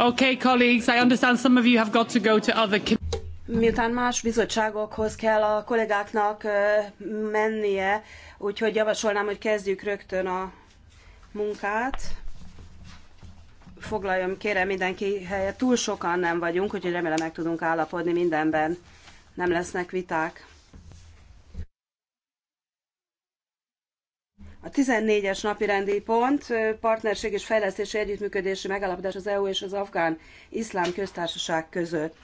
Okay, colleagues, I understand some of you have got to go to other Miután más bizottságokhoz kell a kollégáknak mennie, úgyhogy javasolnám, hogy kezdjük rögtön a munkát. Foglaljon kérem mindenki helyet. Túl sokan nem vagyunk, úgyhogy remélem meg tudunk állapodni mindenben. Nem lesznek viták. A 14-es napirendi pont partnerség és fejlesztési együttműködési megállapodás az EU és az afgán iszlám köztársaság között.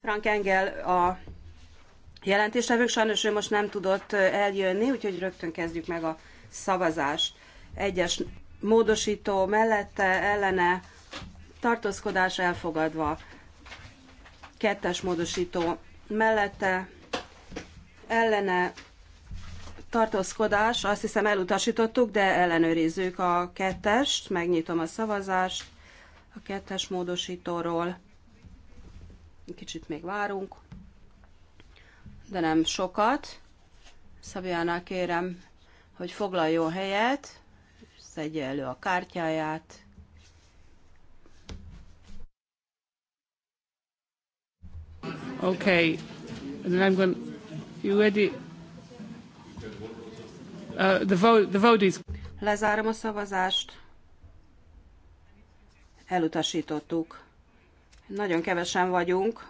Frank Engel a jelentéstevők, sajnos ő most nem tudott eljönni, úgyhogy rögtön kezdjük meg a szavazást. Egyes módosító mellette, ellene, tartózkodás elfogadva. Kettes módosító mellette, ellene, tartózkodás, azt hiszem elutasítottuk, de ellenőrizzük a kettest, megnyitom a szavazást a kettes módosítóról. Kicsit még várunk, de nem sokat. Szabjának kérem, hogy foglaljon helyet, szedje elő a kártyáját. Okay, and then I'm going. You ready? Uh, the vote is... Lezárom a szavazást. Elutasítottuk. Nagyon kevesen vagyunk.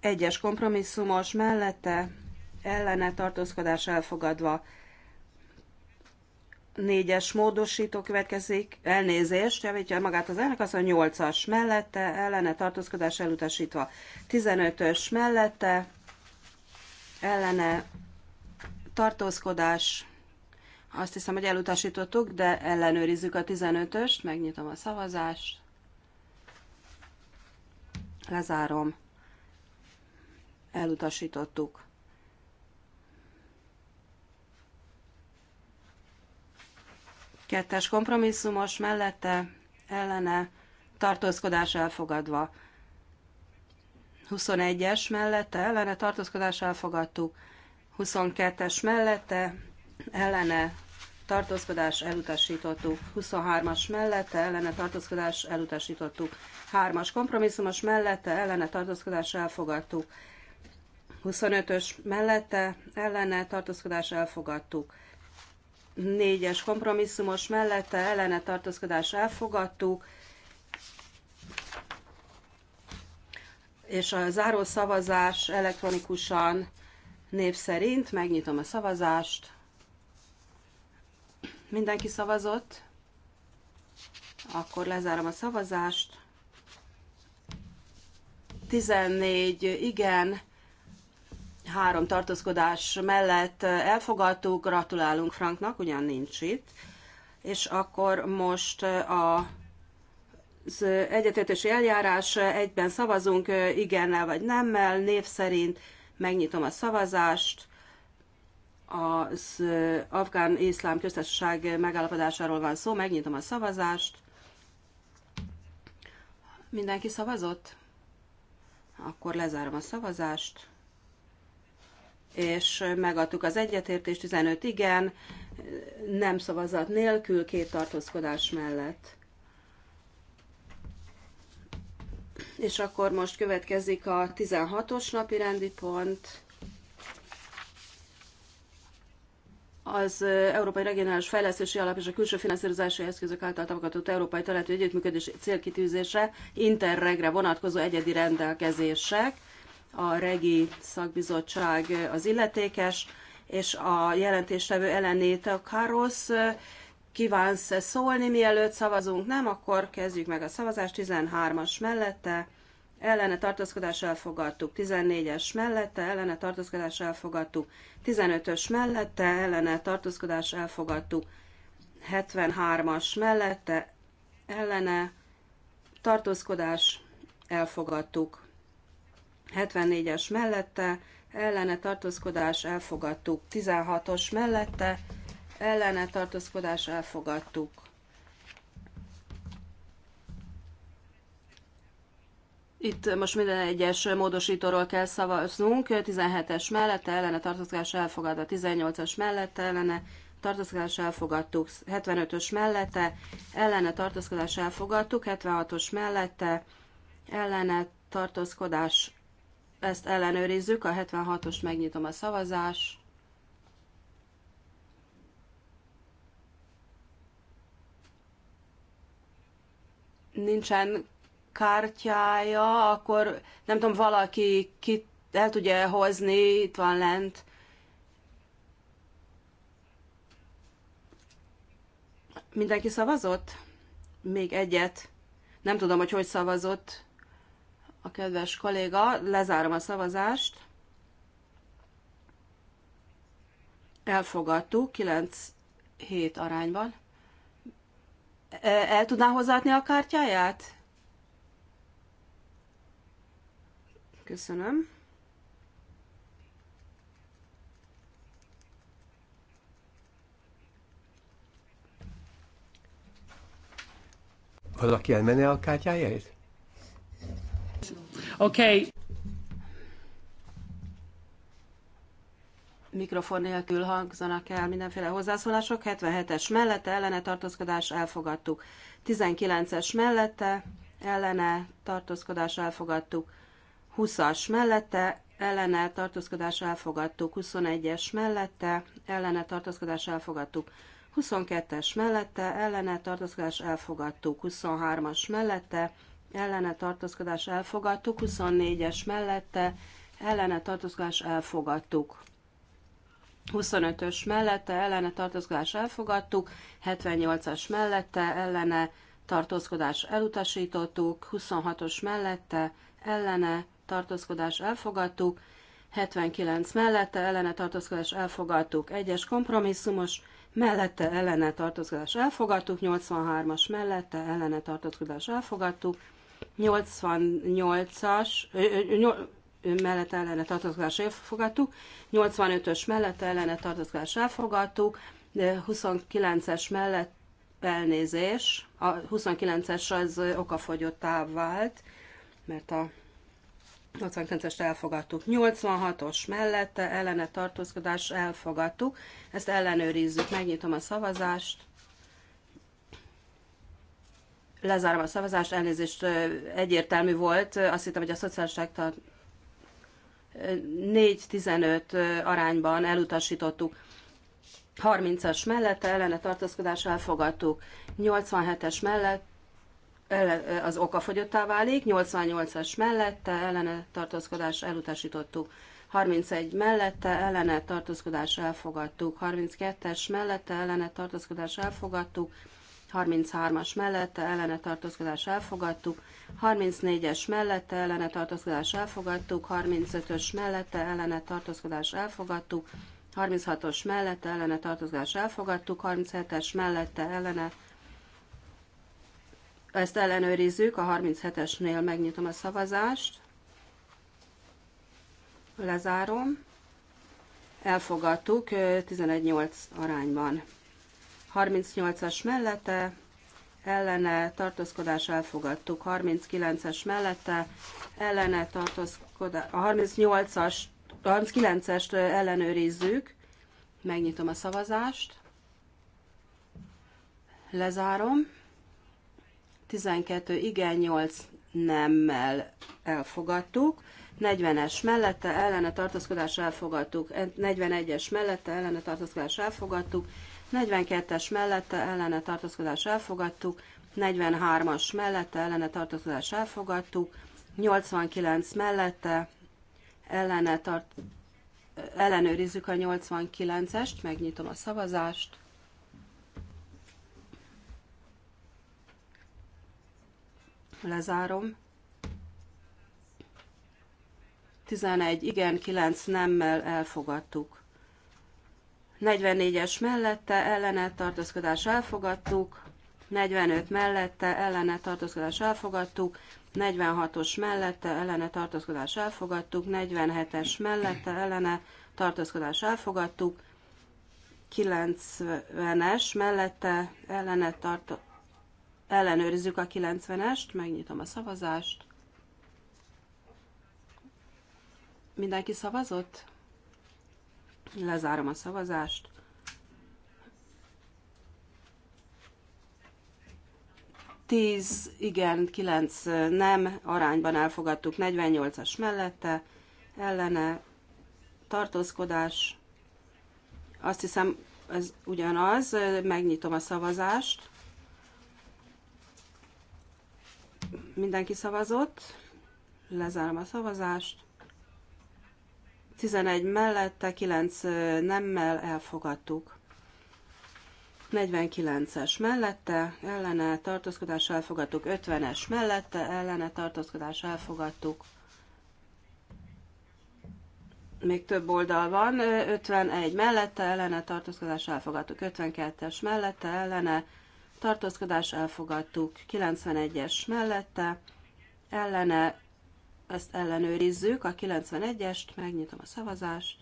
Egyes kompromisszumos mellette ellene tartózkodás elfogadva. Négyes módosító következik, elnézést, javítja magát az elnök, az a nyolcas mellette, ellene tartózkodás elutasítva. Tizenötös mellette, ellene tartózkodás, azt hiszem, hogy elutasítottuk, de ellenőrizzük a 15-öst, megnyitom a szavazást, lezárom, elutasítottuk. Kettes kompromisszumos mellette ellene tartózkodás elfogadva. 21-es mellette ellene tartózkodás elfogadtuk. 22-es mellette ellene tartózkodás elutasítottuk. 23-as mellette ellene tartózkodás elutasítottuk. 3-as kompromisszumos mellette ellene tartózkodás elfogadtuk. 25-ös mellette ellene tartózkodás elfogadtuk. 4-es kompromisszumos mellette ellene tartózkodás elfogadtuk. és a záró szavazás elektronikusan név szerint. Megnyitom a szavazást. Mindenki szavazott? Akkor lezárom a szavazást. 14 igen, három tartózkodás mellett elfogadtuk, gratulálunk Franknak, ugyan nincs itt. És akkor most a az egyetértési eljárás, egyben szavazunk igennel vagy nemmel, név szerint megnyitom a szavazást az afgán iszlám köztársaság megállapodásáról van szó, megnyitom a szavazást. Mindenki szavazott? Akkor lezárom a szavazást. És megadtuk az egyetértést, 15 igen, nem szavazat nélkül, két tartózkodás mellett. És akkor most következik a 16-os napi rendi pont. az Európai Regionális Fejlesztési Alap és a külső finanszírozási eszközök által támogatott Európai területi Együttműködés célkitűzése, Interregre vonatkozó egyedi rendelkezések. A Regi Szakbizottság az illetékes, és a jelentéstevő a Takarosz kívánsz-e szólni, mielőtt szavazunk? Nem, akkor kezdjük meg a szavazást. 13-as mellette, ellene tartózkodás elfogadtuk. 14-es mellette, ellene tartózkodás elfogadtuk. 15-ös mellette, ellene tartózkodás elfogadtuk. 73-as mellette, ellene tartózkodás elfogadtuk. 74-es mellette, ellene tartózkodás elfogadtuk. 16-os mellette, ellene tartózkodás elfogadtuk. Itt most minden egyes módosítóról kell szavaznunk, 17-es mellette ellene tartózkodás elfogadva, 18-as mellette ellene tartózkodás elfogadtuk, 75-ös mellette ellene tartózkodás elfogadtuk, 76-os mellette ellene tartózkodás ezt ellenőrizzük, a 76-os megnyitom a szavazást. nincsen kártyája, akkor nem tudom, valaki ki el tudja hozni, itt van lent. Mindenki szavazott? Még egyet. Nem tudom, hogy hogy szavazott a kedves kolléga. Lezárom a szavazást. Elfogadtuk, 9-7 arányban. E, el tudná hozzáadni a kártyáját? Köszönöm. Valaki elmenne a kártyájáért? Oké. Okay. mikrofon nélkül hangzanak el mindenféle hozzászólások. 77-es mellette ellene tartózkodás elfogadtuk. 19-es mellette ellene tartózkodás elfogadtuk. 20-as mellette ellene tartózkodás elfogadtuk. 21-es mellette ellene tartózkodás elfogadtuk. 22-es mellette ellene tartózkodás elfogadtuk. 23-as mellette ellene tartózkodás elfogadtuk. 24-es mellette ellene tartózkodás elfogadtuk. 25-ös mellette ellene tartózkodás elfogadtuk, 78-as mellette ellene tartózkodás elutasítottuk, 26-os mellette ellene tartózkodás elfogadtuk, 79 mellette ellene tartózkodás elfogadtuk, 1-es kompromisszumos mellette ellene tartózkodás elfogadtuk, 83-as mellette ellene tartózkodás elfogadtuk, 88-as, mellett ellene tartozgás elfogadtuk, 85-ös mellett ellene tartozgás elfogadtuk, 29-es mellett elnézés, a 29-es az okafogyottá vált, mert a 89-est elfogadtuk. 86-os mellette ellene tartózkodás elfogadtuk. Ezt ellenőrizzük. Megnyitom a szavazást. Lezárom a szavazást. Elnézést egyértelmű volt. Azt hittem, hogy a szocialisták 4-15 arányban elutasítottuk. 30-as mellett ellene tartózkodás elfogadtuk, 87-es mellett az oka fogyottá válik, 88-as mellette ellene tartózkodás elutasítottuk, 31 mellette ellene tartózkodás elfogadtuk, 32-es mellette ellene tartózkodás elfogadtuk, 33-as mellette ellene tartózkodás elfogadtuk, 34-es mellette ellene tartózkodás elfogadtuk, 35-ös mellette ellene tartózkodás elfogadtuk, 36-os mellette ellene tartózkodás elfogadtuk, 37-es mellette ellene ezt ellenőrizzük, a 37-esnél megnyitom a szavazást, lezárom, elfogadtuk 11-8 arányban. 38-as mellette, ellene tartózkodás elfogadtuk, 39-es mellette, ellene tartózkodás, a 38-as, 39-est ellenőrizzük, megnyitom a szavazást, lezárom, 12 igen, 8 nemmel elfogadtuk, 40-es mellette ellene tartózkodás elfogadtuk, 41-es mellette ellene tartózkodás elfogadtuk, 42-es mellette ellene tartózkodás elfogadtuk, 43-as mellette ellene tartózkodás elfogadtuk, 89 mellette ellene tart, ellenőrizzük a 89-est, megnyitom a szavazást. Lezárom. 11 igen, 9 nemmel elfogadtuk. 44-es mellette ellene tartózkodás elfogadtuk, 45 mellette ellene tartózkodás elfogadtuk, 46-os mellette ellene tartózkodás elfogadtuk, 47-es mellette ellene tartózkodás elfogadtuk, 90-es mellette ellene tartó, ellenőrizzük a 90-est, megnyitom a szavazást. Mindenki szavazott? Lezárom a szavazást. Tíz igen, kilenc nem arányban elfogadtuk 48-as mellette, ellene tartózkodás. Azt hiszem, ez ugyanaz, megnyitom a szavazást. Mindenki szavazott, lezárom a szavazást. 11 mellette, 9 nemmel elfogadtuk. 49-es mellette, ellene tartózkodás elfogadtuk, 50-es mellette, ellene tartózkodás elfogadtuk. Még több oldal van, 51 mellette, ellene tartózkodás elfogadtuk, 52-es mellette, ellene tartózkodás elfogadtuk, 91-es mellette, ellene ezt ellenőrizzük, a 91-est, megnyitom a szavazást,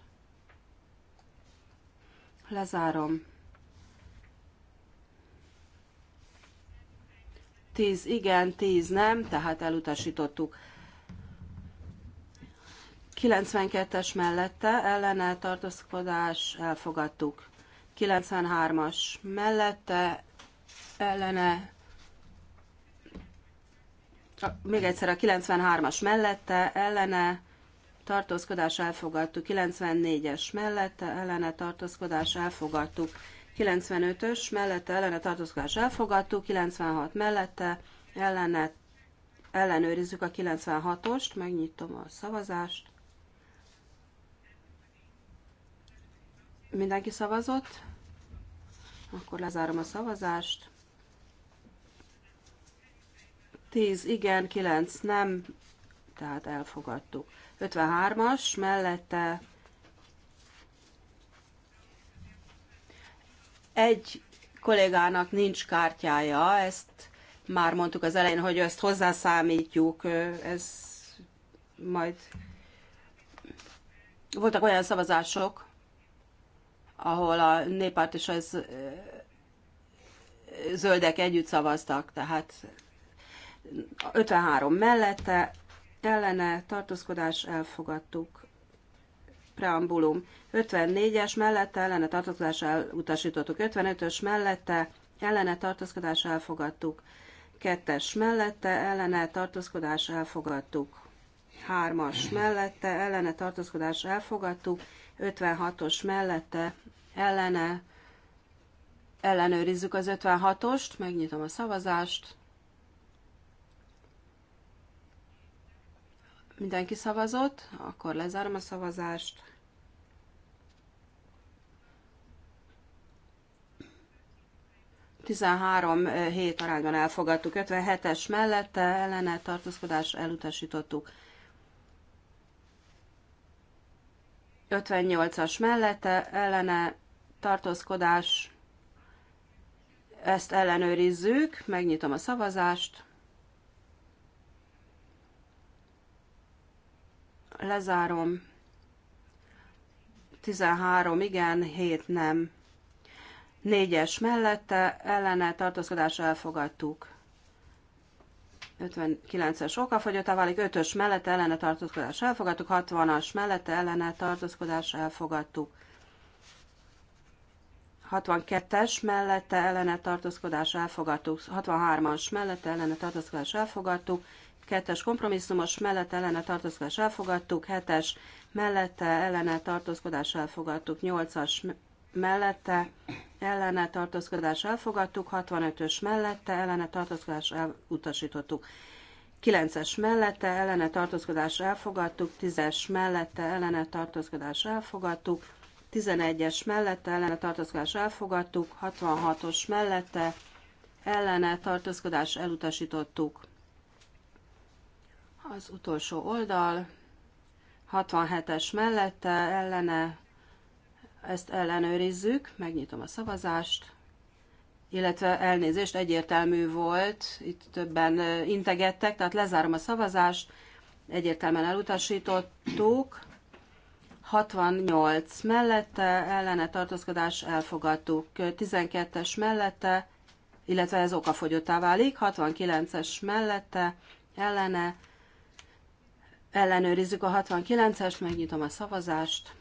lezárom. 10 igen, 10 nem, tehát elutasítottuk. 92-es mellette ellene tartózkodás elfogadtuk. 93-as mellette ellene még egyszer a 93-as mellette, ellene, tartózkodás elfogadtuk, 94-es mellette, ellene, tartózkodás elfogadtuk, 95-ös mellette, ellene, tartózkodás elfogadtuk, 96 mellette, ellene, ellenőrizzük a 96-ost, megnyitom a szavazást. Mindenki szavazott? Akkor lezárom a szavazást. 10 igen, 9 nem, tehát elfogadtuk. 53-as mellette egy kollégának nincs kártyája, ezt már mondtuk az elején, hogy ezt hozzászámítjuk, ez majd voltak olyan szavazások, ahol a néppárt és az zöldek együtt szavaztak, tehát 53 mellette, ellene tartózkodás elfogadtuk. Preambulum 54-es mellette, ellene tartózkodás elutasítottuk. 55-ös mellette, ellene tartózkodás elfogadtuk. 2-es mellette, ellene tartózkodás elfogadtuk. 3-as mellette, ellene tartózkodás elfogadtuk. 56-os mellette, ellene ellenőrizzük az 56-ost, megnyitom a szavazást. Mindenki szavazott, akkor lezárom a szavazást. Tizenhárom eh, hét arányban elfogadtuk, 57-es mellette ellene tartózkodás elutasítottuk. 58-as mellette ellene tartózkodás, ezt ellenőrizzük, megnyitom a szavazást. Lezárom. 13 igen, 7 nem. 4-es mellette ellene tartózkodás elfogadtuk. 59-es okafogyottá válik, 5-ös mellette ellene tartózkodás elfogadtuk, 60-as mellette ellene tartózkodás elfogadtuk. 62-es mellette ellene tartózkodás elfogadtuk, 63-as mellette ellene tartózkodás elfogadtuk, kettes kompromisszumos mellette ellene tartózkodás elfogadtuk, hetes mellette ellene tartózkodás elfogadtuk, nyolcas mellette ellene tartózkodás elfogadtuk, 65-ös mellette ellene tartózkodás elutasítottuk. 9-es mellette ellene tartózkodás elfogadtuk, 10-es mellette ellene tartózkodás elfogadtuk, 11-es mellette ellene tartózkodás elfogadtuk, 66-os mellette ellene tartózkodás elutasítottuk. Az utolsó oldal, 67-es mellette, ellene, ezt ellenőrizzük, megnyitom a szavazást, illetve elnézést, egyértelmű volt, itt többen integettek, tehát lezárom a szavazást, egyértelműen elutasítottuk, 68 mellette, ellene tartózkodás elfogadtuk, 12-es mellette, illetve ez okafogyottá válik, 69-es mellette, ellene Ellenőrizzük a 69-est, megnyitom a szavazást.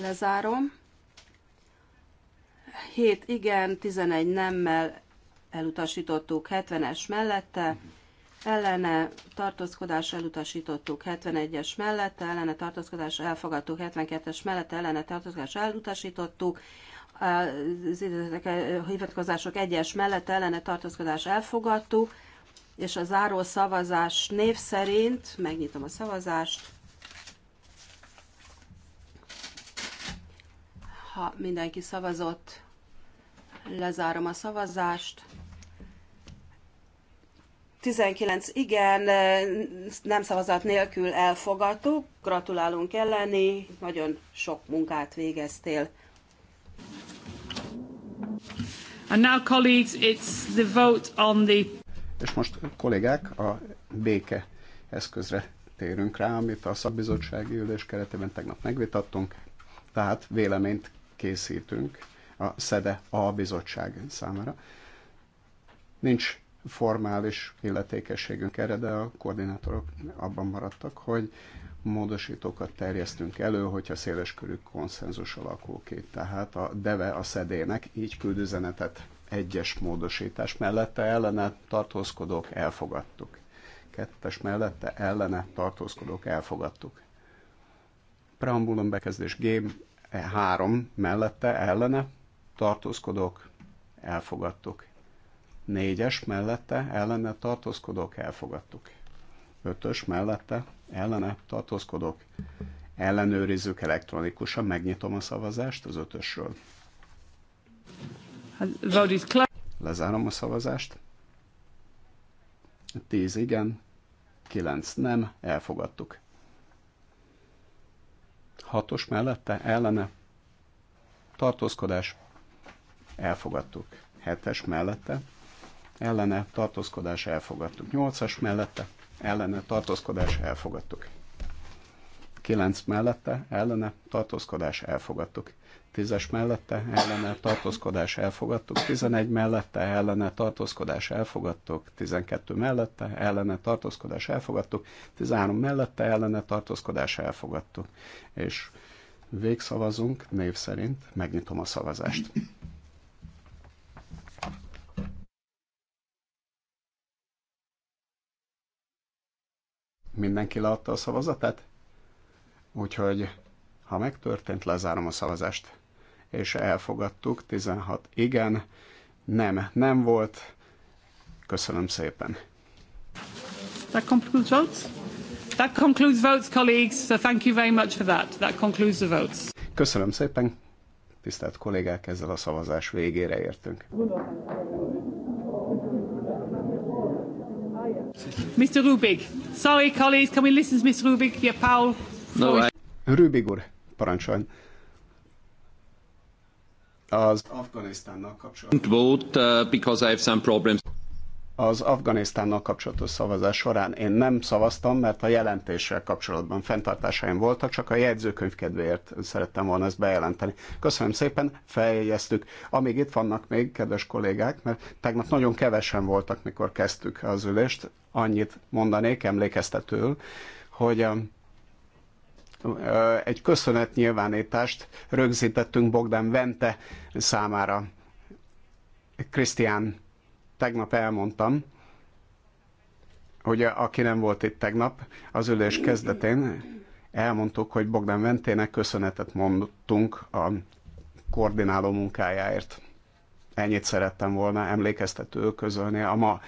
Lezárom. 7 igen, 11 nemmel elutasítottuk 70-es mellette, ellene tartózkodás elutasítottuk 71-es mellette, ellene tartózkodás elfogadtuk 72-es mellette, ellene tartózkodás elutasítottuk, az hivatkozások 1-es mellette, ellene tartózkodás elfogadtuk, és a záró szavazás név szerint megnyitom a szavazást. Ha mindenki szavazott, lezárom a szavazást. 19 igen, nem szavazat nélkül elfogadtuk. Gratulálunk elleni, nagyon sok munkát végeztél. And now, colleagues, it's the vote on the és most kollégák, a béke eszközre térünk rá, amit a szakbizottsági ülés keretében tegnap megvitattunk, tehát véleményt készítünk a SZEDE A bizottság számára. Nincs formális illetékességünk erre, de a koordinátorok abban maradtak, hogy módosítókat terjesztünk elő, hogyha széleskörű konszenzus alakul ki. Tehát a DEVE a szedének így küld üzenetet egyes módosítás mellette ellene tartózkodók elfogadtuk. Kettes mellette ellene tartózkodók elfogadtuk. Preambulum bekezdés G 3 e, mellette ellene tartózkodók elfogadtuk. Négyes mellette ellene tartózkodók elfogadtuk. Ötös mellette ellene tartózkodók ellenőrizzük elektronikusan, megnyitom a szavazást az ötösről. Hát, Lezárom a szavazást. 10 igen, 9 nem, elfogadtuk. 6-os mellette, ellene, tartózkodás, elfogadtuk. 7-es mellette, ellene, tartózkodás, elfogadtuk. 8-as mellette, ellene, tartózkodás, elfogadtuk. 9 mellette, ellene, tartózkodás, elfogadtuk. 10-es mellette ellene tartózkodás elfogadtuk, 11 mellette ellene tartózkodás elfogadtuk, 12 mellette ellene tartózkodás elfogadtuk, 13 mellette ellene tartózkodás elfogadtuk. És végszavazunk név szerint, megnyitom a szavazást. Mindenki leadta a szavazatát? Úgyhogy, ha megtörtént, lezárom a szavazást és elfogadtuk, 16 igen, nem, nem volt. Köszönöm szépen. That concludes votes. That concludes votes, colleagues. So thank you very much for that. That concludes the votes. Köszönöm szépen, tisztelt kollégák, ezzel a szavazás végére értünk. Mr. Rubik, sorry colleagues, can we listen to Mr. Rubik? Yeah, Paul. No, I... Rubik úr, parancsoljon az Afganisztánnal kapcsolatos. Vote, uh, because I have some problems. Az Afganisztánnal kapcsolatos szavazás során én nem szavaztam, mert a jelentéssel kapcsolatban fenntartásaim voltak, csak a jegyzőkönyv kedvéért szerettem volna ezt bejelenteni. Köszönöm szépen, feljegyeztük. Amíg itt vannak még, kedves kollégák, mert tegnap nagyon kevesen voltak, mikor kezdtük az ülést, annyit mondanék emlékeztetőül, hogy a um, egy köszönetnyilvánítást rögzítettünk Bogdan Vente számára. Krisztián, tegnap elmondtam, hogy aki nem volt itt tegnap, az ülés kezdetén elmondtuk, hogy Bogdan Ventének köszönetet mondtunk a koordináló munkájáért. Ennyit szerettem volna emlékeztető közölni a ma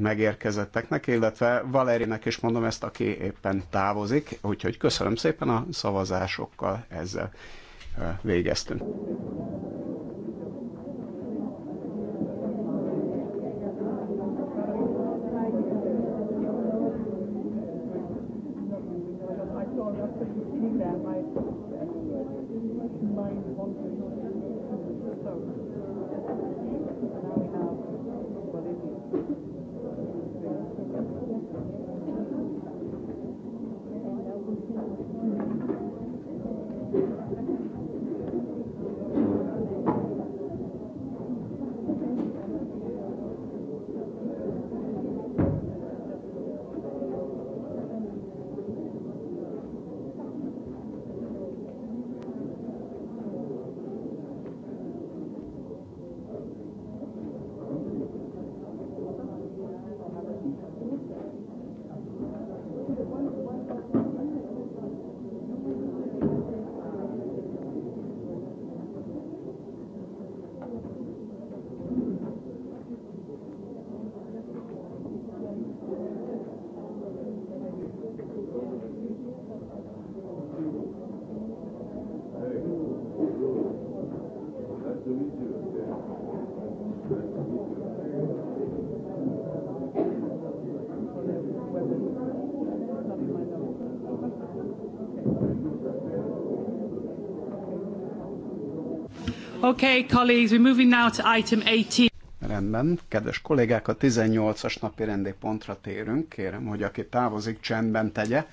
megérkezetteknek, illetve Valerinek is mondom ezt, aki éppen távozik, úgyhogy köszönöm szépen a szavazásokkal ezzel végeztünk. Okay, colleagues, we're moving now to item 18. Rendben, kedves kollégák, a 18-as napi rendi pontra térünk. Kérem, hogy aki távozik, csendben tegye.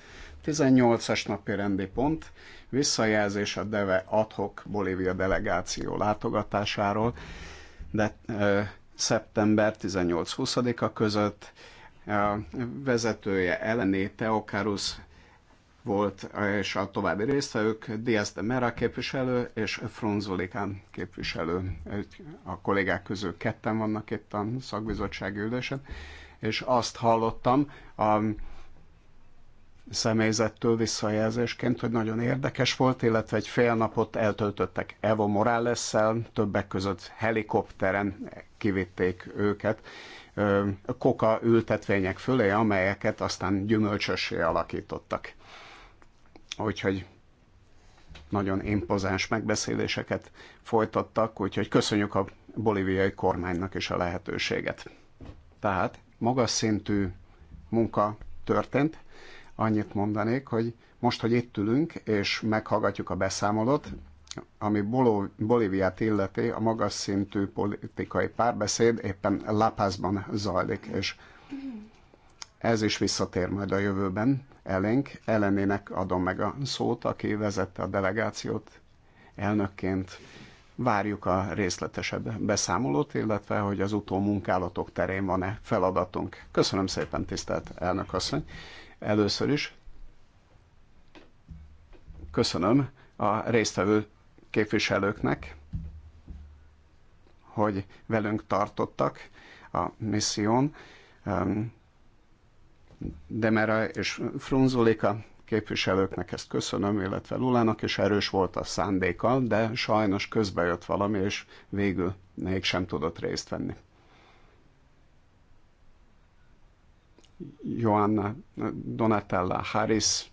18-as napi rendi pont, visszajelzés a DEVE adhok Bolívia delegáció látogatásáról, de ö, szeptember 18-20-a között a vezetője Eleni Teokarusz volt, és a további résztvevők, Diaz de Mera képviselő és Frunzulikán képviselő. A kollégák közül ketten vannak itt a szakbizottsági ülésen, és azt hallottam a személyzettől visszajelzésként, hogy nagyon érdekes volt, illetve egy fél napot eltöltöttek Evo morales többek között helikopteren kivitték őket koka ültetvények fölé, amelyeket aztán gyümölcsösé alakítottak Úgyhogy nagyon impozáns megbeszéléseket folytattak, úgyhogy köszönjük a bolíviai kormánynak is a lehetőséget. Tehát magas szintű munka történt. Annyit mondanék, hogy most, hogy itt ülünk és meghallgatjuk a beszámolót, ami Bol Bolíviát illeti, a magas szintű politikai párbeszéd éppen La Pazban zajlik, és ez is visszatér majd a jövőben elénk. Ellenének adom meg a szót, aki vezette a delegációt elnökként. Várjuk a részletesebb beszámolót, illetve hogy az utómunkálatok terén van-e feladatunk. Köszönöm szépen, tisztelt elnök asszony. Először is köszönöm a résztvevő képviselőknek, hogy velünk tartottak a misszión. Demera és Frunzulika képviselőknek ezt köszönöm, illetve Lulának és erős volt a szándéka, de sajnos közbe jött valami, és végül sem tudott részt venni. Joanna Donatella Harris,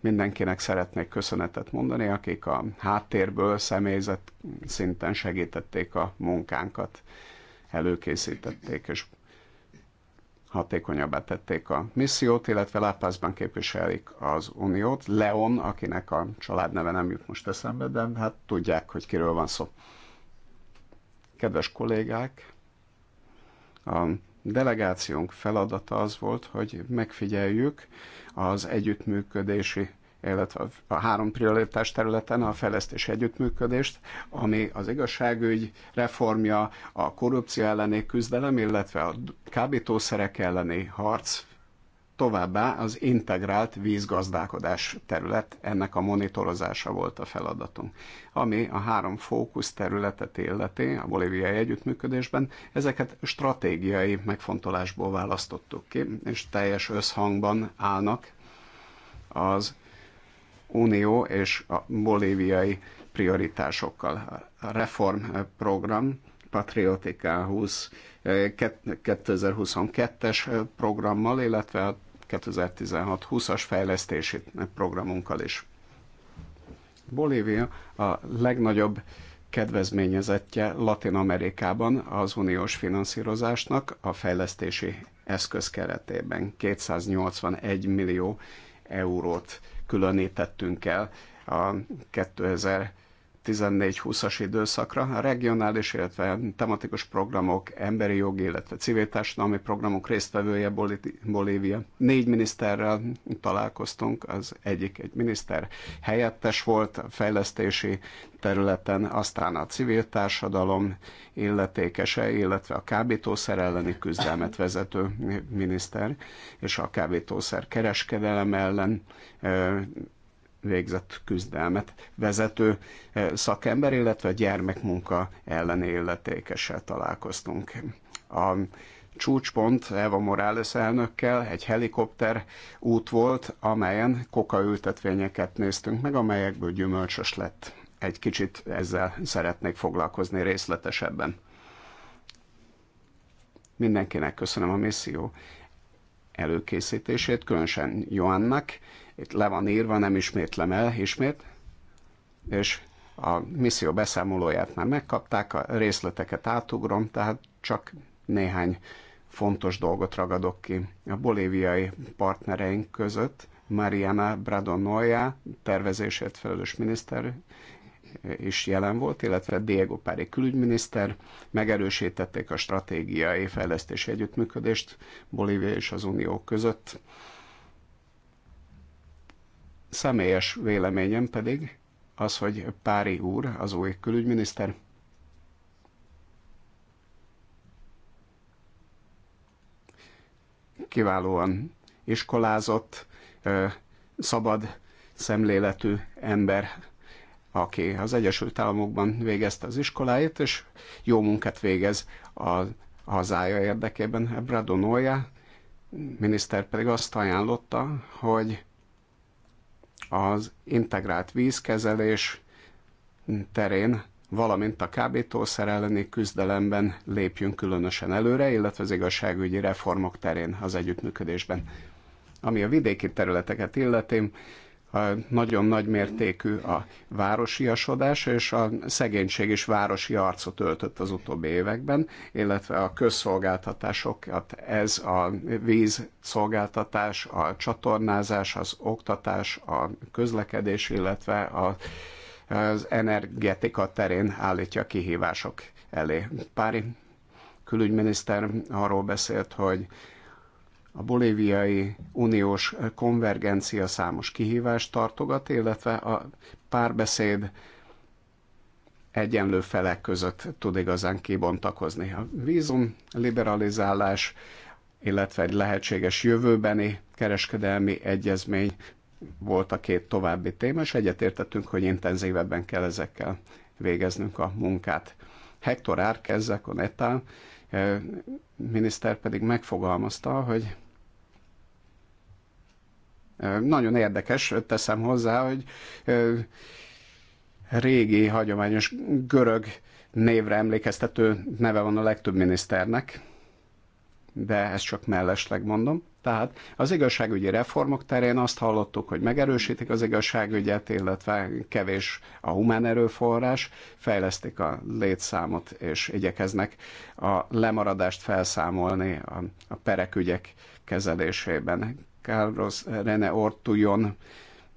mindenkinek szeretnék köszönetet mondani, akik a háttérből személyzet szinten segítették a munkánkat, előkészítették, és hatékonyabbá tették a missziót, illetve Lápászban képviselik az Uniót. Leon, akinek a családneve nem jut most eszembe, de hát tudják, hogy kiről van szó. Kedves kollégák, a delegációnk feladata az volt, hogy megfigyeljük az együttműködési illetve a három prioritás területen a fejlesztési együttműködést, ami az igazságügy reformja, a korrupció elleni küzdelem, illetve a kábítószerek elleni harc, továbbá az integrált vízgazdálkodás terület, ennek a monitorozása volt a feladatunk. Ami a három fókusz területet illeti a bolíviai együttműködésben, ezeket stratégiai megfontolásból választottuk ki, és teljes összhangban állnak az Unió és a bolíviai prioritásokkal. A Program, Patriotica 20, 2022-es programmal, illetve a 2016-20-as fejlesztési programunkkal is. Bolívia a legnagyobb kedvezményezettje Latin Amerikában az uniós finanszírozásnak a fejlesztési eszköz keretében 281 millió eurót különítettünk el a 2000 14-20-as időszakra a regionális, illetve tematikus programok, emberi jogi, illetve civil társadalmi programok résztvevője Bolívia. Négy miniszterrel találkoztunk, az egyik egy miniszter helyettes volt a fejlesztési területen, aztán a civil társadalom illetékese, illetve a kábítószer elleni küzdelmet vezető miniszter, és a kábítószer kereskedelem ellen végzett küzdelmet vezető eh, szakember, illetve a gyermekmunka ellen illetékessel találkoztunk. A csúcspont Eva Morales elnökkel egy helikopter út volt, amelyen kokaültetvényeket néztünk meg, amelyekből gyümölcsös lett. Egy kicsit ezzel szeretnék foglalkozni részletesebben. Mindenkinek köszönöm a misszió előkészítését, különösen Joannak, itt le van írva, nem ismétlem el ismét, és a misszió beszámolóját már megkapták, a részleteket átugrom, tehát csak néhány fontos dolgot ragadok ki. A bolíviai partnereink között Mariana Bradonoya tervezésért felelős miniszter is jelen volt, illetve Diego Pári külügyminiszter. Megerősítették a stratégiai fejlesztési együttműködést Bolívia és az Unió között Személyes véleményem pedig az, hogy Pári úr, az új külügyminiszter, kiválóan iskolázott, szabad szemléletű ember, aki az Egyesült Államokban végezte az iskoláit, és jó munkát végez a hazája érdekében. Bradonója miniszter pedig azt ajánlotta, hogy az integrált vízkezelés terén, valamint a kábítószer elleni küzdelemben lépjünk különösen előre, illetve az igazságügyi reformok terén az együttműködésben. Ami a vidéki területeket illeti, nagyon nagy mértékű a városiasodás, és a szegénység is városi arcot öltött az utóbbi években, illetve a közszolgáltatásokat ez a vízszolgáltatás, a csatornázás, az oktatás, a közlekedés, illetve a az energetika terén állítja a kihívások elé. Pári külügyminiszter arról beszélt, hogy a bolíviai uniós konvergencia számos kihívást tartogat, illetve a párbeszéd egyenlő felek között tud igazán kibontakozni. A vízum liberalizálás, illetve egy lehetséges jövőbeni kereskedelmi egyezmény volt a két további téma, és egyetértettünk, hogy intenzívebben kell ezekkel végeznünk a munkát. Hector Árkezzek, a Netán eh, miniszter pedig megfogalmazta, hogy nagyon érdekes, teszem hozzá, hogy régi, hagyományos görög névre emlékeztető neve van a legtöbb miniszternek, de ezt csak mellesleg mondom. Tehát az igazságügyi reformok terén azt hallottuk, hogy megerősítik az igazságügyet, illetve kevés a humán erőforrás, fejlesztik a létszámot, és igyekeznek a lemaradást felszámolni a, a perekügyek kezelésében. Carlos Rene Ortujon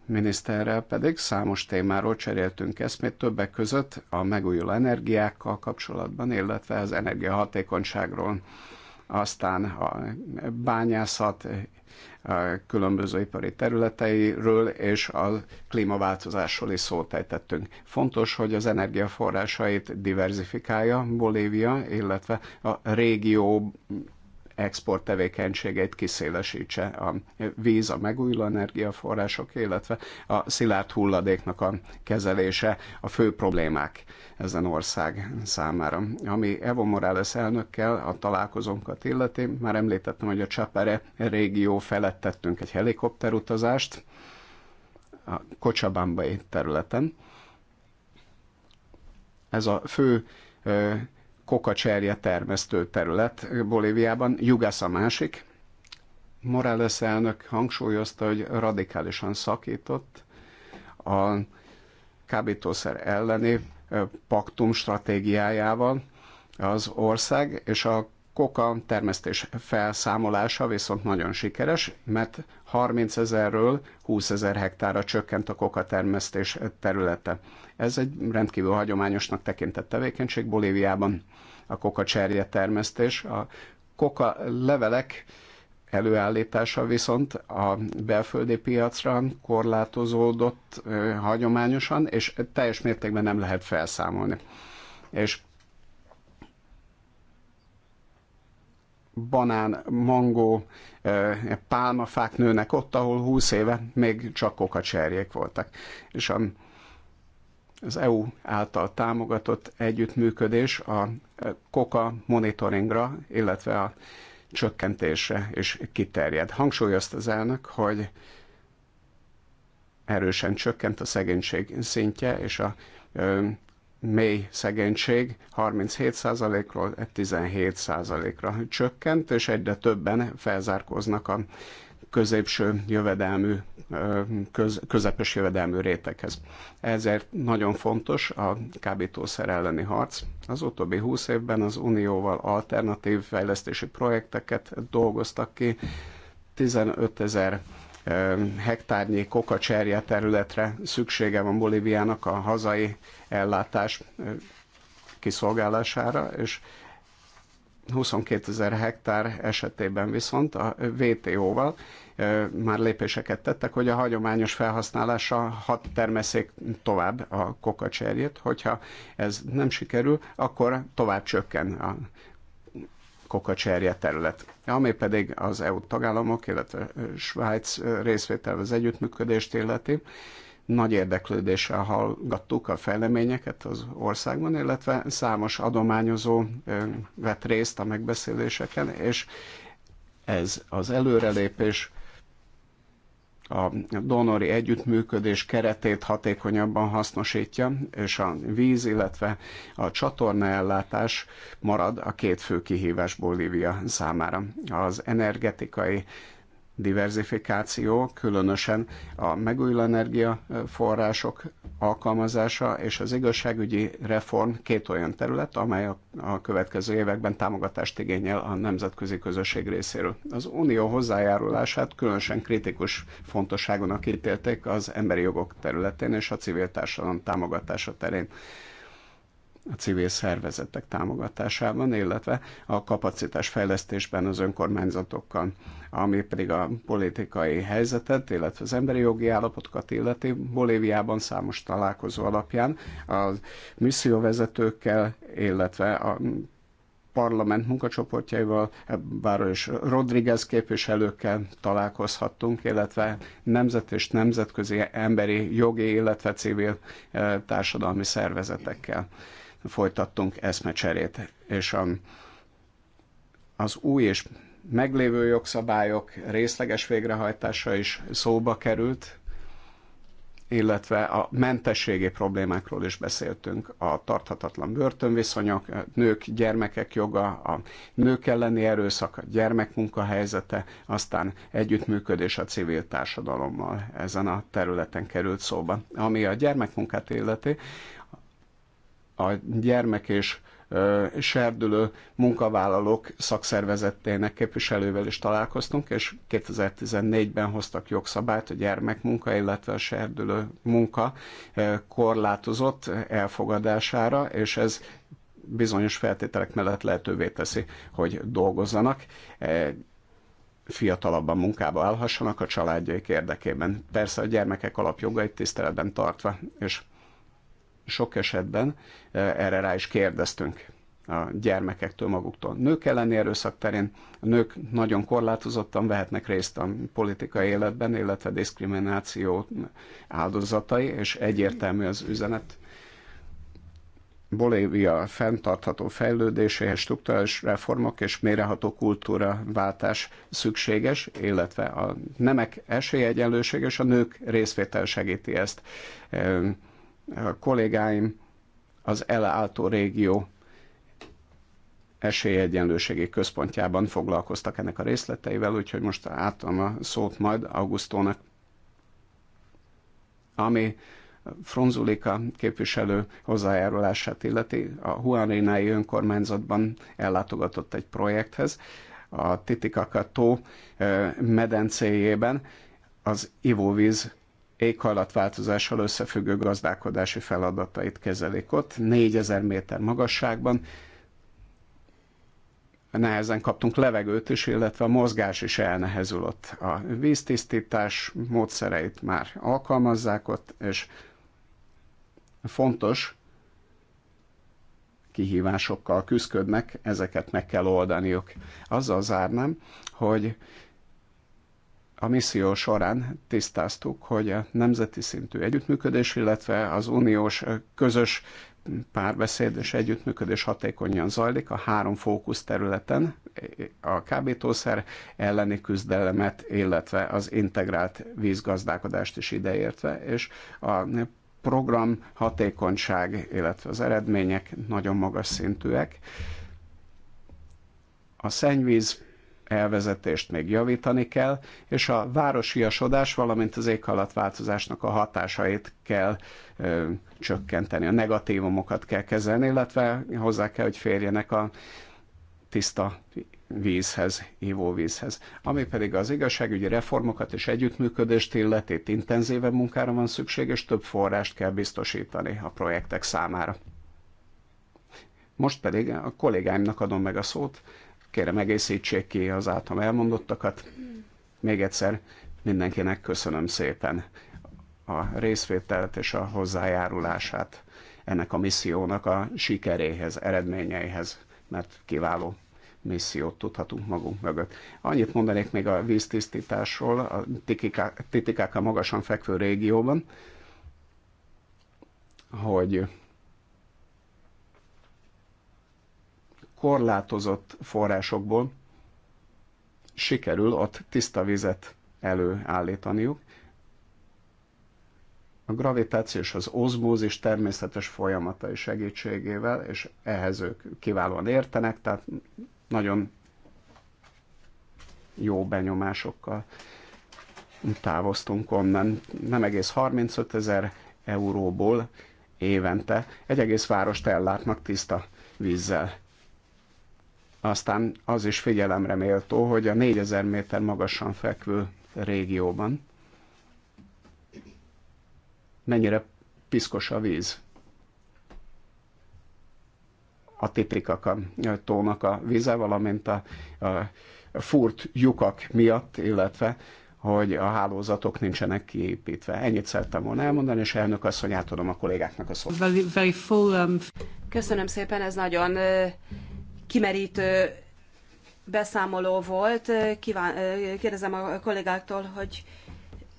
miniszterrel pedig számos témáról cseréltünk eszmét, többek között a megújuló energiákkal kapcsolatban, illetve az energiahatékonyságról, aztán a bányászat a különböző ipari területeiről és a klímaváltozásról is szót ejtettünk. Fontos, hogy az energiaforrásait diversifikálja Bolívia, illetve a régió export tevékenységeit kiszélesítse a víz, a megújuló energiaforrások, illetve a szilárd hulladéknak a kezelése a fő problémák ezen ország számára. Ami Evo Morales elnökkel a találkozónkat illeti, már említettem, hogy a Csapere régió felett tettünk egy helikopterutazást a Kocsabambai területen. Ez a fő kokacserje termesztő terület Bolíviában, Jugász a másik. Morales elnök hangsúlyozta, hogy radikálisan szakított a kábítószer elleni paktum stratégiájával az ország, és a koka termesztés felszámolása viszont nagyon sikeres, mert 30 ezerről 20 ezer hektára csökkent a koka termesztés területe. Ez egy rendkívül hagyományosnak tekintett tevékenység Bolíviában a cserje termesztés. A koka levelek előállítása viszont a belföldi piacra korlátozódott hagyományosan, és teljes mértékben nem lehet felszámolni. És banán, mangó, pálmafák nőnek ott, ahol 20 éve még csak kokacserjék voltak. És a az EU által támogatott együttműködés a koka monitoringra, illetve a csökkentése is kiterjed. Hangsúlyozta az elnök, hogy erősen csökkent a szegénység szintje, és a ö, mély szegénység 37%-ról 17%-ra csökkent, és egyre többen felzárkóznak a középső jövedelmű köz, közepes jövedelmű réteghez. Ezért nagyon fontos a kábítószer elleni harc. Az utóbbi húsz évben az Unióval alternatív fejlesztési projekteket dolgoztak ki, 15 ezer hektárnyi kokacserje területre szüksége van Bolíviának a hazai ellátás kiszolgálására, és 22 ezer hektár esetében viszont a VTO-val már lépéseket tettek, hogy a hagyományos felhasználása hat termeszék tovább a kokacserjét, hogyha ez nem sikerül, akkor tovább csökken a kokacserje terület. Ami pedig az EU tagállamok, illetve Svájc részvétel az együttműködést illeti, nagy érdeklődéssel hallgattuk a fejleményeket az országban, illetve számos adományozó vett részt a megbeszéléseken, és ez az előrelépés a donori együttműködés keretét hatékonyabban hasznosítja, és a víz, illetve a csatornaellátás marad a két fő kihívás Bolívia számára. Az energetikai diversifikáció, különösen a megújuló energiaforrások alkalmazása és az igazságügyi reform két olyan terület, amely a, a következő években támogatást igényel a nemzetközi közösség részéről. Az unió hozzájárulását különösen kritikus fontosságonak ítélték az emberi jogok területén és a civil társadalom támogatása terén a civil szervezetek támogatásában, illetve a kapacitásfejlesztésben az önkormányzatokkal, ami pedig a politikai helyzetet, illetve az emberi jogi állapotokat illeti Bolíviában számos találkozó alapján a misszióvezetőkkel, illetve a parlament munkacsoportjaival, is Rodriguez képviselőkkel találkozhattunk, illetve nemzet és nemzetközi emberi jogi, illetve civil eh, társadalmi szervezetekkel folytattunk eszmecserét, és a, um, az új és meglévő jogszabályok részleges végrehajtása is szóba került, illetve a mentességi problémákról is beszéltünk, a tarthatatlan börtönviszonyok, a nők, gyermekek joga, a nők elleni erőszak, a gyermekmunka helyzete, aztán együttműködés a civil társadalommal ezen a területen került szóba. Ami a gyermekmunkát illeti, a gyermek és serdülő munkavállalók szakszervezetének képviselővel is találkoztunk, és 2014-ben hoztak jogszabályt a gyermekmunka, illetve a serdülő munka korlátozott elfogadására, és ez bizonyos feltételek mellett lehetővé teszi, hogy dolgozzanak fiatalabban munkába állhassanak a családjaik érdekében. Persze a gyermekek alapjogait tiszteletben tartva, és sok esetben e, erre rá is kérdeztünk a gyermekektől maguktól. Nők elleni erőszak terén a nők nagyon korlátozottan vehetnek részt a politikai életben, illetve diszkrimináció áldozatai, és egyértelmű az üzenet. Bolívia fenntartható fejlődéséhez struktúrális reformok és méreható kultúra váltás szükséges, illetve a nemek esélyegyenlőség és a nők részvétel segíti ezt a kollégáim az Eleáltó régió esélyegyenlőségi központjában foglalkoztak ennek a részleteivel, úgyhogy most átadom a szót majd Augustónak. Ami Fronzulika képviselő hozzájárulását illeti, a Huarénai önkormányzatban ellátogatott egy projekthez, a titikakató eh, medencéjében az ivóvíz éghajlatváltozással összefüggő gazdálkodási feladatait kezelik ott, 4000 méter magasságban. Nehezen kaptunk levegőt is, illetve a mozgás is elnehezül ott. A víztisztítás módszereit már alkalmazzák ott, és fontos kihívásokkal küzdködnek, ezeket meg kell oldaniuk. Azzal zárnám, hogy a misszió során tisztáztuk, hogy a nemzeti szintű együttműködés, illetve az uniós közös párbeszéd és együttműködés hatékonyan zajlik a három fókusz területen, a kábítószer elleni küzdelemet, illetve az integrált vízgazdálkodást is ideértve, és a program hatékonyság, illetve az eredmények nagyon magas szintűek. A szennyvíz elvezetést még javítani kell, és a városiasodás, valamint az éghajlatváltozásnak a hatásait kell ö, csökkenteni, a negatívumokat kell kezelni, illetve hozzá kell, hogy férjenek a tiszta vízhez, ivóvízhez. Ami pedig az igazságügyi reformokat és együttműködést illeti, intenzívebb munkára van szükség, és több forrást kell biztosítani a projektek számára. Most pedig a kollégáimnak adom meg a szót, Kérem egészítsék ki az általam elmondottakat. Még egyszer mindenkinek köszönöm szépen a részvételt és a hozzájárulását ennek a missziónak a sikeréhez, eredményeihez, mert kiváló missziót tudhatunk magunk mögött. Annyit mondanék még a víztisztításról, a Titikáka magasan fekvő régióban, hogy korlátozott forrásokból sikerül ott tiszta vizet előállítaniuk. A gravitáció és az ozmózis természetes folyamatai segítségével, és ehhez ők kiválóan értenek, tehát nagyon jó benyomásokkal távoztunk onnan. Nem egész 35 ezer euróból évente egy egész várost ellátnak tiszta vízzel. Aztán az is figyelemre méltó, hogy a 4000 méter magasan fekvő régióban mennyire piszkos a víz. A tipikak a tónak a víze, valamint a, a furt lyukak miatt, illetve hogy a hálózatok nincsenek kiépítve. Ennyit szerettem volna elmondani, és elnök asszony, átadom a kollégáknak a szót. Um, Köszönöm szépen, ez nagyon kimerítő beszámoló volt. Kíván, kérdezem a kollégáktól, hogy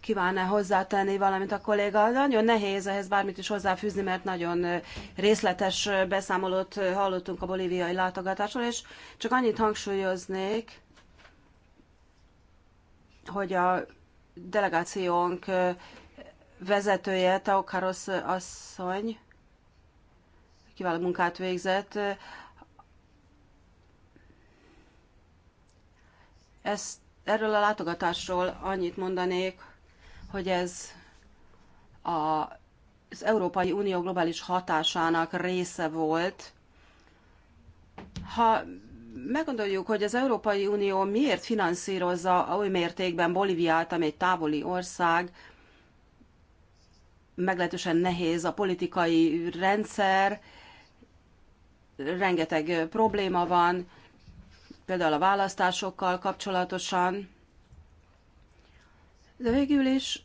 kíván-e hozzátenni valamit a kolléga. Nagyon nehéz ehhez bármit is hozzáfűzni, mert nagyon részletes beszámolót hallottunk a bolíviai látogatásról, és csak annyit hangsúlyoznék, hogy a delegációnk vezetője, Taukarosz asszony, kiváló munkát végzett, Ezt, erről a látogatásról annyit mondanék, hogy ez a, az Európai Unió globális hatásának része volt. Ha meggondoljuk, hogy az Európai Unió miért finanszírozza oly mértékben Bolíviát, ami egy távoli ország, meglehetősen nehéz a politikai rendszer, rengeteg probléma van, például a választásokkal kapcsolatosan. De végül is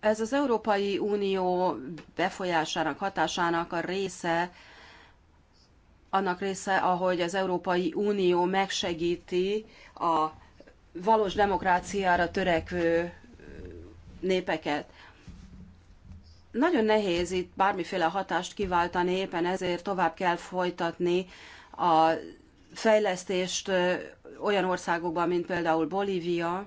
ez az Európai Unió befolyásának, hatásának a része, annak része, ahogy az Európai Unió megsegíti a valós demokráciára törekvő népeket. Nagyon nehéz itt bármiféle hatást kiváltani, éppen ezért tovább kell folytatni a fejlesztést olyan országokban, mint például Bolívia,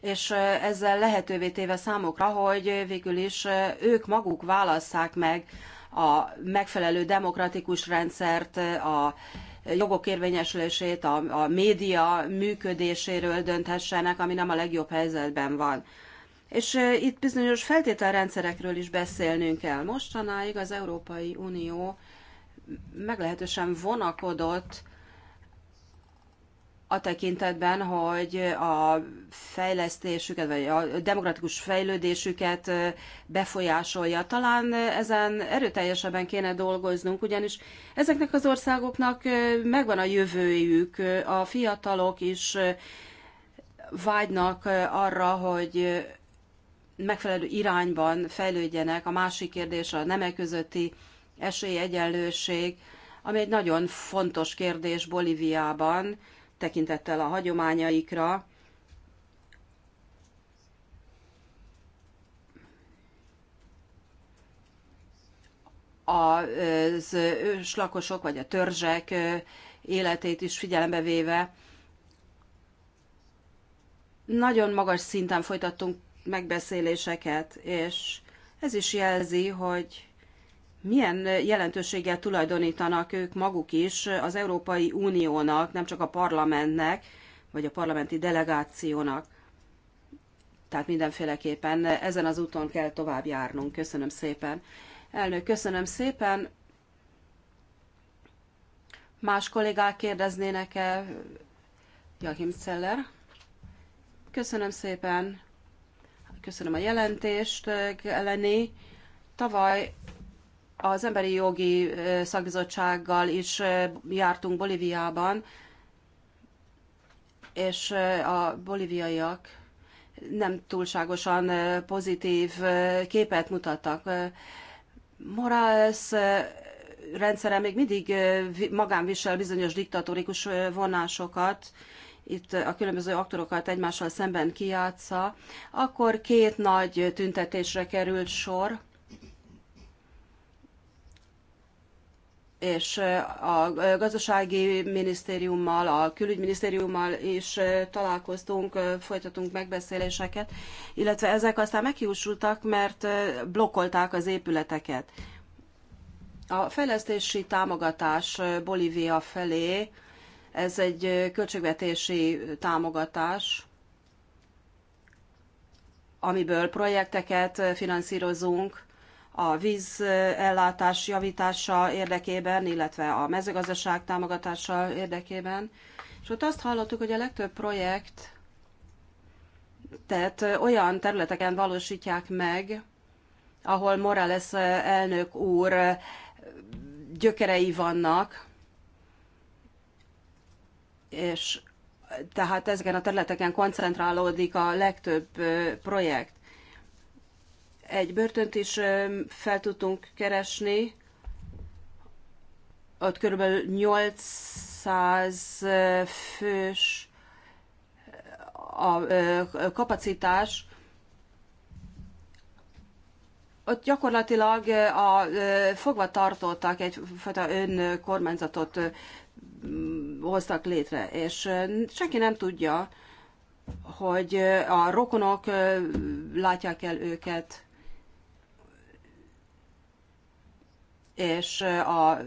és ezzel lehetővé téve számokra, hogy végül is ők maguk válasszák meg a megfelelő demokratikus rendszert, a jogok érvényesülését, a, a média működéséről dönthessenek, ami nem a legjobb helyzetben van. És itt bizonyos feltételrendszerekről is beszélnünk kell. Mostanáig az Európai Unió meglehetősen vonakodott a tekintetben, hogy a fejlesztésüket, vagy a demokratikus fejlődésüket befolyásolja. Talán ezen erőteljesebben kéne dolgoznunk, ugyanis ezeknek az országoknak megvan a jövőjük, a fiatalok is vágynak arra, hogy megfelelő irányban fejlődjenek. A másik kérdés a nemek közötti esélyegyenlőség, ami egy nagyon fontos kérdés Bolíviában, tekintettel a hagyományaikra. Az őslakosok vagy a törzsek életét is figyelembe véve nagyon magas szinten folytattunk megbeszéléseket, és ez is jelzi, hogy milyen jelentőséget tulajdonítanak ők maguk is az Európai Uniónak, nem csak a parlamentnek, vagy a parlamenti delegációnak. Tehát mindenféleképpen ezen az úton kell tovább járnunk. Köszönöm szépen. Elnök, köszönöm szépen. Más kollégák kérdeznének-e? Joachim Zeller. Köszönöm szépen. Köszönöm a jelentést, Eleni. Tavaly az Emberi Jogi Szakbizottsággal is jártunk Bolíviában, és a bolíviaiak nem túlságosan pozitív képet mutattak. Morales rendszere még mindig magánvisel bizonyos diktatórikus vonásokat, itt a különböző aktorokat egymással szemben kijátsza, akkor két nagy tüntetésre került sor, és a gazdasági minisztériummal, a külügyminisztériummal is találkoztunk, folytatunk megbeszéléseket, illetve ezek aztán meghiúsultak, mert blokkolták az épületeket. A fejlesztési támogatás Bolívia felé, ez egy költségvetési támogatás, amiből projekteket finanszírozunk, a vízellátás javítása érdekében, illetve a mezőgazdaság támogatása érdekében. És ott azt hallottuk, hogy a legtöbb projekt tehát olyan területeken valósítják meg, ahol Morales elnök úr gyökerei vannak, és tehát ezeken a területeken koncentrálódik a legtöbb projekt egy börtönt is fel tudtunk keresni, ott körülbelül 800 fős a kapacitás, ott gyakorlatilag a fogva tartottak egyfajta önkormányzatot hoztak létre, és senki nem tudja, hogy a rokonok látják el őket, és a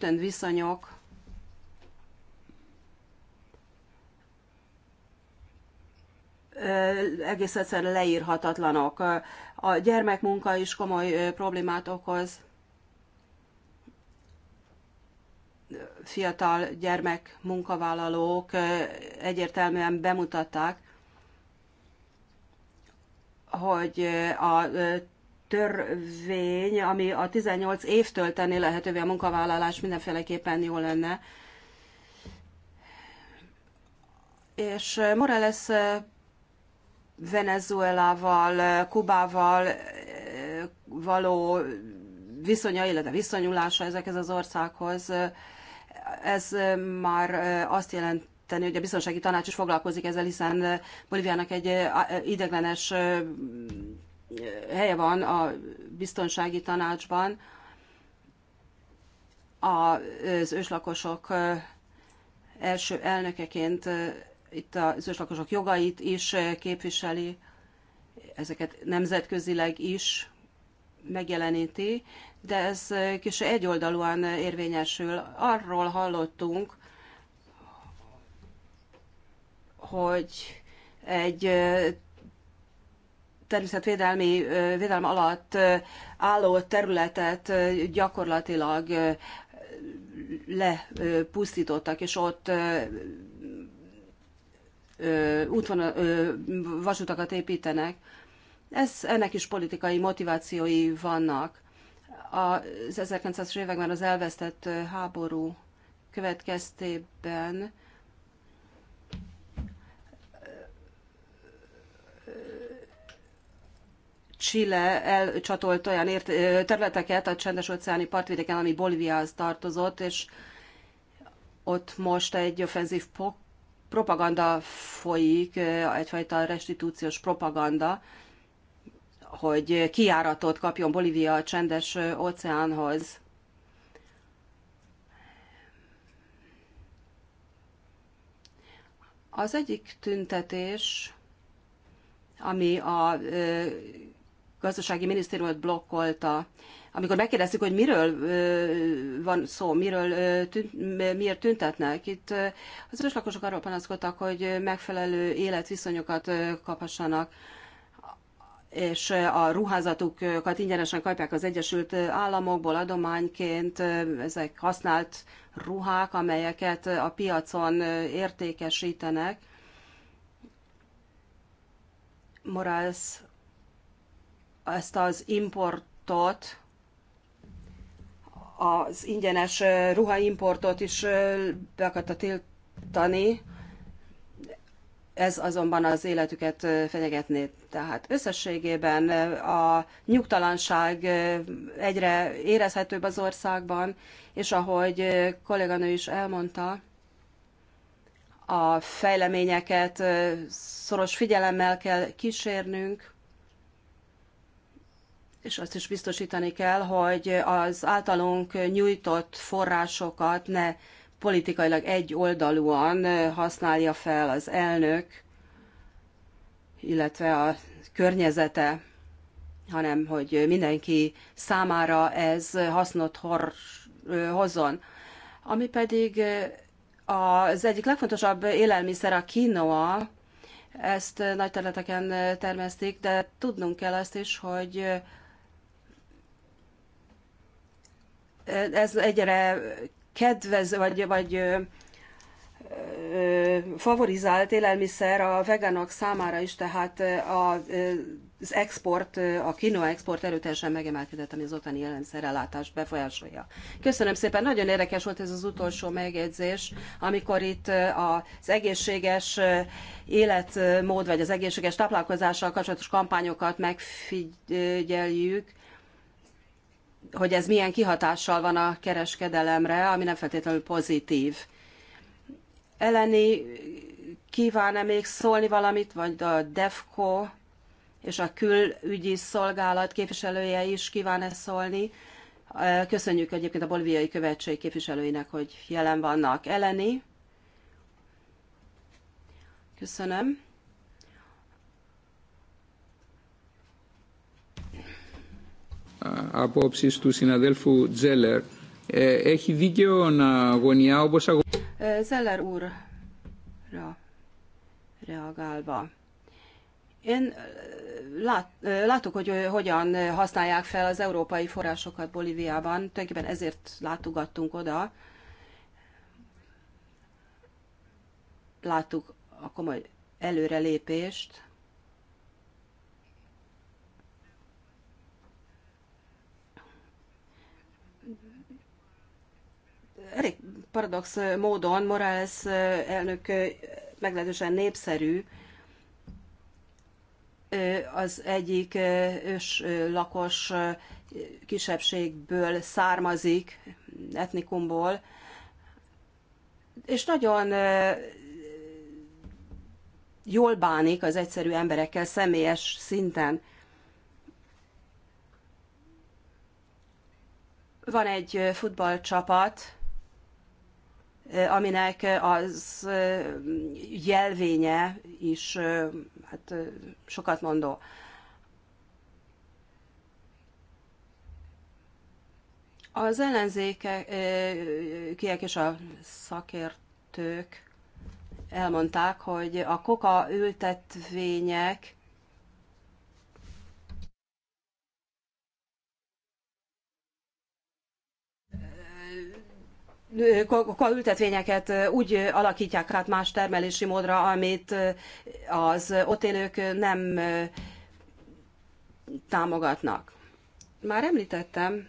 viszonyok egész egyszerűen leírhatatlanok. A gyermekmunka is komoly problémát okoz. Fiatal gyermek munkavállalók egyértelműen bemutatták, hogy a törvény, ami a 18 évtől tenni lehetővé a munkavállalás, mindenféleképpen jó lenne. És Morales Venezuelával, Kubával eh, való viszonya, illetve viszonyulása ezekhez az országhoz, eh, ez már eh, azt jelenti, tenni, hogy a biztonsági tanács is foglalkozik ezzel, hiszen Bolíviának egy ideglenes helye van a biztonsági tanácsban, az őslakosok első elnökeként itt az őslakosok jogait is képviseli, ezeket nemzetközileg is megjeleníti, de ez kis egyoldalúan érvényesül. Arról hallottunk, hogy egy természetvédelmi védelem alatt álló területet gyakorlatilag lepusztítottak, és ott útvonal, vasutakat építenek. Ez, ennek is politikai motivációi vannak. Az 1900-es években az elvesztett háború következtében Chile elcsatolt olyan ért, területeket a csendes-óceáni partvidéken, ami Bolíviához tartozott, és ott most egy offenzív propaganda folyik, egyfajta restitúciós propaganda, hogy kiáratot kapjon Bolívia a csendes óceánhoz. Az egyik tüntetés, ami a gazdasági minisztériumot blokkolta. Amikor megkérdeztük, hogy miről van szó, miről, tünt, miért tüntetnek, itt az őslakosok arról panaszkodtak, hogy megfelelő életviszonyokat kaphassanak, és a ruházatukat ingyenesen kapják az Egyesült Államokból adományként, ezek használt ruhák, amelyeket a piacon értékesítenek. Morales ezt az importot, az ingyenes ruhaimportot is be akarta tiltani, ez azonban az életüket fenyegetné. Tehát összességében a nyugtalanság egyre érezhetőbb az országban, és ahogy kolléganő is elmondta, a fejleményeket szoros figyelemmel kell kísérnünk, és azt is biztosítani kell, hogy az általunk nyújtott forrásokat ne politikailag egyoldalúan használja fel az elnök, illetve a környezete, hanem hogy mindenki számára ez hasznot hor, hozzon. Ami pedig az egyik legfontosabb élelmiszer a kínoa, ezt nagy területeken termesztik, de tudnunk kell azt is, hogy ez egyre kedvez, vagy, vagy favorizált élelmiszer a vegánok számára is, tehát az export, a kino export erőteljesen megemelkedett, ami az otthoni élelmiszerellátást befolyásolja. Köszönöm szépen, nagyon érdekes volt ez az utolsó megjegyzés, amikor itt az egészséges életmód, vagy az egészséges táplálkozással kapcsolatos kampányokat megfigyeljük, hogy ez milyen kihatással van a kereskedelemre, ami nem feltétlenül pozitív. Eleni kíván-e még szólni valamit, vagy a DEFCO és a külügyi szolgálat képviselője is kíván-e szólni? Köszönjük egyébként a bolíviai követség képviselőinek, hogy jelen vannak. Eleni? Köszönöm. απόψεις του συναδέλφου Τζέλερ. Έχει δίκαιο να αγωνιά όπως αγωνιά. Zeller úrra reagálva. Én lát, látok, hogy hogyan használják fel az európai forrásokat Bolíviában, tulajdonképpen ezért látogattunk oda. Láttuk a komoly előrelépést, elég paradox módon Morales elnök meglehetősen népszerű, az egyik ős lakos kisebbségből származik, etnikumból, és nagyon jól bánik az egyszerű emberekkel személyes szinten. Van egy futballcsapat, aminek az jelvénye is hát, sokat mondó. Az ellenzékiek és a szakértők elmondták, hogy a koka ültetvények ültetvényeket úgy alakítják át más termelési módra, amit az ott élők nem támogatnak. Már említettem,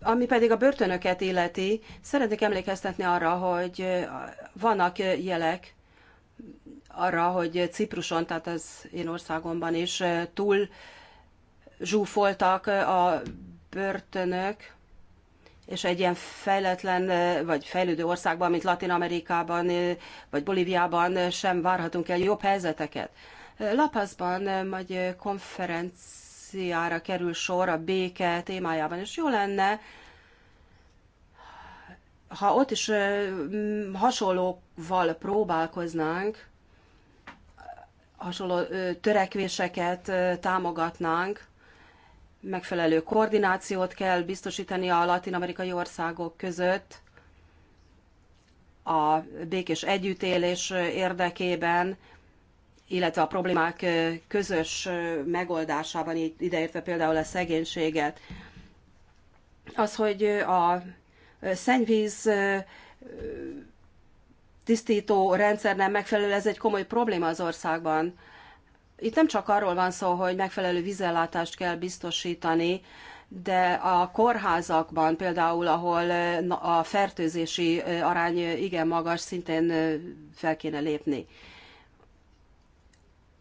ami pedig a börtönöket illeti, szeretnék emlékeztetni arra, hogy vannak jelek, arra, hogy Cipruson, tehát az én országomban is túl zsúfoltak a börtönök, és egy ilyen fejletlen vagy fejlődő országban, mint Latin Amerikában vagy Bolíviában sem várhatunk el jobb helyzeteket. Lapaszban majd konferenciára kerül sor a béke témájában, és jó lenne, ha ott is hasonlóval próbálkoznánk, hasonló törekvéseket támogatnánk, megfelelő koordinációt kell biztosítani a latin-amerikai országok között, a békés együttélés érdekében, illetve a problémák közös megoldásában, ideértve például a szegénységet. Az, hogy a szennyvíz tisztító rendszer nem megfelelő, ez egy komoly probléma az országban. Itt nem csak arról van szó, hogy megfelelő vízellátást kell biztosítani, de a kórházakban például, ahol a fertőzési arány igen magas, szintén fel kéne lépni.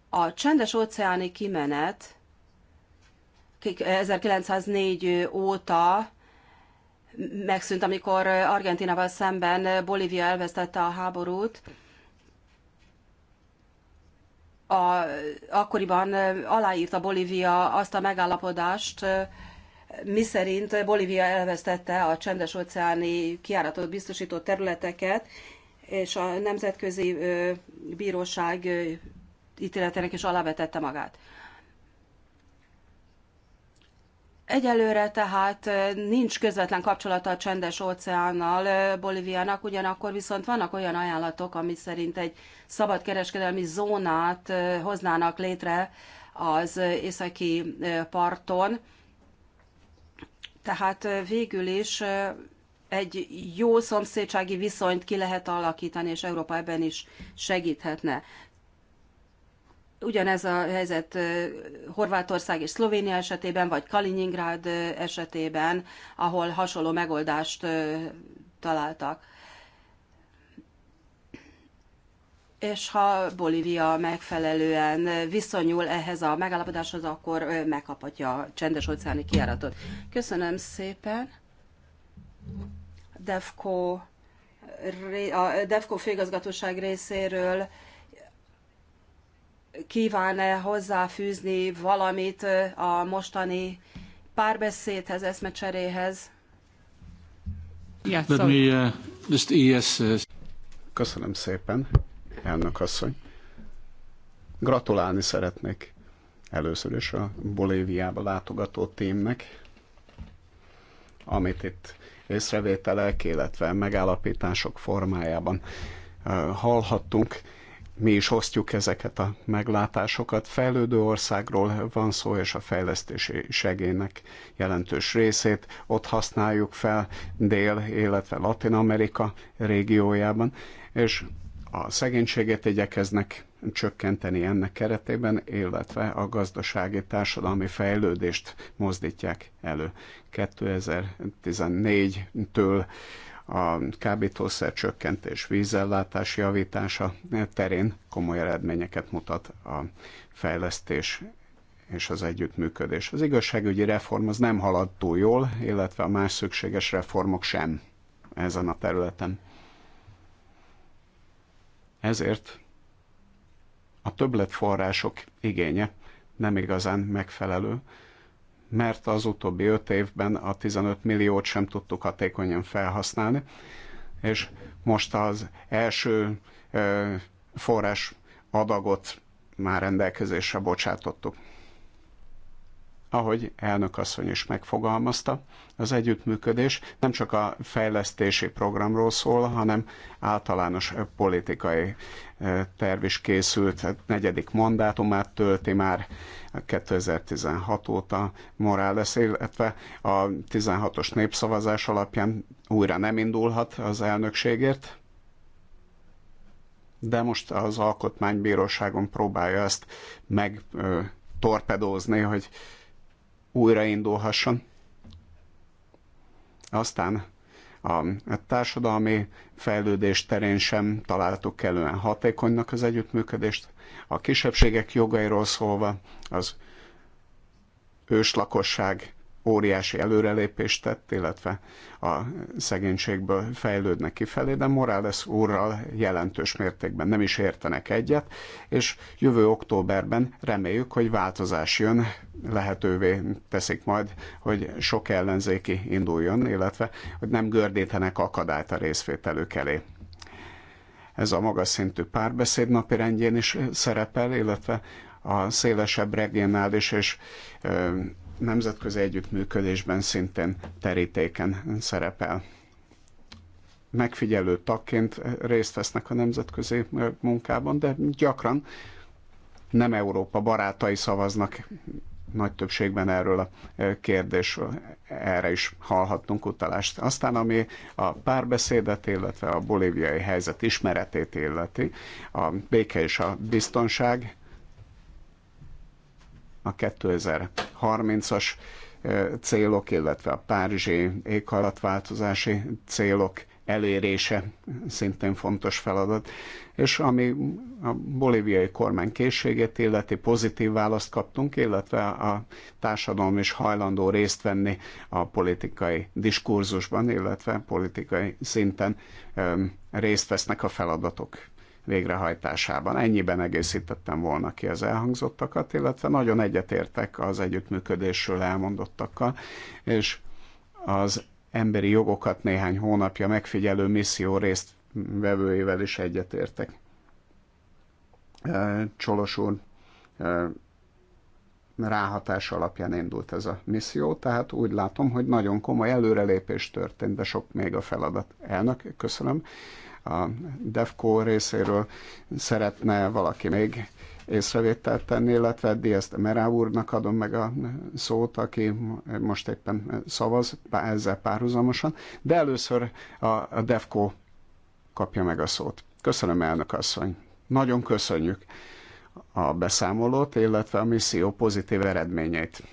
A csendes óceáni kimenet 1904 óta megszűnt, amikor Argentinával szemben Bolívia elvesztette a háborút. A, akkoriban aláírta Bolívia azt a megállapodást, miszerint Bolívia elvesztette a csendes óceáni kiáratot biztosított területeket, és a Nemzetközi Bíróság ítéletének is alávetette magát. Egyelőre tehát nincs közvetlen kapcsolata a csendes óceánnal Bolíviának, ugyanakkor viszont vannak olyan ajánlatok, ami szerint egy szabad kereskedelmi zónát hoznának létre az északi parton. Tehát végül is egy jó szomszédsági viszonyt ki lehet alakítani, és Európa ebben is segíthetne. Ugyanez a helyzet Horvátország és Szlovénia esetében, vagy Kaliningrád esetében, ahol hasonló megoldást találtak. És ha Bolívia megfelelően viszonyul ehhez a megállapodáshoz, akkor megkaphatja a csendes óceáni kiáratot. Köszönöm szépen. DEFCO, a DEFCO főigazgatóság részéről kíván-e hozzáfűzni valamit a mostani párbeszédhez, eszmecseréhez? Yeah, me, uh, e uh, Köszönöm szépen, elnök asszony. Gratulálni szeretnék először is a Bolíviába látogató témnek, amit itt észrevételek, illetve megállapítások formájában uh, hallhattunk mi is osztjuk ezeket a meglátásokat. Fejlődő országról van szó, és a fejlesztési segélynek jelentős részét ott használjuk fel Dél, illetve Latin Amerika régiójában, és a szegénységet igyekeznek csökkenteni ennek keretében, illetve a gazdasági társadalmi fejlődést mozdítják elő. 2014-től a kábítószer csökkentés, vízellátás javítása terén komoly eredményeket mutat a fejlesztés és az együttműködés. Az igazságügyi reform az nem halad túl jól, illetve a más szükséges reformok sem ezen a területen. Ezért a többletforrások igénye nem igazán megfelelő, mert az utóbbi öt évben a 15 milliót sem tudtuk hatékonyan felhasználni, és most az első forrás adagot már rendelkezésre bocsátottuk ahogy asszony is megfogalmazta, az együttműködés nem csak a fejlesztési programról szól, hanem általános politikai e, terv is készült. A hát negyedik mandátumát tölti már 2016 óta Morales, illetve a 16-os népszavazás alapján újra nem indulhat az elnökségért, de most az alkotmánybíróságon próbálja ezt megtorpedózni, hogy újraindulhasson. Aztán a társadalmi fejlődés terén sem találtuk kellően hatékonynak az együttműködést. A kisebbségek jogairól szólva az őslakosság óriási előrelépést tett, illetve a szegénységből fejlődnek kifelé, de Morales úrral jelentős mértékben nem is értenek egyet, és jövő októberben reméljük, hogy változás jön, lehetővé teszik majd, hogy sok ellenzéki induljon, illetve hogy nem gördítenek akadályt a részvételük elé ez a magas szintű párbeszéd napi rendjén is szerepel, illetve a szélesebb regionális és nemzetközi együttműködésben szintén terítéken szerepel. Megfigyelő tagként részt vesznek a nemzetközi munkában, de gyakran nem Európa barátai szavaznak nagy többségben erről a kérdésről. Erre is hallhattunk utalást. Aztán, ami a párbeszédet, illetve a bolíviai helyzet ismeretét illeti, a béke és a biztonság a 2030-as célok, illetve a párizsi éghajlatváltozási célok elérése szintén fontos feladat. És ami a bolíviai kormány készségét illeti, pozitív választ kaptunk, illetve a társadalom is hajlandó részt venni a politikai diskurzusban, illetve politikai szinten részt vesznek a feladatok végrehajtásában. Ennyiben egészítettem volna ki az elhangzottakat, illetve nagyon egyetértek az együttműködésről elmondottakkal, és az emberi jogokat néhány hónapja megfigyelő misszió résztvevőjével is egyetértek. Csolos úr ráhatás alapján indult ez a misszió, tehát úgy látom, hogy nagyon komoly előrelépés történt, de sok még a feladat. Elnök, köszönöm a DEFCO részéről szeretne valaki még észrevételt tenni, illetve a Merá úrnak adom meg a szót, aki most éppen szavaz ezzel párhuzamosan, de először a, a DEFCO kapja meg a szót. Köszönöm, elnök asszony. Nagyon köszönjük a beszámolót, illetve a misszió pozitív eredményeit.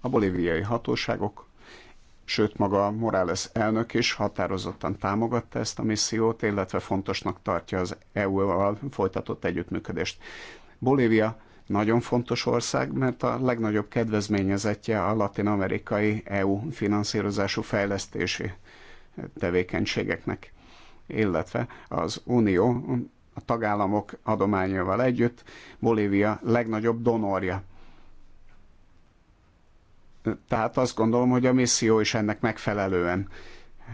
A bolíviai hatóságok sőt maga Morales elnök is határozottan támogatta ezt a missziót, illetve fontosnak tartja az EU-val folytatott együttműködést. Bolívia nagyon fontos ország, mert a legnagyobb kedvezményezetje a latin-amerikai EU finanszírozású fejlesztési tevékenységeknek, illetve az Unió a tagállamok adományával együtt Bolívia legnagyobb donorja tehát azt gondolom, hogy a misszió is ennek megfelelően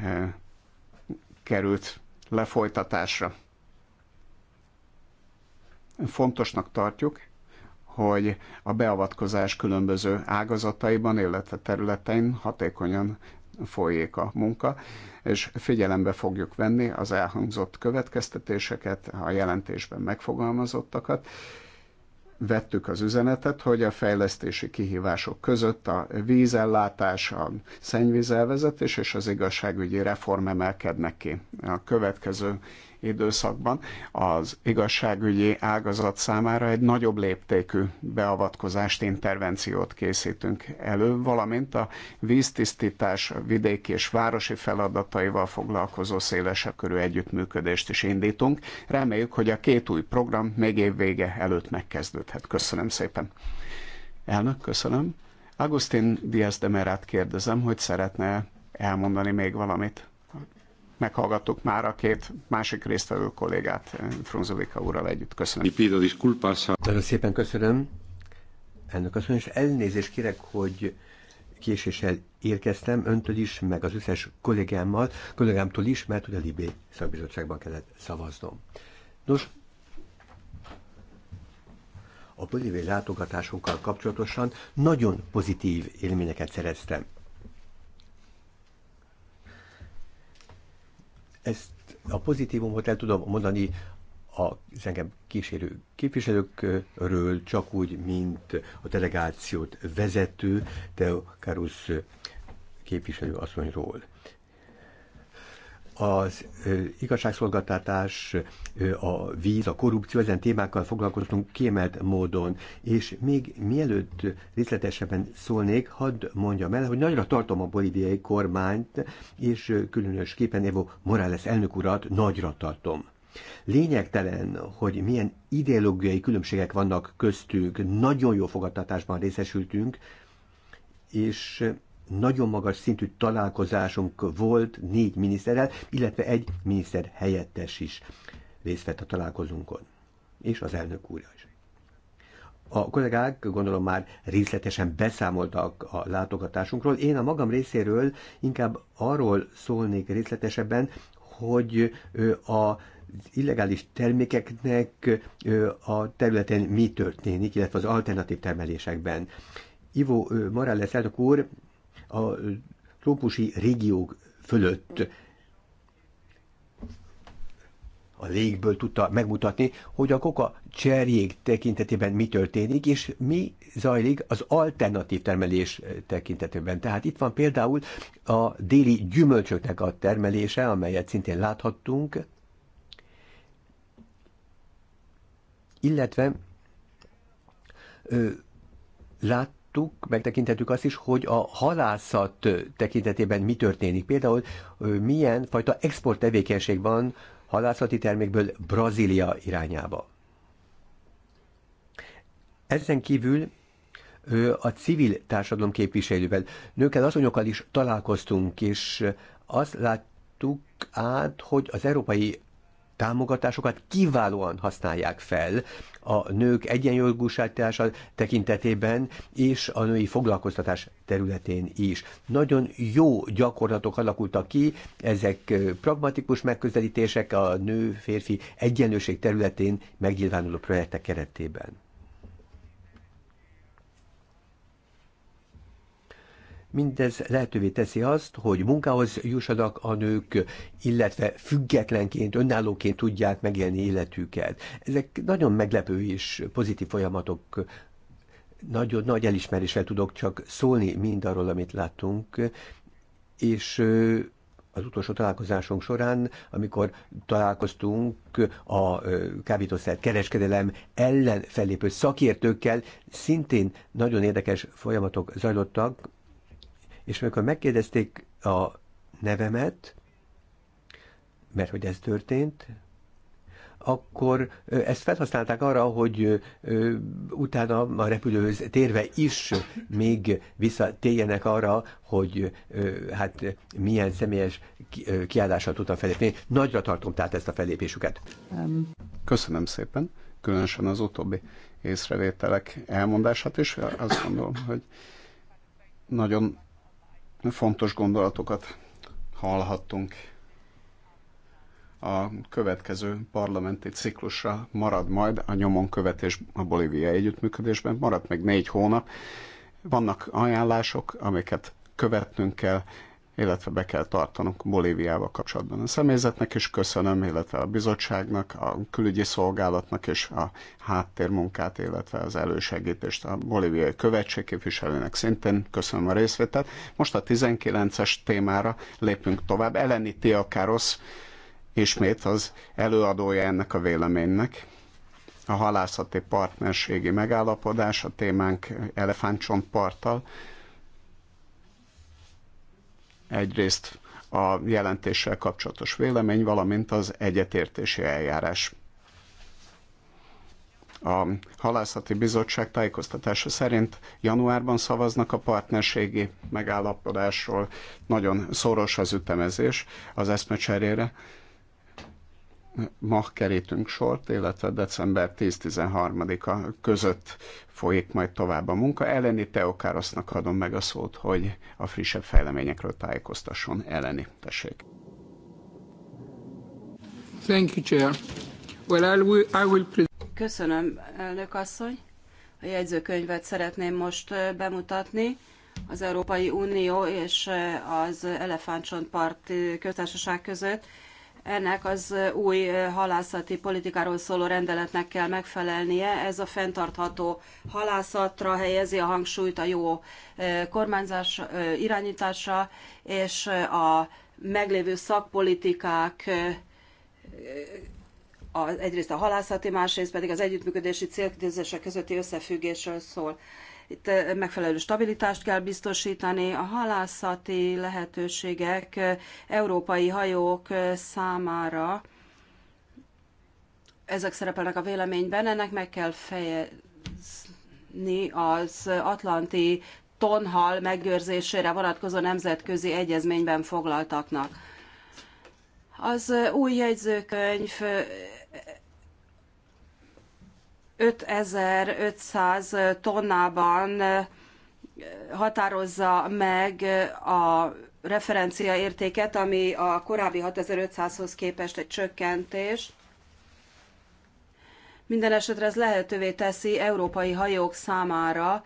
eh, került lefolytatásra. Fontosnak tartjuk, hogy a beavatkozás különböző ágazataiban, illetve területein hatékonyan folyik a munka, és figyelembe fogjuk venni az elhangzott következtetéseket, a jelentésben megfogalmazottakat, vettük az üzenetet, hogy a fejlesztési kihívások között a vízellátás, a szennyvízelvezetés és az igazságügyi reform emelkednek ki. A következő időszakban az igazságügyi ágazat számára egy nagyobb léptékű beavatkozást, intervenciót készítünk elő, valamint a víztisztítás vidéki és városi feladataival foglalkozó szélesebb körű együttműködést is indítunk. Reméljük, hogy a két új program még vége előtt megkezdődhet. Köszönöm szépen. Elnök, köszönöm. Agustin Diaz de Merát kérdezem, hogy szeretne elmondani még valamit meghallgattuk már a két másik résztvevő kollégát Frunzovika úrral együtt. Köszönöm. Nagyon szépen köszönöm. Ennek asszony, és elnézést kérek, hogy késéssel érkeztem öntől is, meg az összes kollégámmal, kollégámtól is, mert ugye a Libé szakbizottságban kellett szavaznom. Nos, a bolivé látogatásunkkal kapcsolatosan nagyon pozitív élményeket szereztem. Ezt a pozitívumot el tudom mondani a engem kísérő képviselőkről, csak úgy, mint a delegációt vezető Teokarusz képviselő asszonyról az igazságszolgáltatás, a víz, a korrupció, ezen témákkal foglalkoztunk kiemelt módon. És még mielőtt részletesebben szólnék, hadd mondjam el, hogy nagyra tartom a bolíviai kormányt, és különösképpen Evo Morales elnök urat nagyra tartom. Lényegtelen, hogy milyen ideológiai különbségek vannak köztünk, nagyon jó fogadtatásban részesültünk, és nagyon magas szintű találkozásunk volt négy miniszterrel, illetve egy miniszter helyettes is részt vett a találkozónkon, és az elnök úrja is. A kollégák gondolom már részletesen beszámoltak a látogatásunkról. Én a magam részéről inkább arról szólnék részletesebben, hogy a illegális termékeknek a területen mi történik, illetve az alternatív termelésekben. Ivo Morales elnök úr a trópusi régiók fölött a légből tudta megmutatni, hogy a koka cserjék tekintetében mi történik, és mi zajlik az alternatív termelés tekintetében. Tehát itt van például a déli gyümölcsöknek a termelése, amelyet szintén láthattunk, illetve ö, lát, megvizsgáltuk, megtekintettük azt is, hogy a halászat tekintetében mi történik. Például milyen fajta export tevékenység van halászati termékből Brazília irányába. Ezen kívül a civil társadalom képviselővel, nőkkel, asszonyokkal is találkoztunk, és azt láttuk át, hogy az európai támogatásokat kiválóan használják fel a nők egyenjogúsátása tekintetében és a női foglalkoztatás területén is. Nagyon jó gyakorlatok alakultak ki, ezek pragmatikus megközelítések a nő-férfi egyenlőség területén megnyilvánuló projektek keretében. Mindez lehetővé teszi azt, hogy munkához jussanak a nők, illetve függetlenként, önállóként tudják megélni életüket. Ezek nagyon meglepő és pozitív folyamatok nagyon nagy elismeréssel tudok csak szólni mindarról, amit láttunk, és az utolsó találkozásunk során, amikor találkoztunk a kábítószer kereskedelem ellen fellépő szakértőkkel, szintén nagyon érdekes folyamatok zajlottak, és amikor megkérdezték a nevemet, mert hogy ez történt, akkor ezt felhasználták arra, hogy utána a repülőhöz térve is még visszatérjenek arra, hogy hát milyen személyes kiállással tudtam felépni. Nagyra tartom tehát ezt a felépésüket. Köszönöm szépen, különösen az utóbbi észrevételek elmondását is. Azt gondolom, hogy nagyon fontos gondolatokat hallhattunk. A következő parlamenti ciklusra marad majd a nyomon követés a Bolívia együttműködésben, marad meg négy hónap. Vannak ajánlások, amiket követnünk kell, illetve be kell tartanunk Bolíviával kapcsolatban a személyzetnek is köszönöm, illetve a bizottságnak, a külügyi szolgálatnak és a háttérmunkát, illetve az elősegítést a bolíviai követség képviselőnek szintén köszönöm a részvételt. Most a 19-es témára lépünk tovább. Eleni Tiakárosz ismét az előadója ennek a véleménynek a halászati partnerségi megállapodás, a témánk elefántcsontparttal. Egyrészt a jelentéssel kapcsolatos vélemény, valamint az egyetértési eljárás. A halászati bizottság tájékoztatása szerint januárban szavaznak a partnerségi megállapodásról. Nagyon szoros az ütemezés az eszmecserére ma kerítünk sort, illetve december 10-13-a között folyik majd tovább a munka. Eleni Teokárosznak adom meg a szót, hogy a frissebb fejleményekről tájékoztasson. Eleni, tessék. Thank you, Chair. Well, I will, I will Köszönöm, elnök asszony. A jegyzőkönyvet szeretném most bemutatni. Az Európai Unió és az Part köztársaság között ennek az új halászati politikáról szóló rendeletnek kell megfelelnie. Ez a fenntartható halászatra helyezi a hangsúlyt a jó kormányzás irányítása és a meglévő szakpolitikák egyrészt a halászati, másrészt pedig az együttműködési célkitűzések közötti összefüggésről szól. Itt eh, megfelelő stabilitást kell biztosítani, a halászati lehetőségek eh, európai hajók eh, számára, ezek szerepelnek a véleményben, ennek meg kell fejezni az atlanti tonhal megőrzésére vonatkozó nemzetközi egyezményben foglaltaknak. Az új jegyzőkönyv 5500 tonnában határozza meg a referencia értéket, ami a korábbi 6500-hoz képest egy csökkentés. Minden esetre ez lehetővé teszi európai hajók számára,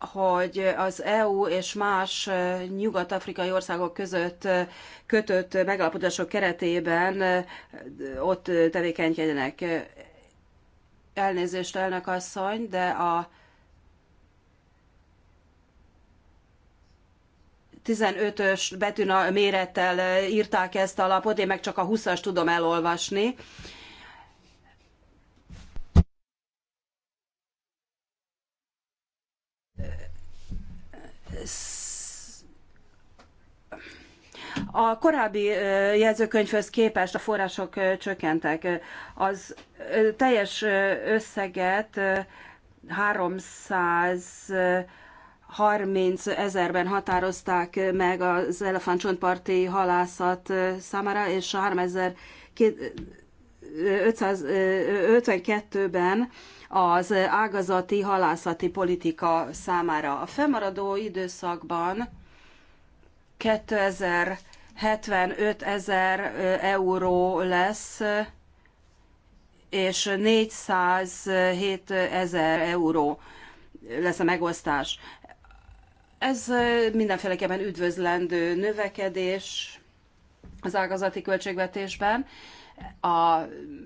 hogy az EU és más nyugat-afrikai országok között kötött megalapodások keretében ott tevékenykedjenek. Elnézést, elnök asszony, de a 15-ös betűn mérettel írták ezt a lapot, én meg csak a 20-as tudom elolvasni. A korábbi jegyzőkönyvhöz képest a források csökkentek. Az teljes összeget 300 30 ezerben határozták meg az elefántcsontparti halászat számára, és 3552-ben az ágazati halászati politika számára. A fennmaradó időszakban 2000 75 ezer euró lesz, és 407 ezer euró lesz a megosztás. Ez mindenféleképpen üdvözlendő növekedés az ágazati költségvetésben a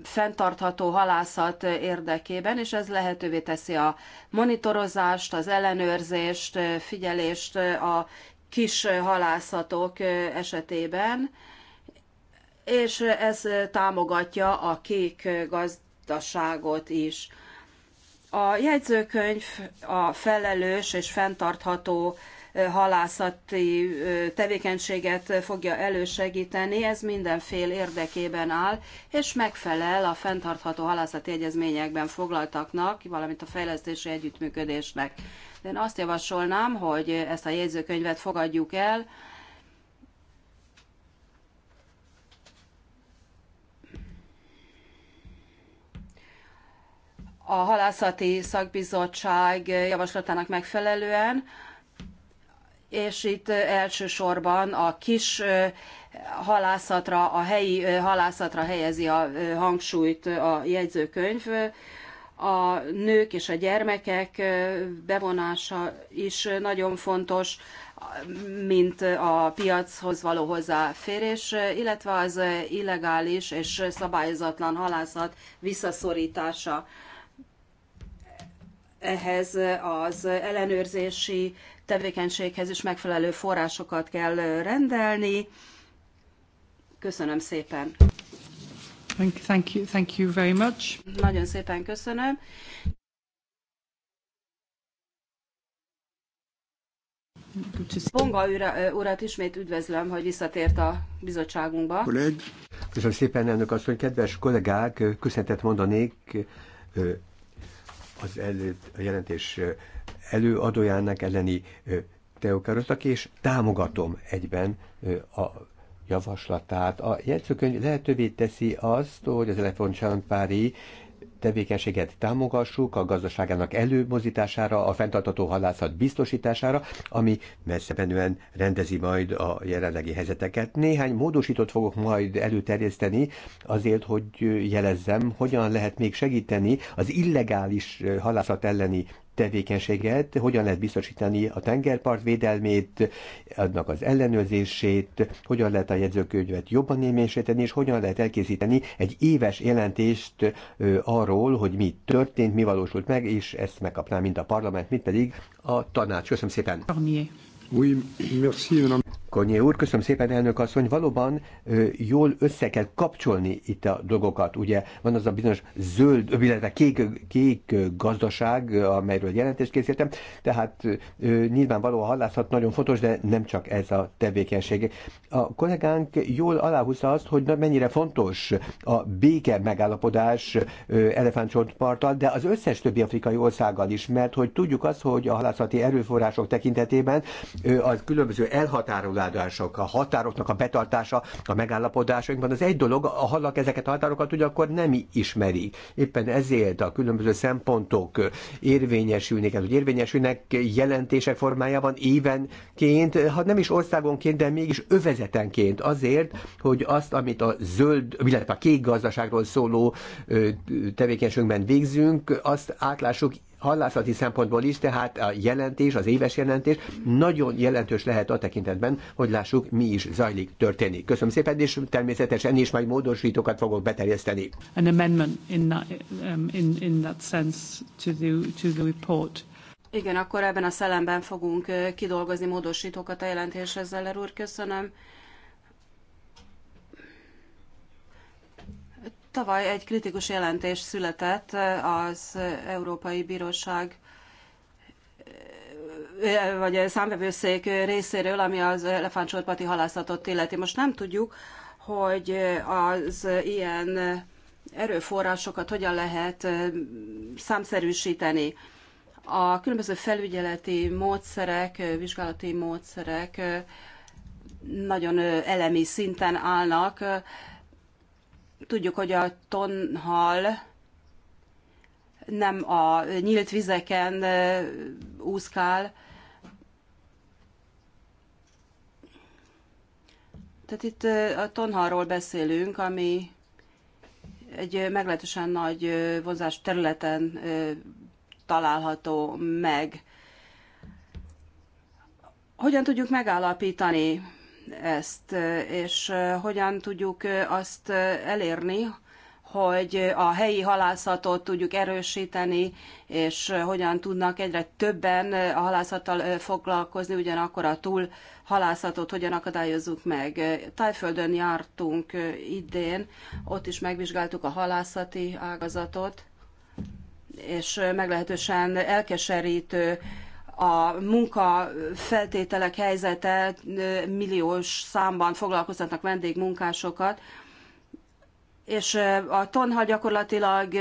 fenntartható halászat érdekében, és ez lehetővé teszi a monitorozást, az ellenőrzést, figyelést a kis halászatok esetében, és ez támogatja a kék gazdaságot is. A jegyzőkönyv a felelős és fenntartható halászati tevékenységet fogja elősegíteni, ez mindenfél érdekében áll, és megfelel a fenntartható halászati egyezményekben foglaltaknak, valamint a fejlesztési együttműködésnek. Én azt javasolnám, hogy ezt a jegyzőkönyvet fogadjuk el, a halászati szakbizottság javaslatának megfelelően, és itt elsősorban a kis halászatra, a helyi halászatra helyezi a hangsúlyt a jegyzőkönyv a nők és a gyermekek bevonása is nagyon fontos, mint a piachoz való hozzáférés, illetve az illegális és szabályozatlan halászat visszaszorítása. Ehhez az ellenőrzési tevékenységhez is megfelelő forrásokat kell rendelni. Köszönöm szépen! Thank, you, thank you very much. Nagyon szépen köszönöm. Bonga urat ismét üdvözlöm, hogy visszatért a bizottságunkba. Kolleg. Köszönöm szépen, elnök asszony, kedves kollégák, köszönetet mondanék az elő, a jelentés előadójának elleni Teokarotnak, és támogatom egyben a javaslatát. A jegyzőkönyv lehetővé teszi azt, hogy az Elefon Csampári tevékenységet támogassuk a gazdaságának előmozítására, a fenntartató halászat biztosítására, ami messze menően rendezi majd a jelenlegi helyzeteket. Néhány módosítót fogok majd előterjeszteni azért, hogy jelezzem, hogyan lehet még segíteni az illegális halászat elleni tevékenységet, hogyan lehet biztosítani a tengerpart védelmét, adnak az ellenőrzését, hogyan lehet a jegyzőkönyvet jobban élményesíteni, és hogyan lehet elkészíteni egy éves jelentést ö, arról, hogy mi történt, mi valósult meg, és ezt megkapná mind a parlament, mint pedig a tanács. Köszönöm szépen! Oui, merci, Konyé úr, köszönöm szépen, elnök asszony, valóban ö, jól össze kell kapcsolni itt a dolgokat. Ugye van az a bizonyos zöld, illetve kék, kék gazdaság, amelyről jelentést készítettem, tehát ö, nyilvánvaló a halászat nagyon fontos, de nem csak ez a tevékenység. A kollégánk jól aláhúzta azt, hogy mennyire fontos a béke megállapodás elefántcsontparttal, de az összes többi afrikai országgal is, mert hogy tudjuk azt, hogy a halászati erőforrások tekintetében az különböző elhatárolás megállapodások, a határoknak a betartása, a megállapodásainkban az egy dolog, a halak ezeket a határokat ugyanakkor nem ismerik. Éppen ezért a különböző szempontok érvényesülnek, hát, hogy érvényesülnek jelentések formájában évenként, ha nem is országonként, de mégis övezetenként azért, hogy azt, amit a zöld, illetve a kék gazdaságról szóló tevékenységben végzünk, azt átlássuk hallászati szempontból is, tehát a jelentés, az éves jelentés nagyon jelentős lehet a tekintetben, hogy lássuk, mi is zajlik, történik. Köszönöm szépen, és természetesen is majd módosítókat fogok beterjeszteni. An amendment in that, um, in, in that sense to the, to the report. Igen, akkor ebben a szellemben fogunk kidolgozni módosítókat a jelentéshez, Zeller úr, köszönöm. Tavaly egy kritikus jelentés született eh, az Európai Bíróság eh, eh, vagy a számvevőszék részéről, ami az elefántcsontparti halászatot illeti. Most nem tudjuk, hogy az ilyen erőforrásokat hogyan lehet számszerűsíteni. A különböző felügyeleti módszerek, vizsgálati módszerek nagyon elemi szinten állnak, Tudjuk, hogy a tonhal nem a nyílt vizeken úszkál. Tehát itt a tonhalról beszélünk, ami egy meglehetősen nagy vonzás területen található meg. Hogyan tudjuk megállapítani ezt, és hogyan tudjuk azt elérni, hogy a helyi halászatot tudjuk erősíteni, és hogyan tudnak egyre többen a halászattal foglalkozni, ugyanakkor a túl halászatot hogyan akadályozzuk meg. Tájföldön jártunk idén, ott is megvizsgáltuk a halászati ágazatot, és meglehetősen elkeserítő a munkafeltételek helyzete, milliós számban foglalkoztatnak vendégmunkásokat, és a tonha gyakorlatilag,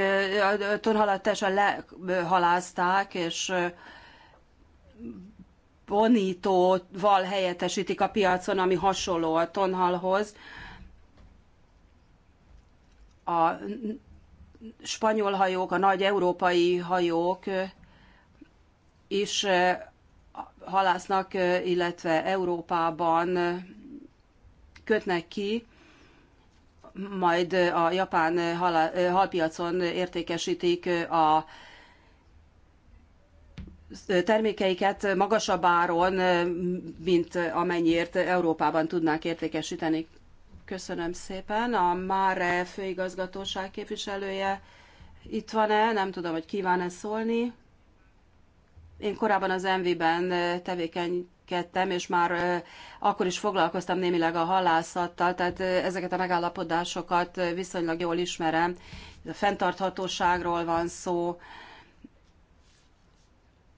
a tonhalat teljesen lehalázták, és bonítóval helyettesítik a piacon, ami hasonló a tonhalhoz. A spanyol hajók, a nagy európai hajók is eh, halásznak, eh, illetve Európában eh, kötnek ki, majd a japán hal, halpiacon értékesítik a termékeiket magasabb áron, mint amennyiért Európában tudnák értékesíteni. Köszönöm szépen. A Máre főigazgatóság képviselője itt van-e? Nem tudom, hogy kíván-e szólni. Én korábban az MV-ben tevékenykedtem, és már akkor is foglalkoztam némileg a halászattal, tehát ezeket a megállapodásokat viszonylag jól ismerem. A fenntarthatóságról van szó,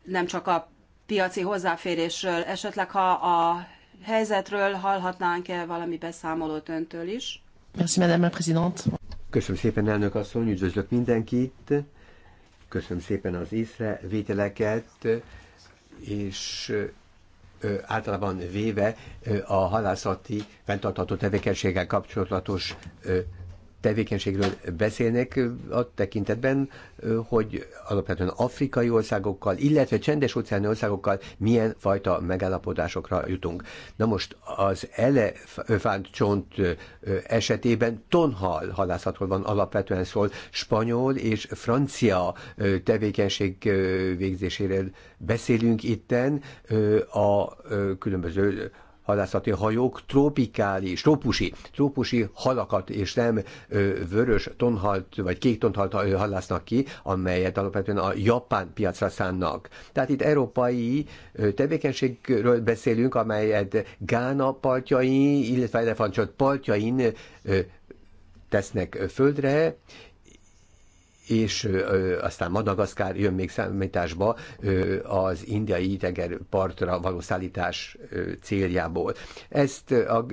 nem csak a piaci hozzáférésről. Esetleg, ha a helyzetről hallhatnánk-e valami beszámolót öntől is? Köszönöm szépen, elnök asszony, üdvözlök mindenkit. Köszönöm szépen az észre vételeket, és általában véve a halászati fenntartható tevékenységgel kapcsolatos tevékenységről beszélnek a tekintetben, hogy alapvetően afrikai országokkal, illetve csendes óceáni országokkal milyen fajta megállapodásokra jutunk. Na most az csont esetében tonhal halászatról van alapvetően szól, spanyol és francia tevékenység végzéséről beszélünk itten a különböző halászati hajók tropikális, trópusi, trópusi halakat, és nem vörös tonhalt, vagy kék tonhalt halásznak ki, amelyet alapvetően a japán piacra szánnak. Tehát itt európai tevékenységről beszélünk, amelyet Gána partjain, illetve Elefantcsont partjain tesznek földre, és aztán Madagaszkár jön még számításba az indiai partra való szállítás céljából. Ezt a,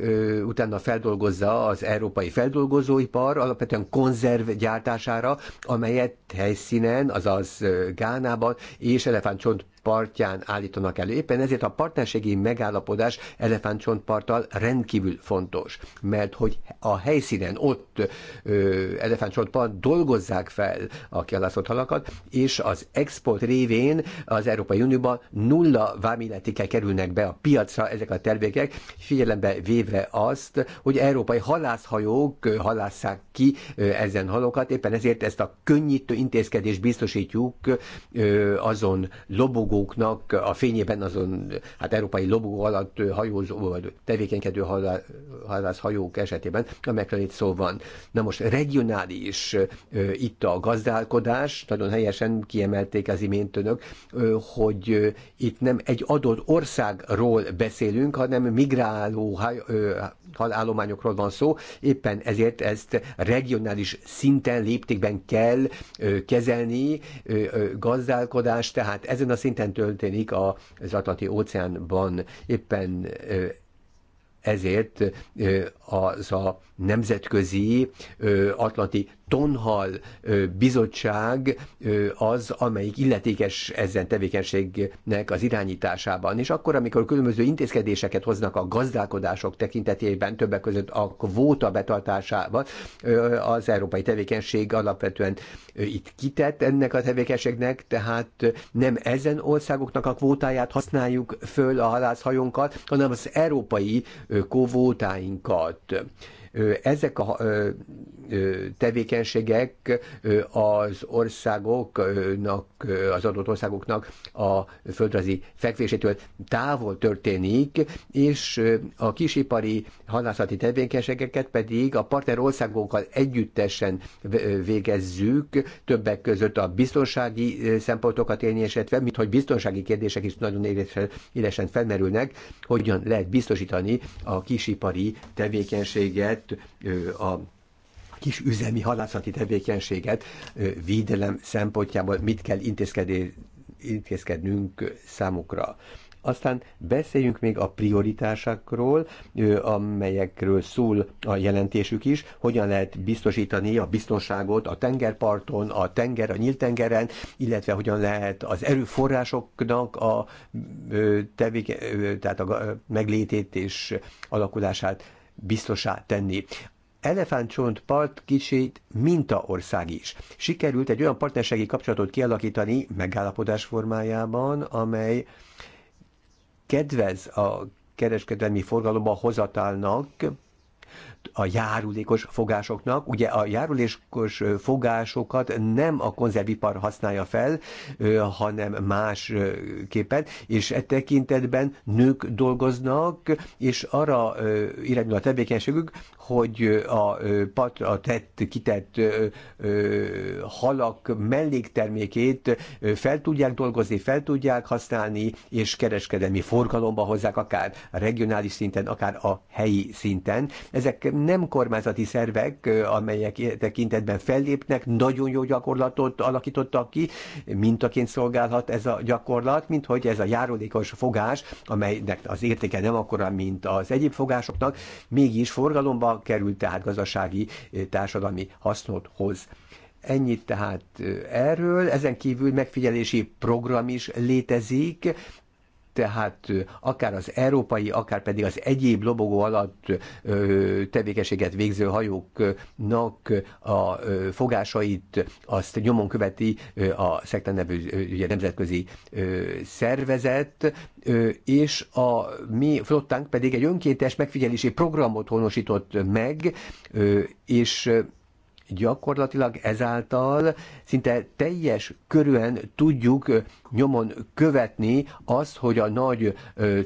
utána feldolgozza az európai feldolgozóipar, alapvetően konzerv gyártására, amelyet helyszínen, azaz Gánában és elefántcsont partján állítanak elő. Éppen ezért a partnerségi megállapodás elefántcsontparttal rendkívül fontos, mert hogy a helyszínen ott elefántcsontpart dolgozzák fel a kialászott halakat, és az export révén az Európai Unióban nulla vámilletikkel kerülnek be a piacra ezek a tervékek, figyelembe véve azt, hogy európai halászhajók halásszák ki ezen halokat, éppen ezért ezt a könnyítő intézkedést biztosítjuk azon lobogó lobogóknak a fényében azon, hát európai lobogó alatt hajózó, vagy tevékenykedő hajók esetében, amelyekről itt szó van. Na most regionális itt a gazdálkodás, nagyon helyesen kiemelték az imént önök, hogy itt nem egy adott országról beszélünk, hanem migráló halállományokról van szó, éppen ezért ezt regionális szinten, léptékben kell kezelni, gazdálkodás, tehát ezen a szinten szinten történik az Atlanti óceánban. Éppen ezért az a nemzetközi atlanti Tonhal bizottság az, amelyik illetékes ezen tevékenységnek az irányításában. És akkor, amikor különböző intézkedéseket hoznak a gazdálkodások tekintetében, többek között a kvóta betartásával, az európai tevékenység alapvetően itt kitett ennek a tevékenységnek, tehát nem ezen országoknak a kvótáját használjuk föl a halászhajónkat, hanem az európai kvótáinkat ezek a tevékenységek az országoknak, az adott országoknak a földrajzi fekvésétől távol történik, és a kisipari hadászati tevékenységeket pedig a partner országokkal együttesen végezzük, többek között a biztonsági szempontokat érnyesítve, mint hogy biztonsági kérdések is nagyon élesen felmerülnek, hogyan lehet biztosítani a kisipari tevékenységet a kis üzemi halászati tevékenységet védelem szempontjából mit kell intézkednünk számukra. Aztán beszéljünk még a prioritásokról, amelyekről szól a jelentésük is, hogyan lehet biztosítani a biztonságot a tengerparton, a tenger, a nyílt tengeren, illetve hogyan lehet az erőforrásoknak a, tevéke, tehát a meglétét és alakulását biztosá tenni. Elefántcsont part kicsit minta ország is. Sikerült egy olyan partnerségi kapcsolatot kialakítani megállapodás formájában, amely kedvez a kereskedelmi forgalomba hozatálnak, a járulékos fogásoknak. Ugye a járulékos fogásokat nem a konzervipar használja fel, hanem más képet, és e tekintetben nők dolgoznak, és arra irányul a tevékenységük, hogy a patra tett, kitett halak melléktermékét fel tudják dolgozni, fel tudják használni, és kereskedelmi forgalomba hozzák, akár regionális szinten, akár a helyi szinten. Ezek nem kormányzati szervek, amelyek tekintetben fellépnek, nagyon jó gyakorlatot alakítottak ki, mintaként szolgálhat ez a gyakorlat, mint hogy ez a járulékos fogás, amelynek az értéke nem akkora, mint az egyéb fogásoknak, mégis forgalomba került, tehát gazdasági, társadalmi hasznot hoz. Ennyit tehát erről, ezen kívül megfigyelési program is létezik, tehát akár az európai, akár pedig az egyéb lobogó alatt tevékenységet végző hajóknak a fogásait azt nyomon követi a szekta nevű ugye, nemzetközi szervezet, és a mi flottánk pedig egy önkéntes megfigyelési programot honosított meg, és gyakorlatilag ezáltal szinte teljes körülön tudjuk nyomon követni azt, hogy a nagy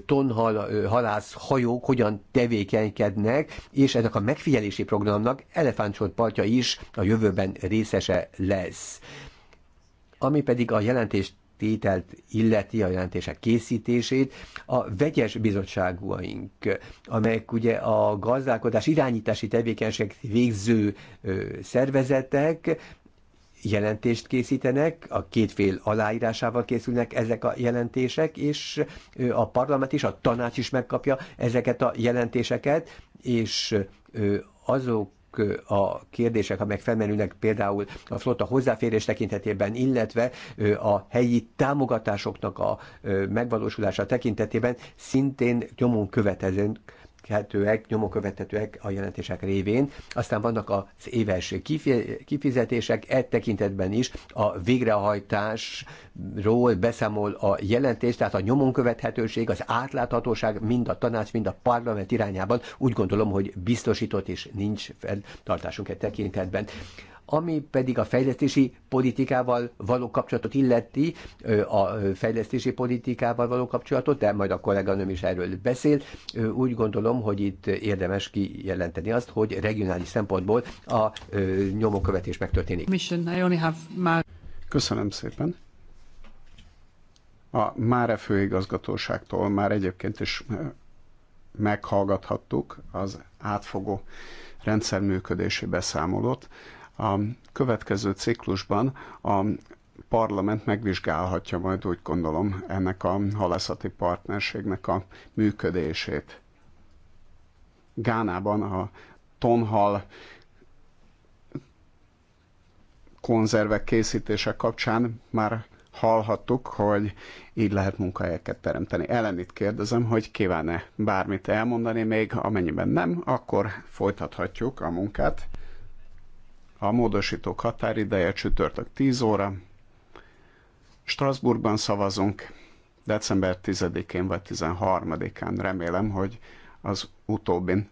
tonhal halász hajók hogyan tevékenykednek, és ennek a megfigyelési programnak elefántcsontpartja is a jövőben részese lesz. Ami pedig a jelentést tételt illeti a jelentések készítését, a vegyes bizottságúaink, amelyek ugye a gazdálkodás irányítási tevékenység végző szervezetek, jelentést készítenek, a két fél aláírásával készülnek ezek a jelentések, és a parlament is, a tanács is megkapja ezeket a jelentéseket, és azok a kérdések, amelyek felmerülnek például a flotta hozzáférés tekintetében, illetve a helyi támogatásoknak a megvalósulása tekintetében szintén nyomon követezünk követhetőek, nyomon követhetőek a jelentések révén. Aztán vannak az éves kifizetések, e tekintetben is a végrehajtásról beszámol a jelentés, tehát a nyomon követhetőség, az átláthatóság mind a tanács, mind a parlament irányában úgy gondolom, hogy biztosított és nincs fenntartásunk e tekintetben. Ami pedig a fejlesztési politikával való kapcsolatot illeti, a fejlesztési politikával való kapcsolatot, de majd a kolléganőm is erről beszél, úgy gondolom, hogy itt érdemes kijelenteni azt, hogy regionális szempontból a nyomókövetés megtörténik. Köszönöm szépen. A Máre főigazgatóságtól már egyébként is meghallgathattuk az átfogó rendszerműködési beszámolót. A következő ciklusban a parlament megvizsgálhatja majd úgy gondolom ennek a halászati partnerségnek a működését. Gánában a tonhal konzervek készítése kapcsán már hallhattuk, hogy így lehet munkahelyeket teremteni. Ellenit kérdezem, hogy kíván-e bármit elmondani még, amennyiben nem, akkor folytathatjuk a munkát. A módosítók határideje csütörtök 10 óra. Strasbourgban szavazunk december 10-én vagy 13-án. Remélem, hogy az utóbbin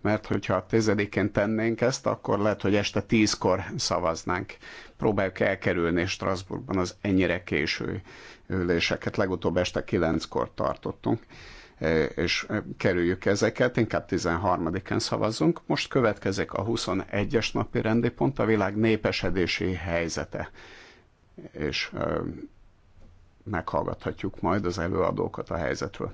mert hogyha a tizedikén tennénk ezt, akkor lehet, hogy este tízkor szavaznánk. Próbáljuk elkerülni Strasbourgban az ennyire késő üléseket. Legutóbb este kilenckor tartottunk és kerüljük ezeket, inkább 13-án szavazzunk. Most következik a 21-es napi rendi pont, a világ népesedési helyzete. És meghallgathatjuk majd az előadókat a helyzetről.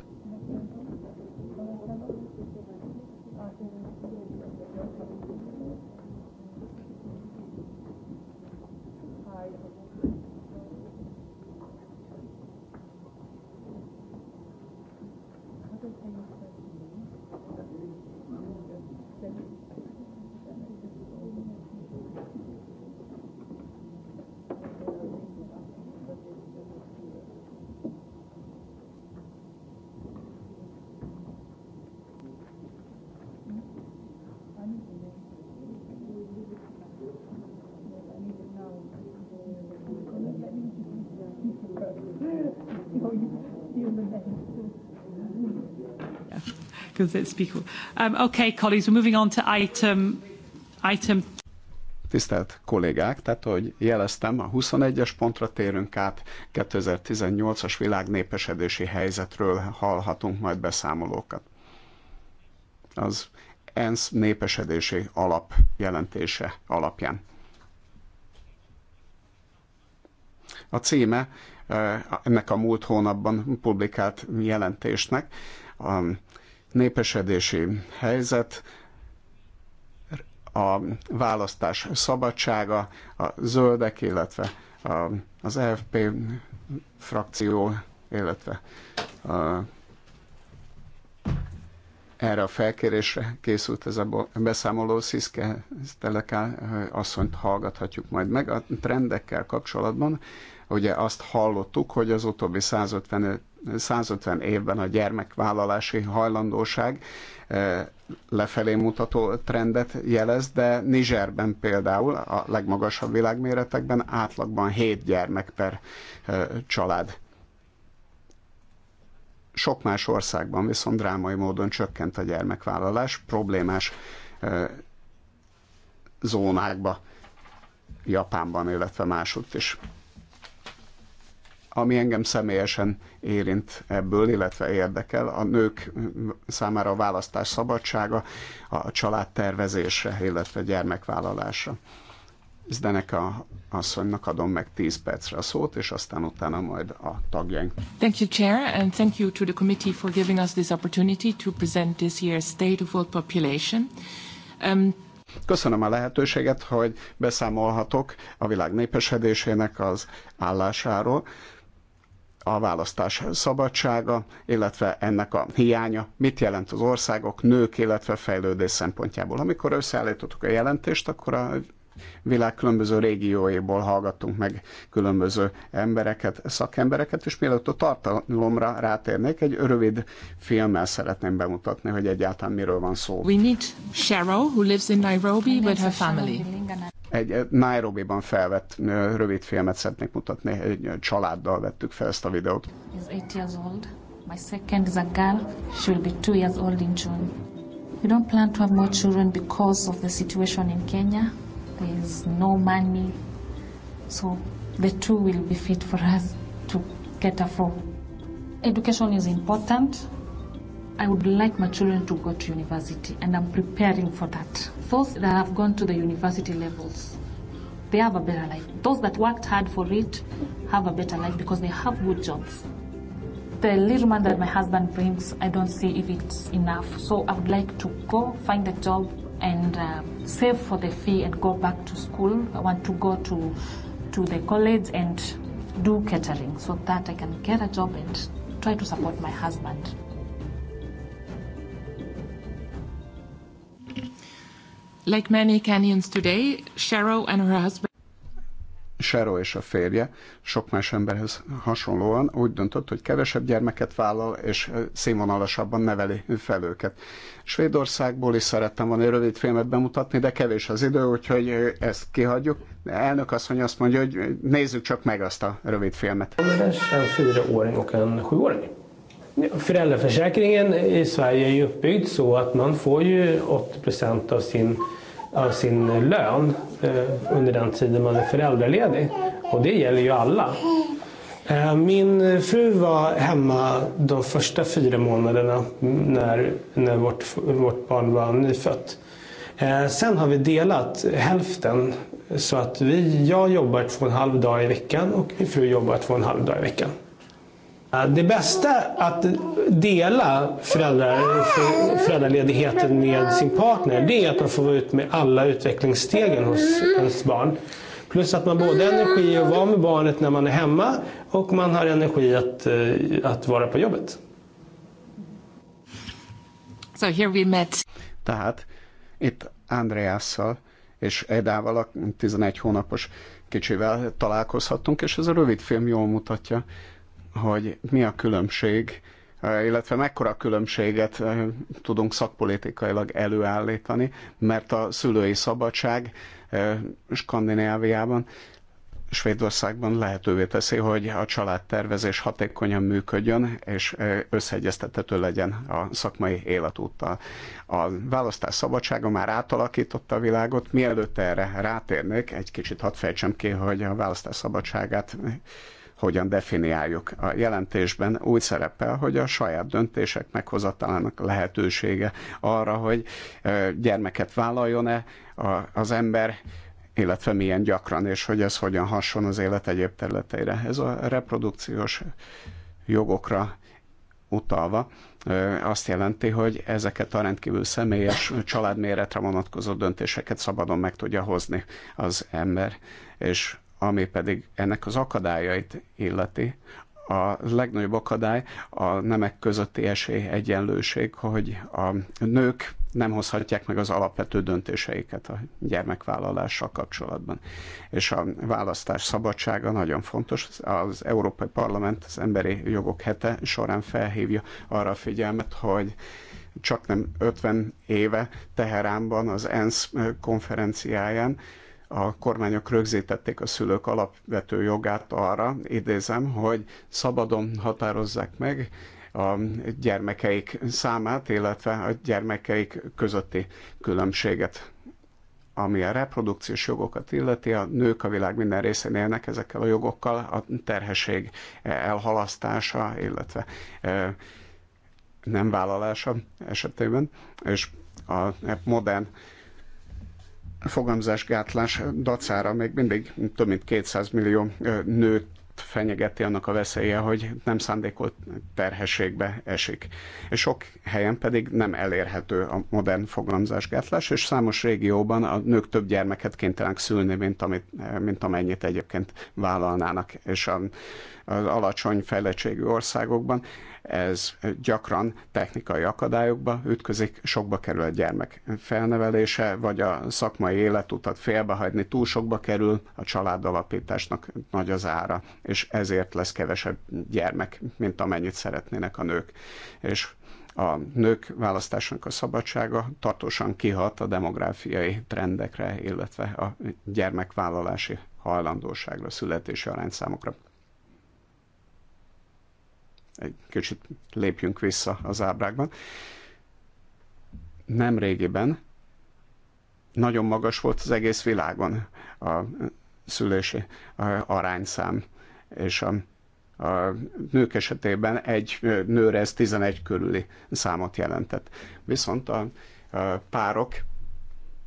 Because it's people. Um, okay, colleagues, we're moving on to item, item tisztelt kollégák, tehát hogy jeleztem, a 21-es pontra térünk át, 2018-as világ népesedési helyzetről hallhatunk majd beszámolókat. Az ENSZ népesedési alap jelentése alapján. A címe ennek a múlt hónapban publikált jelentésnek. A népesedési helyzet, a választás szabadsága, a zöldek, illetve az EFP frakció, illetve a, erre a felkérésre készült ez a beszámoló Sziszke Teleká asszonyt hallgathatjuk majd meg a trendekkel kapcsolatban. Ugye azt hallottuk, hogy az utóbbi 150, 150 évben a gyermekvállalási hajlandóság eh, lefelé mutató trendet jelez, de Nizserben például a legmagasabb világméretekben átlagban 7 gyermek per eh, család. Sok más országban viszont drámai módon csökkent a gyermekvállalás, problémás eh, zónákba, Japánban, illetve másutt is ami engem személyesen érint ebből, illetve érdekel, a nők számára a választás szabadsága, a családtervezésre, illetve gyermekvállalásra. Zdenek a asszonynak adom meg 10 percre a szót, és aztán utána majd a tagjaink. Thank you, Chair, and thank you to the committee for giving us this opportunity to present this year's State of World Population. Um, Köszönöm a lehetőséget, hogy beszámolhatok a világ népesedésének az állásáról, a választás szabadsága, illetve ennek a hiánya, mit jelent az országok, nők, illetve fejlődés szempontjából. Amikor összeállítottuk a jelentést, akkor a világ különböző régióiból hallgattunk meg különböző embereket, szakembereket, és mielőtt a tartalomra rátérnék, egy rövid filmmel szeretném bemutatni, hogy egyáltalán miről van szó. We need Cheryl, who lives in Nairobi with her family. Egy eh, Nairobi-ban felvett eh, rövid filmet szeretnék mutatni, egy eh, családdal vettük fel ezt a videót. My second is a girl. She will be two years old in June. We don't plan to have more children because of the situation in Kenya, is no money. So the two will be fit for us to get a four. Education is important. I would like my children to go to university, and I'm preparing for that. Those that have gone to the university levels, they have a better life. Those that worked hard for it have a better life because they have good jobs. The little man that my husband brings, I don't see if it's enough. So I would like to go find a job and um, save for the fee and go back to school. I want to go to to the college and do catering so that I can get a job and try to support my husband. Like many Kenyans today, Cheryl and her husband Sero és a férje sok más emberhez hasonlóan úgy döntött, hogy kevesebb gyermeket vállal, és színvonalasabban neveli fel őket. Svédországból is szerettem volna egy rövid filmet bemutatni, de kevés az idő, úgyhogy ezt kihagyjuk. Elnök mondja, azt mondja, hogy nézzük csak meg azt a rövid filmet. En fyraåring och en sjuåring. Föräldraförsäkringen i Sverige är uppbyggd så att man får ju 80 av sin av sin lön eh, under den tiden man är föräldraledig. Och det gäller ju alla. Eh, min fru var hemma de första fyra månaderna när, när vårt, vårt barn var nyfött. Eh, sen har vi delat hälften så att vi, jag jobbar två och en halv dag i veckan och min fru jobbar två och en halv dag i veckan. Eh, det bästa att dela föräldrar, föräldraledigheten med sin partner det är att man får vara ut med alla utvecklingsstegen hos ens barn. Plus att man både har energi att vara med barnet när man är hemma och man har energi att, eh, att vara på jobbet. So here we met. Tehát itt Andreasszal és Edával, a 11 hónapos kicsivel találkozhattunk, és ez a rövid film jól mutatja hogy mi a különbség, eh, illetve mekkora különbséget eh, tudunk szakpolitikailag előállítani, mert a szülői szabadság eh, Skandináviában, Svédországban lehetővé teszi, hogy a családtervezés hatékonyan működjön, és összeegyeztethető legyen a szakmai életúttal. A választás szabadsága már átalakította a világot. Mielőtt erre rátérnék, egy kicsit hadd fejtsem ki, hogy a választás szabadságát hogyan definiáljuk. A jelentésben úgy szerepel, hogy a saját döntések meghozatalának lehetősége arra, hogy gyermeket vállaljon-e az ember, illetve milyen gyakran, és hogy ez hogyan hason az élet egyéb területeire. Ez a reprodukciós jogokra utalva azt jelenti, hogy ezeket a rendkívül személyes családméretre vonatkozó döntéseket szabadon meg tudja hozni az ember, és ami pedig ennek az akadályait illeti, a legnagyobb akadály a nemek közötti esély egyenlőség, hogy a nők nem hozhatják meg az alapvető döntéseiket a gyermekvállalással kapcsolatban. És a választás szabadsága nagyon fontos. Az Európai Parlament az Emberi Jogok Hete során felhívja arra a figyelmet, hogy csak nem 50 éve Teheránban az ENSZ konferenciáján a kormányok rögzítették a szülők alapvető jogát arra, idézem, hogy szabadon határozzák meg a gyermekeik számát, illetve a gyermekeik közötti különbséget ami a reprodukciós jogokat illeti, a nők a világ minden részén élnek ezekkel a jogokkal, a terhesség elhalasztása, illetve e, nem vállalása esetében, és a modern fogamzásgátlás dacára még mindig több mint 200 millió nőt fenyegeti annak a veszélye, hogy nem szándékolt terhességbe esik. És sok helyen pedig nem elérhető a modern fogamzásgátlás, és számos régióban a nők több gyermeket kénytelenek szülni, mint, amit, mint amennyit egyébként vállalnának. És a az alacsony fejlettségű országokban ez gyakran technikai akadályokba ütközik, sokba kerül a gyermek felnevelése, vagy a szakmai életutat félbehagyni, túl sokba kerül, a család alapításnak nagy az ára, és ezért lesz kevesebb gyermek, mint amennyit szeretnének a nők. És a nők választásának a szabadsága tartósan kihat a demográfiai trendekre, illetve a gyermekvállalási hajlandóságra, születési arányszámokra egy kicsit lépjünk vissza az ábrákban. Nem régiben nagyon magas volt az egész világon a szülési arányszám, és a, a nők esetében egy nőre ez 11 körüli számot jelentett. Viszont a, a párok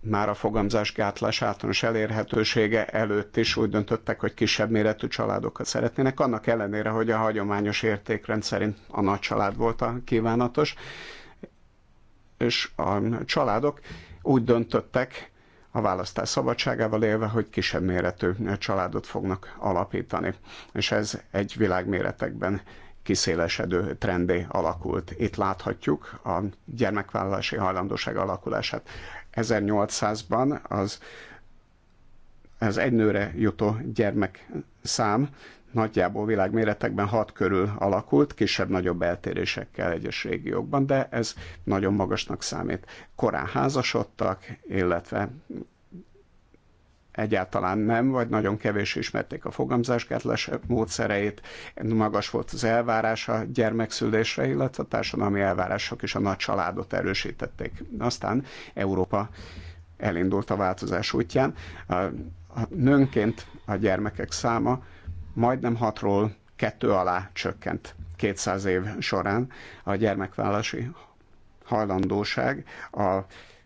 már a gátlás általános elérhetősége előtt is úgy döntöttek, hogy kisebb méretű családokat szeretnének, annak ellenére, hogy a hagyományos értékrend szerint a nagy család volt a kívánatos, és a családok úgy döntöttek, a választás szabadságával élve, hogy kisebb méretű családot fognak alapítani. És ez egy világméretekben kiszélesedő trendé alakult. Itt láthatjuk a gyermekvállalási hajlandóság alakulását. 1800-ban az, az egy nőre jutó gyermek szám nagyjából világméretekben hat körül alakult, kisebb-nagyobb eltérésekkel egyes régiókban, de ez nagyon magasnak számít. Korán házasodtak, illetve egyáltalán nem, vagy nagyon kevés ismerték a fogamzásgátlás módszereit, magas volt az elvárás a gyermekszülésre, illetve a társadalmi elvárások is a nagy családot erősítették. Aztán Európa elindult a változás útján. A nőnként a gyermekek száma majdnem hatról kettő alá csökkent 200 év során a gyermekvállási hajlandóság a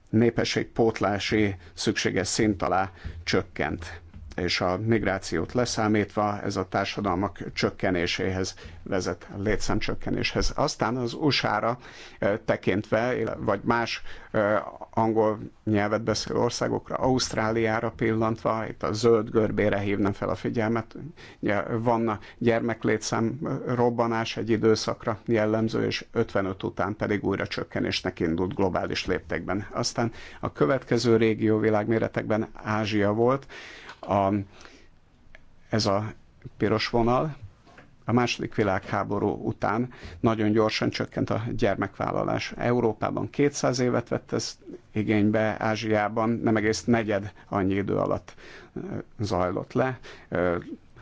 népességpótlási szükséges szint alá csökkent és a migrációt leszámítva ez a társadalmak csökkenéséhez vezet, létszámcsökkenéshez. Aztán az USA-ra tekintve, vagy más angol nyelvet beszélő országokra, Ausztráliára pillantva, itt a zöld görbére hívnám fel a figyelmet, van a gyermeklétszám robbanás egy időszakra jellemző, és 55 után pedig újra csökkenésnek indult globális léptekben. Aztán a következő régió világméretekben Ázsia volt, a, ez a piros vonal a második világháború után nagyon gyorsan csökkent a gyermekvállalás. Európában 200 évet vett ez igénybe, Ázsiában nem egész negyed annyi idő alatt zajlott le.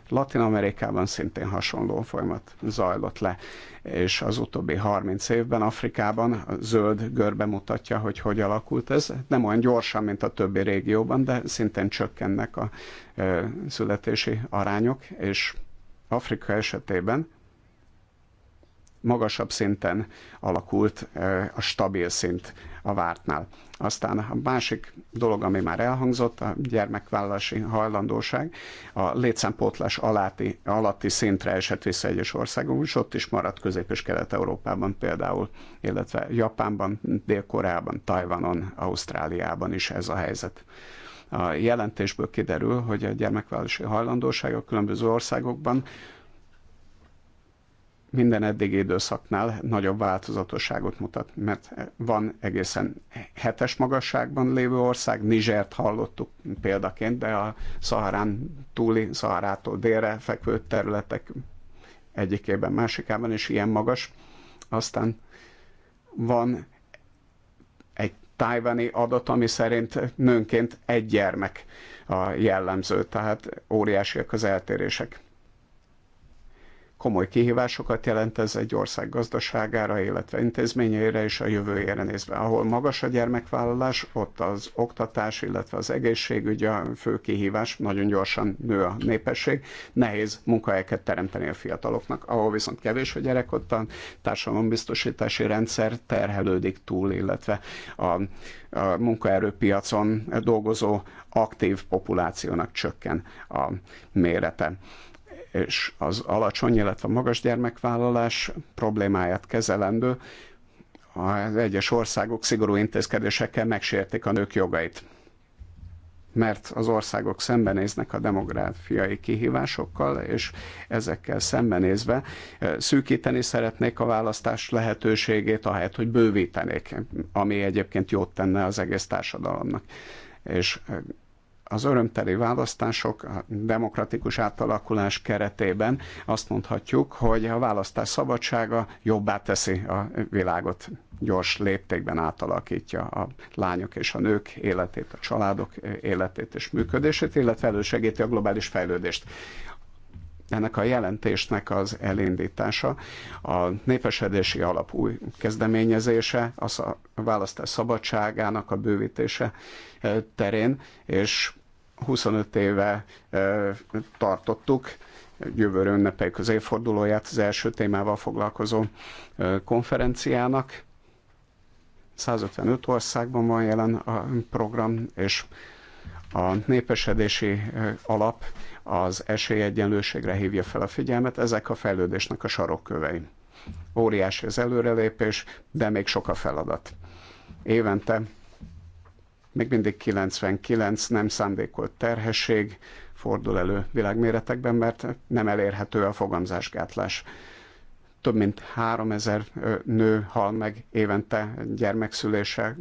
Latin Amerikában szintén hasonló folyamat zajlott le, és az utóbbi 30 évben Afrikában a zöld görbe mutatja, hogy hogy alakult ez. Nem olyan gyorsan, mint a többi régióban, de szintén csökkennek a születési arányok, és Afrika esetében magasabb szinten alakult a stabil szint a vártnál. Aztán a másik dolog, ami már elhangzott, a gyermekvállalási hajlandóság, a létszámpótlás alatti, alatti szintre esett vissza egyes országunk, és ott is maradt Közép- és Kelet-Európában például, illetve Japánban, Dél-Koreában, Tajvanon, Ausztráliában is ez a helyzet. A jelentésből kiderül, hogy a gyermekvállalási hajlandóság a különböző országokban minden eddig időszaknál nagyobb változatosságot mutat, mert van egészen hetes magasságban lévő ország, Nizsert hallottuk példaként, de a Szaharán túli, Szaharától délre fekvő területek egyikében, másikában is ilyen magas. Aztán van egy tájvani adat, ami szerint nőnként egy gyermek a jellemző, tehát óriásiak az eltérések komoly kihívásokat jelent ez egy ország gazdaságára, illetve intézményeire és a jövőjére nézve. Ahol magas a gyermekvállalás, ott az oktatás, illetve az egészségügy a fő kihívás, nagyon gyorsan nő a népesség, nehéz munkahelyeket teremteni a fiataloknak. Ahol viszont kevés a gyerek, ott a társadalombiztosítási rendszer terhelődik túl, illetve a, a munkaerőpiacon dolgozó aktív populációnak csökken a mérete és az alacsony, illetve magas gyermekvállalás problémáját kezelendő, az egyes országok szigorú intézkedésekkel megsértik a nők jogait. Mert az országok szembenéznek a demográfiai kihívásokkal, és ezekkel szembenézve szűkíteni szeretnék a választás lehetőségét, ahelyett, hogy bővítenék, ami egyébként jót tenne az egész társadalomnak. És az örömteli választások, a demokratikus átalakulás keretében azt mondhatjuk, hogy a választás szabadsága jobbá teszi a világot, gyors léptékben átalakítja a lányok és a nők életét, a családok életét és működését, illetve elősegíti a globális fejlődést ennek a jelentésnek az elindítása, a népesedési alap új kezdeményezése, az a választás szabadságának a bővítése eh, terén, és 25 éve tartottuk, jövőre ünnepeljük az évfordulóját az első témával foglalkozó konferenciának. 155 országban van jelen a program, és a népesedési alap az esélyegyenlőségre hívja fel a figyelmet, ezek a fejlődésnek a sarokkövei. Óriási az előrelépés, de még sok a feladat. Évente még mindig 99 nem szándékolt terhesség fordul elő világméretekben, mert nem elérhető a fogamzásgátlás. Több mint 3000 nő hal meg évente gyermekszülése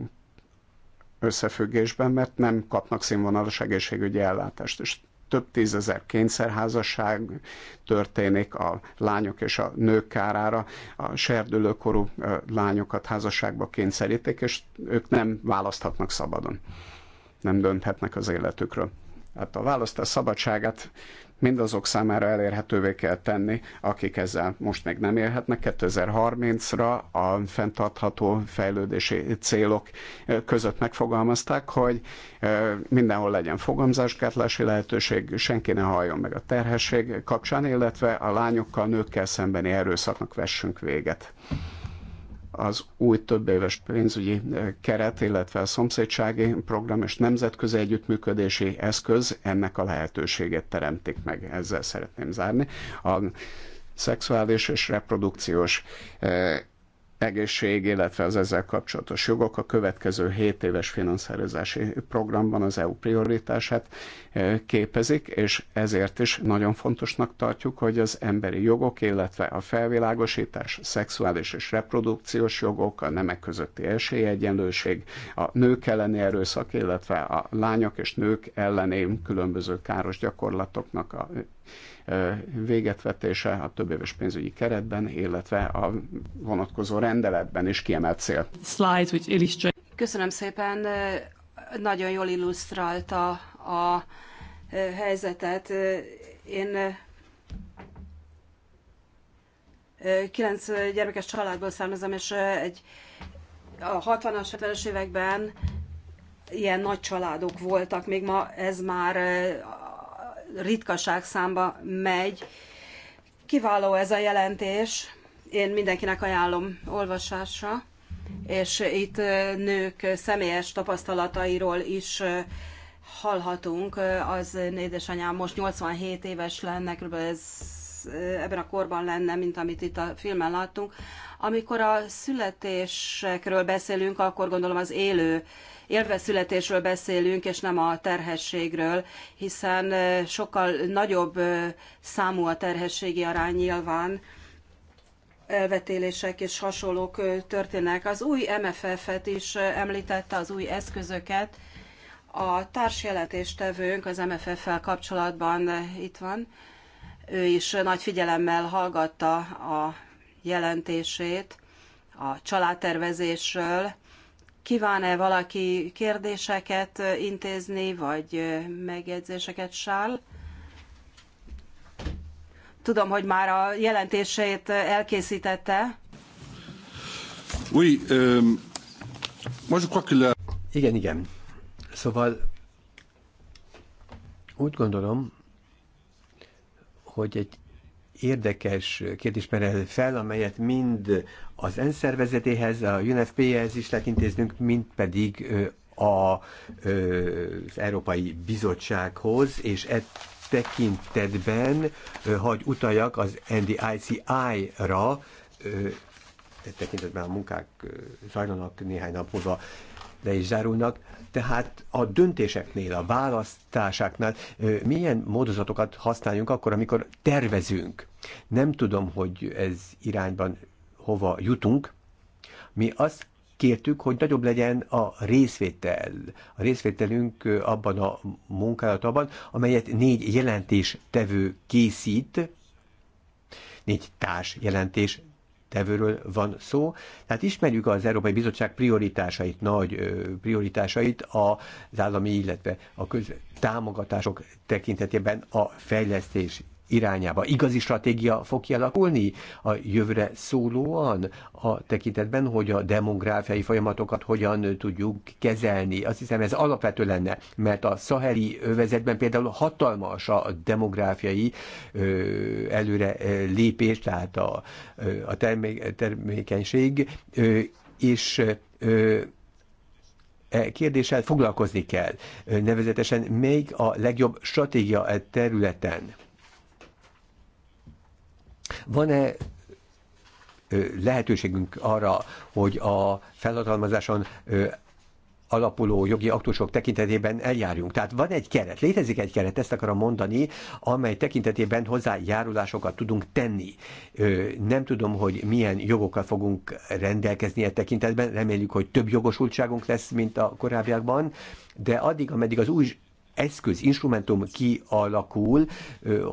összefüggésben, mert nem kapnak színvonalas egészségügyi ellátást, és több tízezer kényszerházasság történik a lányok és a nők kárára, a serdülőkorú lányokat házasságba kényszerítik, és ők nem választhatnak szabadon. Nem dönthetnek az életükről. Hát a választás szabadságát mindazok számára elérhetővé kell tenni, akik ezzel most még nem élhetnek. 2030-ra a fenntartható fejlődési célok között megfogalmazták, hogy mindenhol legyen fogamzásgátlási lehetőség, senki ne halljon meg a terhesség kapcsán, illetve a lányokkal, nőkkel szembeni erőszaknak vessünk véget az új többéves pénzügyi eh, keret, illetve a szomszédsági program és nemzetközi együttműködési eszköz ennek a lehetőséget teremtik meg. Ezzel szeretném zárni. A szexuális és reprodukciós eh, egészség, illetve az ezzel kapcsolatos jogok a következő 7 éves finanszírozási programban az EU prioritását e, képezik, és ezért is nagyon fontosnak tartjuk, hogy az emberi jogok, illetve a felvilágosítás, szexuális és reprodukciós jogok, a nemek közötti esélyegyenlőség, a nők elleni erőszak, illetve a lányok és nők elleni különböző káros gyakorlatoknak a véget vetése a több éves pénzügyi keretben, illetve a vonatkozó rendeletben is kiemelt cél. Köszönöm szépen, nagyon jól illusztrálta a helyzetet. Én kilenc gyermekes családból származom, és egy a 60-as, 70-es években ilyen nagy családok voltak, még ma ez már ritkaság számba megy. Kiváló ez a jelentés, én mindenkinek ajánlom olvasásra, és itt nők személyes tapasztalatairól is hallhatunk. Az én édesanyám most 87 éves lenne, kb. ez ebben a korban lenne, mint amit itt a filmen láttunk. Amikor a születésekről beszélünk, akkor gondolom az élő élve születésről beszélünk, és nem a terhességről, hiszen sokkal nagyobb számú a terhességi arány nyilván, elvetélések és hasonlók történnek. Az új MFF-et is említette, az új eszközöket. A társjelentéstevőnk az MFF-fel kapcsolatban itt van. Ő is nagy figyelemmel hallgatta a jelentését a családtervezésről, Kíván-e valaki kérdéseket intézni, vagy megjegyzéseket, Sál? Tudom, hogy már a jelentését elkészítette. Oui, euh, moi je crois que la... Igen, igen. Szóval úgy gondolom, hogy egy érdekes kérdés merül fel, amelyet mind az ENSZ szervezetéhez, a UNFP-hez is lehet intéznünk, mind pedig a, az Európai Bizottsághoz, és e tekintetben hagy utaljak az NDICI-ra, e tekintetben a munkák zajlanak néhány nap múlva le is zárulnak, tehát a döntéseknél, a választásáknál milyen módozatokat használjunk akkor, amikor tervezünk. Nem tudom, hogy ez irányban hova jutunk. Mi azt kértük, hogy nagyobb legyen a részvétel, a részvételünk abban a munkálatban, amelyet négy jelentéstevő készít, négy társ jelentés tevőről van szó. Tehát ismerjük az Európai Bizottság prioritásait, nagy prioritásait az állami, illetve a köz támogatások tekintetében a fejlesztés irányába. Igazi stratégia fog kialakulni a jövőre szólóan a tekintetben, hogy a demográfiai folyamatokat hogyan tudjuk kezelni. Azt hiszem ez alapvető lenne, mert a szaheli övezetben például hatalmas a demográfiai ö, előre ö, lépés, tehát a, ö, a termé- termékenység, ö, és ö, e kérdéssel foglalkozni kell, nevezetesen még a legjobb stratégia e területen. Van-e lehetőségünk arra, hogy a felhatalmazáson alapuló jogi aktusok tekintetében eljárjunk. Tehát van egy keret, létezik egy keret, ezt akarom mondani, amely tekintetében hozzájárulásokat tudunk tenni. Nem tudom, hogy milyen jogokkal fogunk rendelkezni e tekintetben, reméljük, hogy több jogosultságunk lesz, mint a korábbiakban, de addig, ameddig az új eszköz, instrumentum kialakul,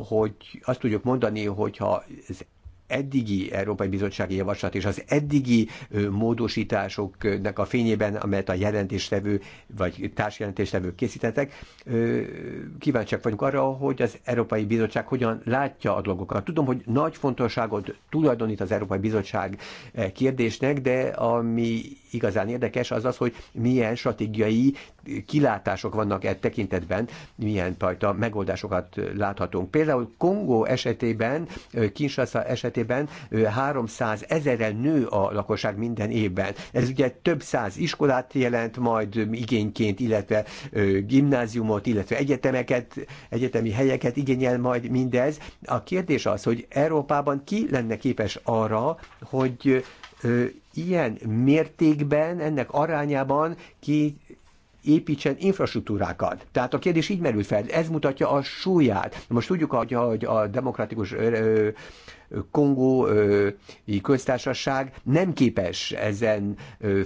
hogy azt tudjuk mondani, hogyha az eddigi Európai Bizottsági Javaslat és az eddigi módosításoknak a fényében, amelyet a jelentéstevő vagy társjelentéstevő készítettek, kíváncsiak vagyunk arra, hogy az Európai Bizottság hogyan látja a dolgokat. Tudom, hogy nagy fontosságot tulajdonít az Európai Bizottság eh, kérdésnek, de ami igazán érdekes az az, hogy milyen stratégiai kilátások vannak e tekintetben, milyen fajta megoldásokat láthatunk. Például Kongó esetében, Kinshasa esetében 300 ezerrel nő a lakosság minden évben. Ez ugye több száz iskolát jelent majd igényként, illetve gimnáziumot, illetve egyetemeket, egyetemi helyeket igényel majd mindez. A kérdés az, hogy Európában ki lenne képes arra, hogy ilyen mértékben, ennek arányában ki építsen infrastruktúrákat. Tehát a kérdés így merül fel, ez mutatja a súlyát. Most tudjuk, hogy a demokratikus Kongó köztársaság nem képes ezen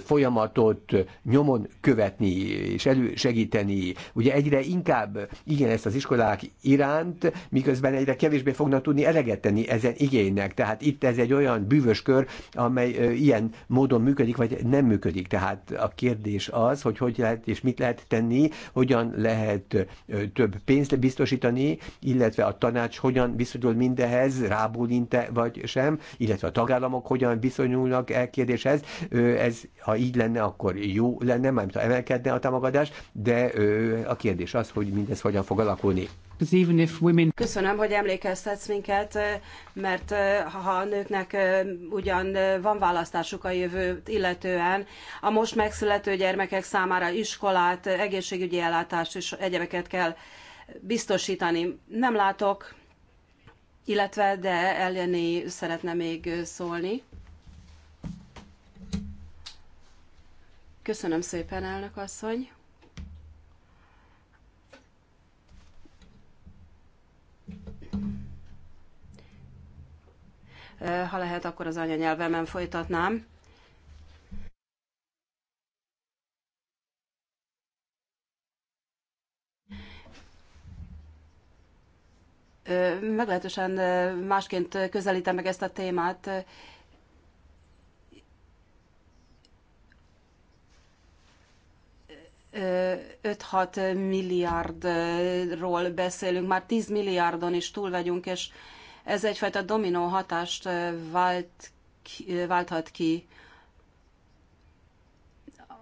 folyamatot nyomon követni és elősegíteni. Ugye egyre inkább igen ezt az iskolák iránt, miközben egyre kevésbé fognak tudni eleget tenni ezen igénynek. Tehát itt ez egy olyan bűvös kör, amely ilyen módon működik, vagy nem működik. Tehát a kérdés az, hogy hogy lehet és mit lehet tenni, hogyan lehet több pénzt biztosítani, illetve a tanács hogyan viszonyul mindehez, rábólint se, vagy sem, illetve a tagállamok hogyan viszonyulnak el kérdéshez. Ez, ha így lenne, akkor jó lenne, mármint ha emelkedne a támogatás, de a kérdés az, hogy mindez hogyan fog alakulni. Köszönöm, hogy emlékeztetsz minket, mert ha a nőknek ugyan van választásuk a jövőt illetően, a most megszülető gyermekek számára iskolát, egészségügyi ellátást és egyebeket kell biztosítani. Nem látok illetve de Eljeni szeretne még szólni. Köszönöm szépen, elnök asszony. Ha lehet, akkor az anyanyelvemen folytatnám. meglehetősen másként közelítem meg ezt a témát. Öt-hat milliárdról beszélünk, már 10 milliárdon is túl vagyunk, és ez egyfajta dominó hatást vált, válthat ki,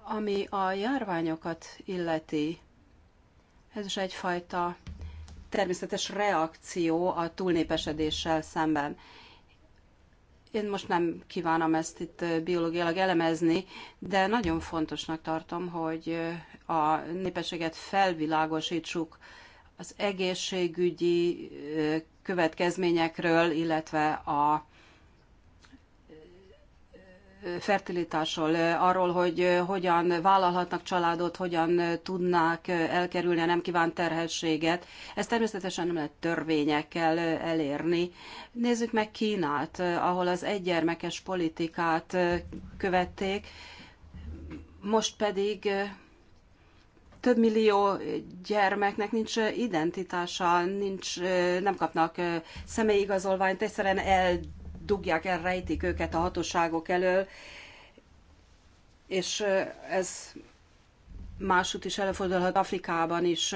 ami a járványokat illeti. Ez is egyfajta természetes reakció a túlnépesedéssel szemben. Én most nem kívánom ezt itt biológiailag elemezni, de nagyon fontosnak tartom, hogy a népességet felvilágosítsuk az egészségügyi következményekről, illetve a fertilitásról, arról, hogy hogyan vállalhatnak családot, hogyan tudnák elkerülni a nem kívánt terhességet. Ezt természetesen nem lehet törvényekkel elérni. Nézzük meg Kínát, ahol az egygyermekes politikát követték, most pedig több millió gyermeknek nincs identitása, nincs, nem kapnak személyigazolványt, egyszerűen el dugják el, rejtik őket a hatóságok elől, és ez másút is előfordulhat Afrikában is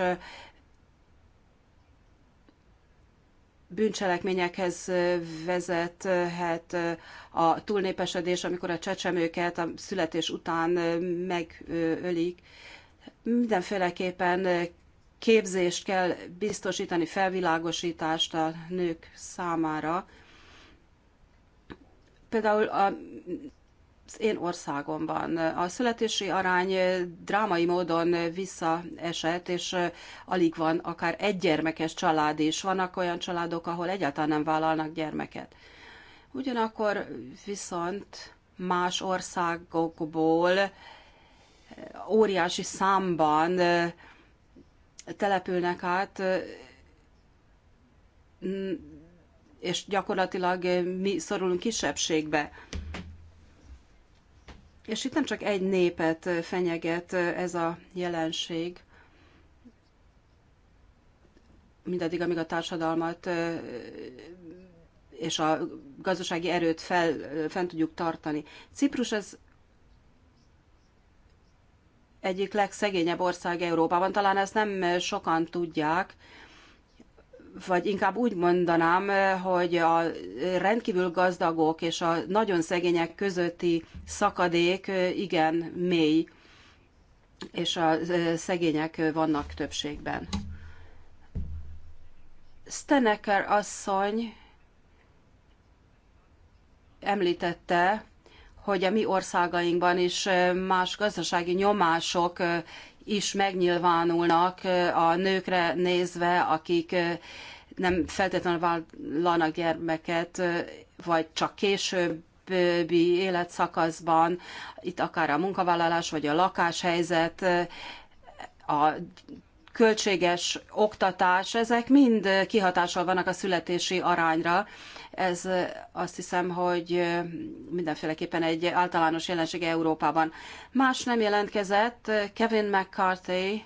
bűncselekményekhez vezethet a túlnépesedés, amikor a csecsemőket a születés után megölik. Mindenféleképpen képzést kell biztosítani, felvilágosítást a nők számára. Például a az én országomban. A születési arány drámai módon visszaesett, és alig van akár egy gyermekes család is. Vannak olyan családok, ahol egyáltalán nem vállalnak gyermeket. Ugyanakkor viszont más országokból óriási számban települnek át és gyakorlatilag eh, mi szorulunk kisebbségbe. És itt nem csak egy népet eh, fenyeget eh, ez a jelenség, mindaddig, amíg a társadalmat és a gazdasági erőt fel, fent tudjuk tartani. Ciprus az egyik legszegényebb ország Európában, talán ezt nem sokan tudják, vagy inkább úgy mondanám, eh, hogy a rendkívül gazdagok és a nagyon szegények közötti szakadék eh, igen mély, és a eh, szegények vannak többségben. Steneker asszony említette, hogy a mi országainkban is más gazdasági nyomások is megnyilvánulnak a nőkre nézve, akik nem feltétlenül vállalnak gyermeket, vagy csak későbbi életszakaszban, itt akár a munkavállalás vagy a lakáshelyzet, a költséges oktatás, ezek mind kihatással vannak a születési arányra, ez azt hiszem, hogy mindenféleképpen egy általános jelenség Európában. Más nem jelentkezett. Kevin McCarthy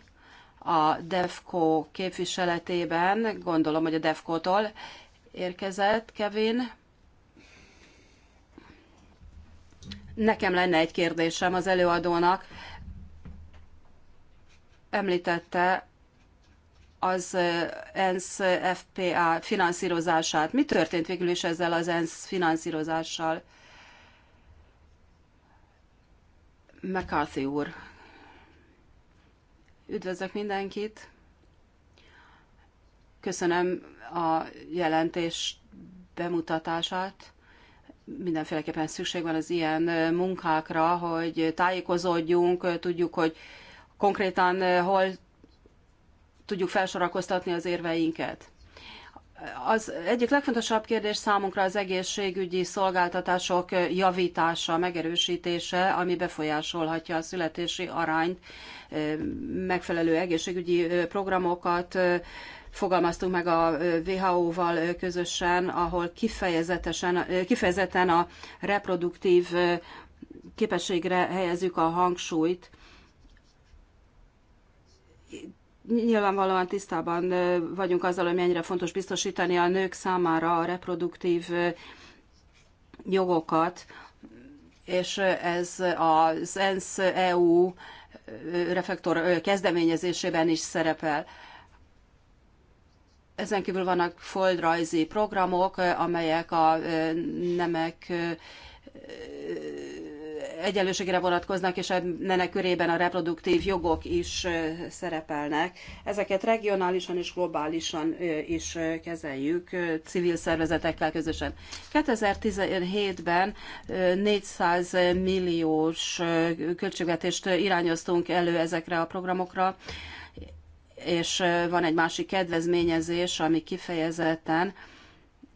a DEFCO képviseletében, gondolom, hogy a DEFCO-tól érkezett Kevin. Nekem lenne egy kérdésem az előadónak. Említette az ENSZ FPA finanszírozását. Mi történt végül is ezzel az ENSZ finanszírozással? McCarthy úr. Üdvözlök mindenkit. Köszönöm a jelentés bemutatását. Mindenféleképpen szükség van az ilyen munkákra, hogy tájékozódjunk, tudjuk, hogy konkrétan hol tudjuk felsorakoztatni az érveinket. Az egyik legfontosabb kérdés számunkra az egészségügyi szolgáltatások javítása, megerősítése, ami befolyásolhatja a születési arányt, megfelelő egészségügyi programokat fogalmaztunk meg a WHO-val közösen, ahol kifejezetesen, kifejezetten a reproduktív képességre helyezzük a hangsúlyt, Nyilvánvalóan tisztában vagyunk azzal, hogy mennyire fontos biztosítani a nők számára a reproduktív jogokat, és ez az ENSZ EU refektor kezdeményezésében is szerepel. Ezen kívül vannak földrajzi programok, amelyek a nemek egyenlőségre vonatkoznak, és ennek körében a reproduktív jogok is szerepelnek. Ezeket regionálisan és globálisan is kezeljük civil szervezetekkel közösen. 2017-ben 400 milliós költségvetést irányoztunk elő ezekre a programokra, és van egy másik kedvezményezés, ami kifejezetten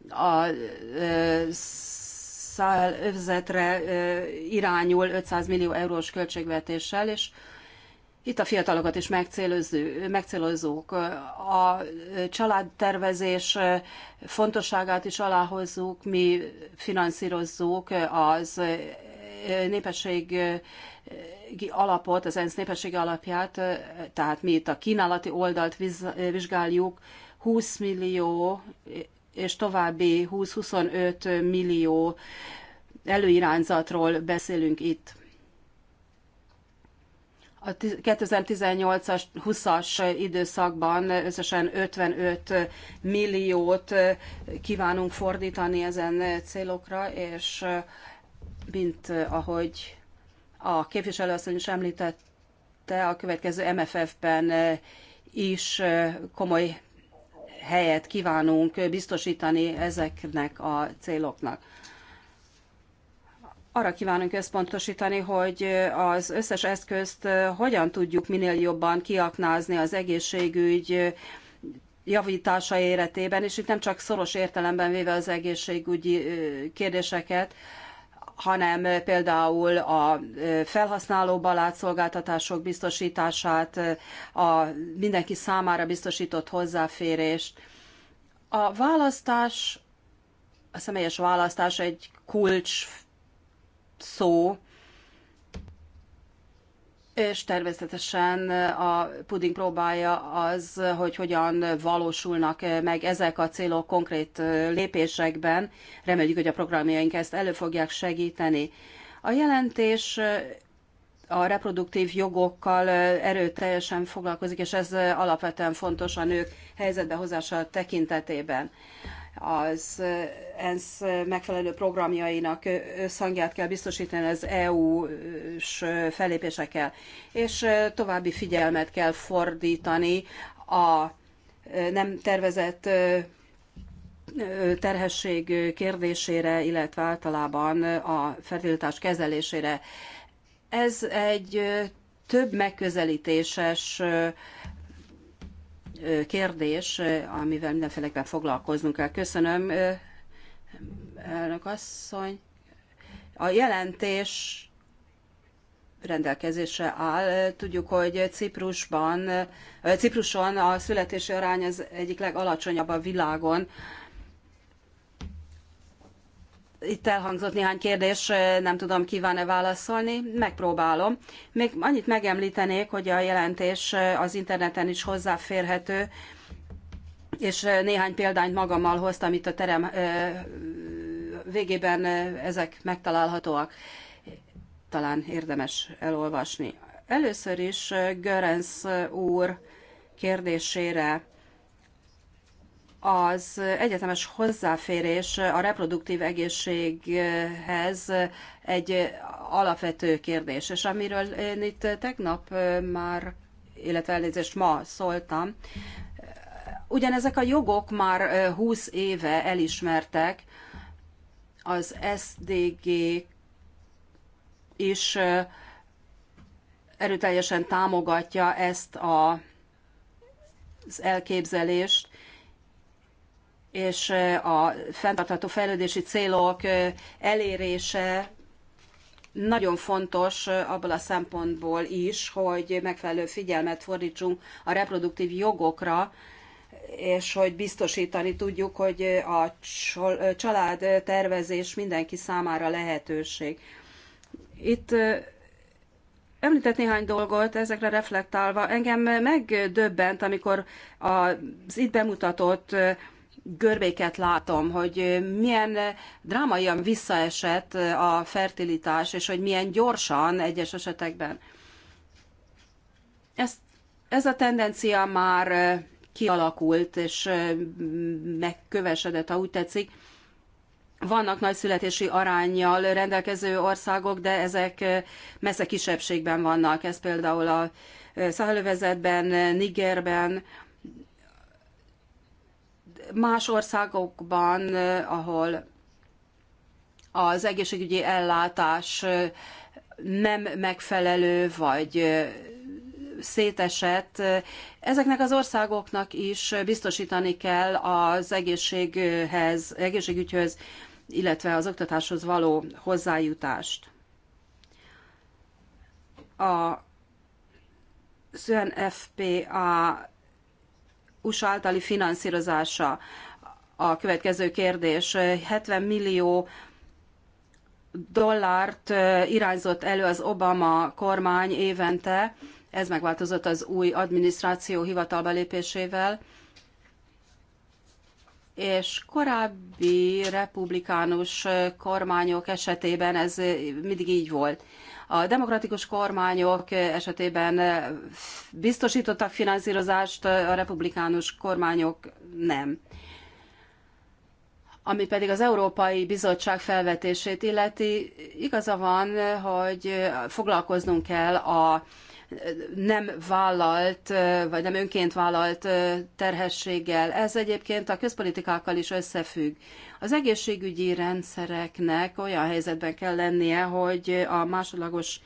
a Száhel övezetre irányul 500 millió eurós költségvetéssel, és itt a fiatalokat is megcélozzuk. A családtervezés fontosságát is aláhozzuk, mi finanszírozzuk az népesség alapot, az ENSZ népességi alapját, tehát mi itt a kínálati oldalt vizsgáljuk, 20 millió és további 20-25 millió előirányzatról beszélünk itt. A 2018-as 20-as időszakban összesen 55 milliót kívánunk fordítani ezen célokra, és mint ahogy a képviselőasszony is említette, a következő MFF-ben is komoly helyet kívánunk biztosítani ezeknek a céloknak. Arra kívánunk összpontosítani, hogy az összes eszközt hogyan tudjuk minél jobban kiaknázni az egészségügy javítása éretében, és itt nem csak szoros értelemben véve az egészségügyi kérdéseket, hanem például a felhasználó barát szolgáltatások biztosítását, a mindenki számára biztosított hozzáférést. A választás, a személyes választás egy kulcs szó, és természetesen a puding próbája az, hogy hogyan valósulnak meg ezek a célok konkrét lépésekben. Reméljük, hogy a programjaink ezt elő fogják segíteni. A jelentés a reproduktív jogokkal erőteljesen foglalkozik, és ez alapvetően fontos a nők helyzetbe hozása tekintetében az ENSZ megfelelő programjainak összhangját kell biztosítani az EU-s fellépésekkel, és további figyelmet kell fordítani a nem tervezett terhesség kérdésére, illetve általában a fertilitás kezelésére. Ez egy több megközelítéses kérdés, amivel mindenféleképpen foglalkoznunk kell. Köszönöm, elnök asszony. A jelentés rendelkezésre áll. Tudjuk, hogy Ciprusban, Cipruson a születési arány az egyik legalacsonyabb a világon itt elhangzott néhány kérdés, nem tudom, kíván-e válaszolni, megpróbálom. Még annyit megemlítenék, hogy a jelentés az interneten is hozzáférhető, és néhány példányt magammal hoztam itt a terem végében, ezek megtalálhatóak. Talán érdemes elolvasni. Először is Görenc úr kérdésére az egyetemes hozzáférés a reproduktív egészséghez egy alapvető kérdés, és amiről én itt tegnap már, illetve elnézést ma szóltam, ugyanezek a jogok már 20 éve elismertek, az SDG is erőteljesen támogatja ezt a, az elképzelést, és a fenntartható fejlődési célok elérése nagyon fontos abból a szempontból is, hogy megfelelő figyelmet fordítsunk a reproduktív jogokra, és hogy biztosítani tudjuk, hogy a család tervezés mindenki számára lehetőség. Itt Említett néhány dolgot ezekre reflektálva, engem megdöbbent, amikor az itt bemutatott görbéket látom, hogy milyen drámaian visszaesett a fertilitás, és hogy milyen gyorsan egyes esetekben. Ez, ez a tendencia már kialakult, és megkövesedett, ha úgy tetszik. Vannak nagy születési arányjal rendelkező országok, de ezek messze kisebbségben vannak. Ez például a Szahelövezetben, Nigerben, Más országokban, ahol az egészségügyi ellátás nem megfelelő, vagy szétesett, ezeknek az országoknak is biztosítani kell az egészséghez, egészségügyhöz, illetve az oktatáshoz való hozzájutást. A FPA USA általi finanszírozása a következő kérdés. 70 millió dollárt irányzott elő az Obama kormány évente, ez megváltozott az új adminisztráció hivatalba lépésével, és korábbi republikánus kormányok esetében ez mindig így volt. A demokratikus kormányok esetében biztosítottak finanszírozást, a republikánus kormányok nem. Ami pedig az Európai Bizottság felvetését illeti, igaza van, hogy foglalkoznunk kell a nem vállalt, vagy nem önként vállalt terhességgel. Ez egyébként a közpolitikákkal is összefügg. Az egészségügyi rendszereknek olyan helyzetben kell lennie, hogy a másodlagos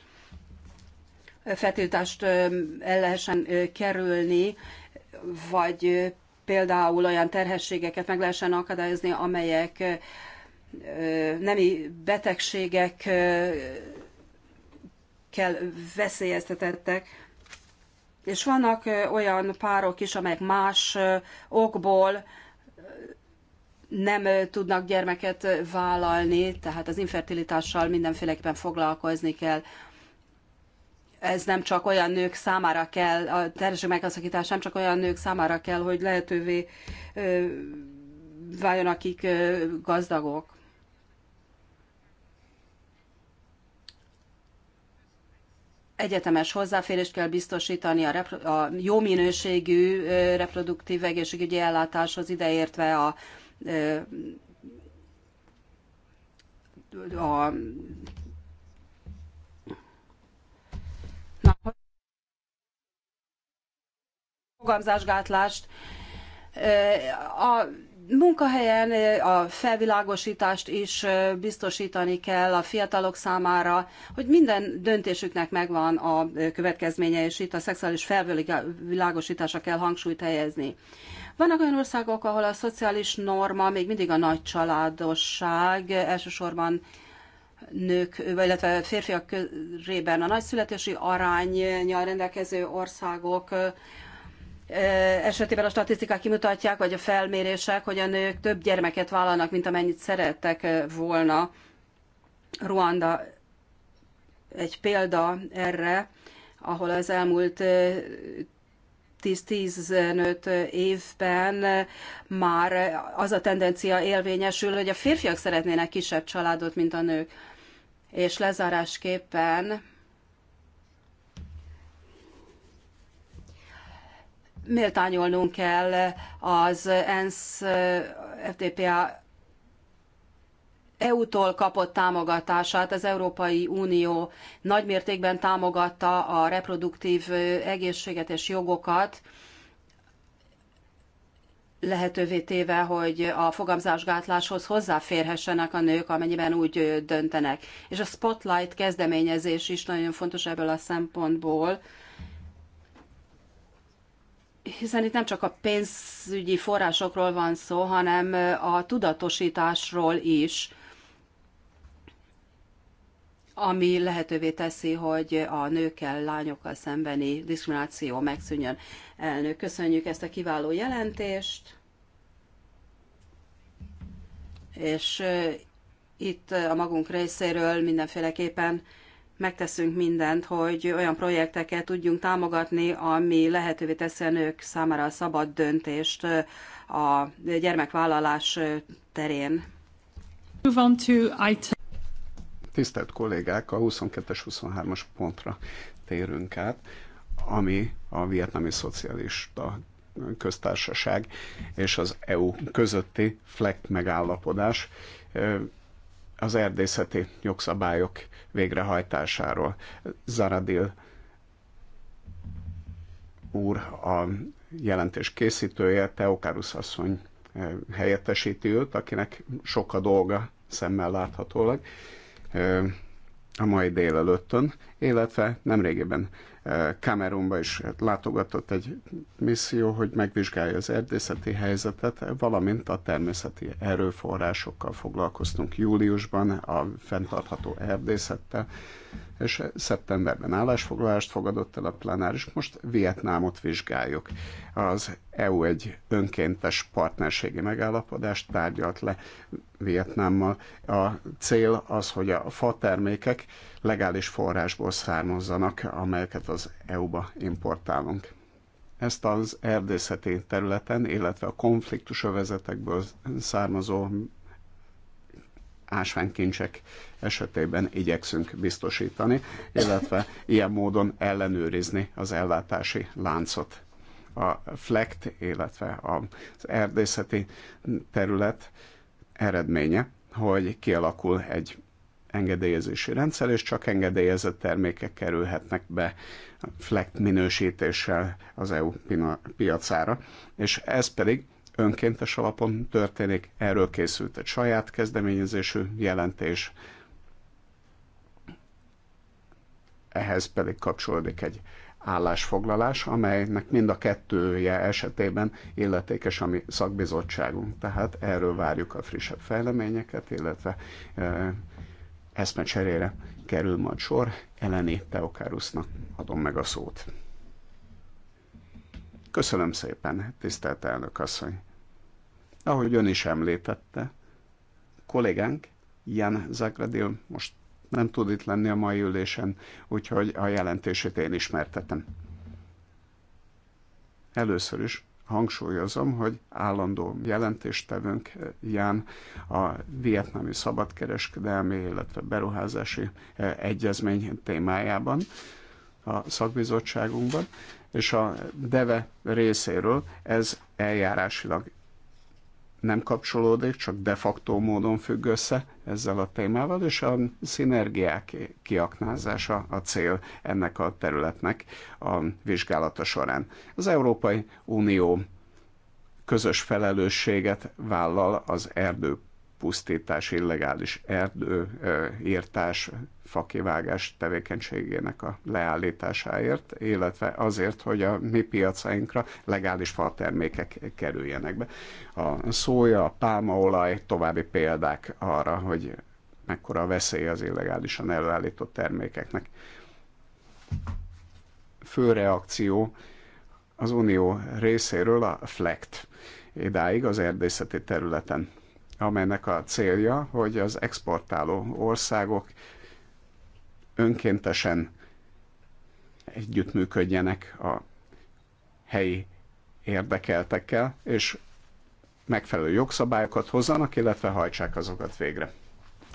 feltiltást el lehessen kerülni, vagy például olyan terhességeket meg lehessen akadályozni, amelyek nemi betegségek kell veszélyeztetettek. És vannak olyan párok is, amelyek más okból nem tudnak gyermeket vállalni, tehát az infertilitással mindenféleképpen foglalkozni kell. Ez nem csak olyan nők számára kell, a terhesség megszakítás nem csak olyan nők számára kell, hogy lehetővé váljon, akik gazdagok. egyetemes hozzáférést kell biztosítani a, a jó minőségű reproduktív egészségügyi ellátáshoz, ideértve a, a fogamzásgátlást. A munkahelyen a felvilágosítást is biztosítani kell a fiatalok számára, hogy minden döntésüknek megvan a következménye, és itt a szexuális felvilágosításra kell hangsúlyt helyezni. Vannak olyan országok, ahol a szociális norma még mindig a nagy családosság, elsősorban nők, illetve férfiak körében a nagyszületési arányjal rendelkező országok esetében a statisztikák kimutatják, vagy a felmérések, hogy a nők több gyermeket vállalnak, mint amennyit szerettek volna. Ruanda egy példa erre, ahol az elmúlt 10-15 évben már az a tendencia élvényesül, hogy a férfiak szeretnének kisebb családot, mint a nők. És lezárásképpen méltányolnunk kell az ENSZ FTPA EU-tól kapott támogatását. Az Európai Unió nagymértékben támogatta a reproduktív egészséget és jogokat, lehetővé téve, hogy a fogamzásgátláshoz hozzáférhessenek a nők, amennyiben úgy döntenek. És a Spotlight kezdeményezés is nagyon fontos ebből a szempontból, hiszen itt nem csak a pénzügyi forrásokról van szó, hanem a tudatosításról is, ami lehetővé teszi, hogy a nőkkel, lányokkal szembeni diszkrimináció megszűnjön. Elnök, köszönjük ezt a kiváló jelentést, és itt a magunk részéről mindenféleképpen megteszünk mindent, hogy olyan projekteket tudjunk támogatni, ami lehetővé teszi a nők számára a szabad döntést a gyermekvállalás terén. Tisztelt kollégák, a 22-es, 23-as pontra térünk át, ami a vietnami szocialista köztársaság és az EU közötti FLEC megállapodás az erdészeti jogszabályok végrehajtásáról. Zaradil úr a jelentés készítője, Teokárusz asszony eh, helyettesíti őt, akinek sok a dolga szemmel láthatólag eh, a mai délelőttön, illetve nemrégiben Kamerunba is látogatott egy misszió, hogy megvizsgálja az erdészeti helyzetet, valamint a természeti erőforrásokkal foglalkoztunk júliusban a fenntartható erdészettel, és szeptemberben állásfoglalást fogadott el a plenáris, most Vietnámot vizsgáljuk. Az EU egy önkéntes partnerségi megállapodást tárgyalt le Vietnámmal. A cél az, hogy a fa termékek legális forrásból származzanak, amelyeket az EU-ba importálunk. Ezt az erdészeti területen, illetve a konfliktus övezetekből származó ásványkincsek esetében igyekszünk biztosítani, illetve ilyen módon ellenőrizni az ellátási láncot. A FLECT, illetve az erdészeti terület eredménye, hogy kialakul egy engedélyezési rendszer, és csak engedélyezett termékek kerülhetnek be FLECT minősítéssel az EU piacára, és ez pedig önkéntes alapon történik, erről készült egy saját kezdeményezésű jelentés, ehhez pedig kapcsolódik egy állásfoglalás, amelynek mind a kettője esetében illetékes a mi szakbizottságunk. Tehát erről várjuk a frissebb fejleményeket, illetve eh, eszmecserére kerül majd sor. Eleni Teokárusznak adom meg a szót. Köszönöm szépen, tisztelt elnök asszony. Ahogy ön is említette, kollégánk Jan Zagradil most nem tud itt lenni a mai ülésen, úgyhogy a jelentését én ismertetem. Először is hangsúlyozom, hogy állandó jelentéstevőnk eh, Ján a vietnámi szabadkereskedelmi, illetve beruházási eh, egyezmény témájában a szakbizottságunkban, és a DEVE részéről ez eljárásilag nem kapcsolódik, csak de facto módon függ össze ezzel a témával, és a szinergiák kiaknázása a cél ennek a területnek a vizsgálata során. Az Európai Unió közös felelősséget vállal az erdő pusztítás, illegális erdőírtás fakivágás tevékenységének a leállításáért, illetve azért, hogy a mi piacainkra legális termékek kerüljenek be. A szója, a pálmaolaj további példák arra, hogy mekkora a veszély az illegálisan előállított termékeknek. Fő reakció az Unió részéről a FLECT idáig az erdészeti területen amelynek a célja, hogy az exportáló országok önkéntesen együttműködjenek a helyi érdekeltekkel, és megfelelő jogszabályokat hozzanak, illetve hajtsák azokat végre.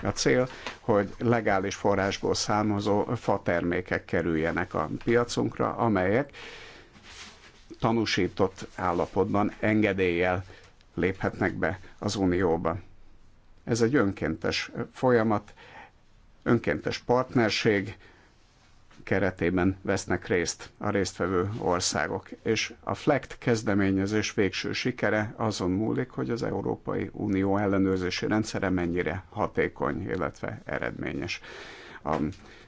A cél, hogy legális forrásból származó termékek kerüljenek a piacunkra, amelyek tanúsított állapotban engedéllyel léphetnek be az Unióba. Ez egy önkéntes folyamat, önkéntes partnerség keretében vesznek részt a résztvevő országok. És a FLECT kezdeményezés végső sikere azon múlik, hogy az Európai Unió ellenőrzési rendszere mennyire hatékony, illetve eredményes. A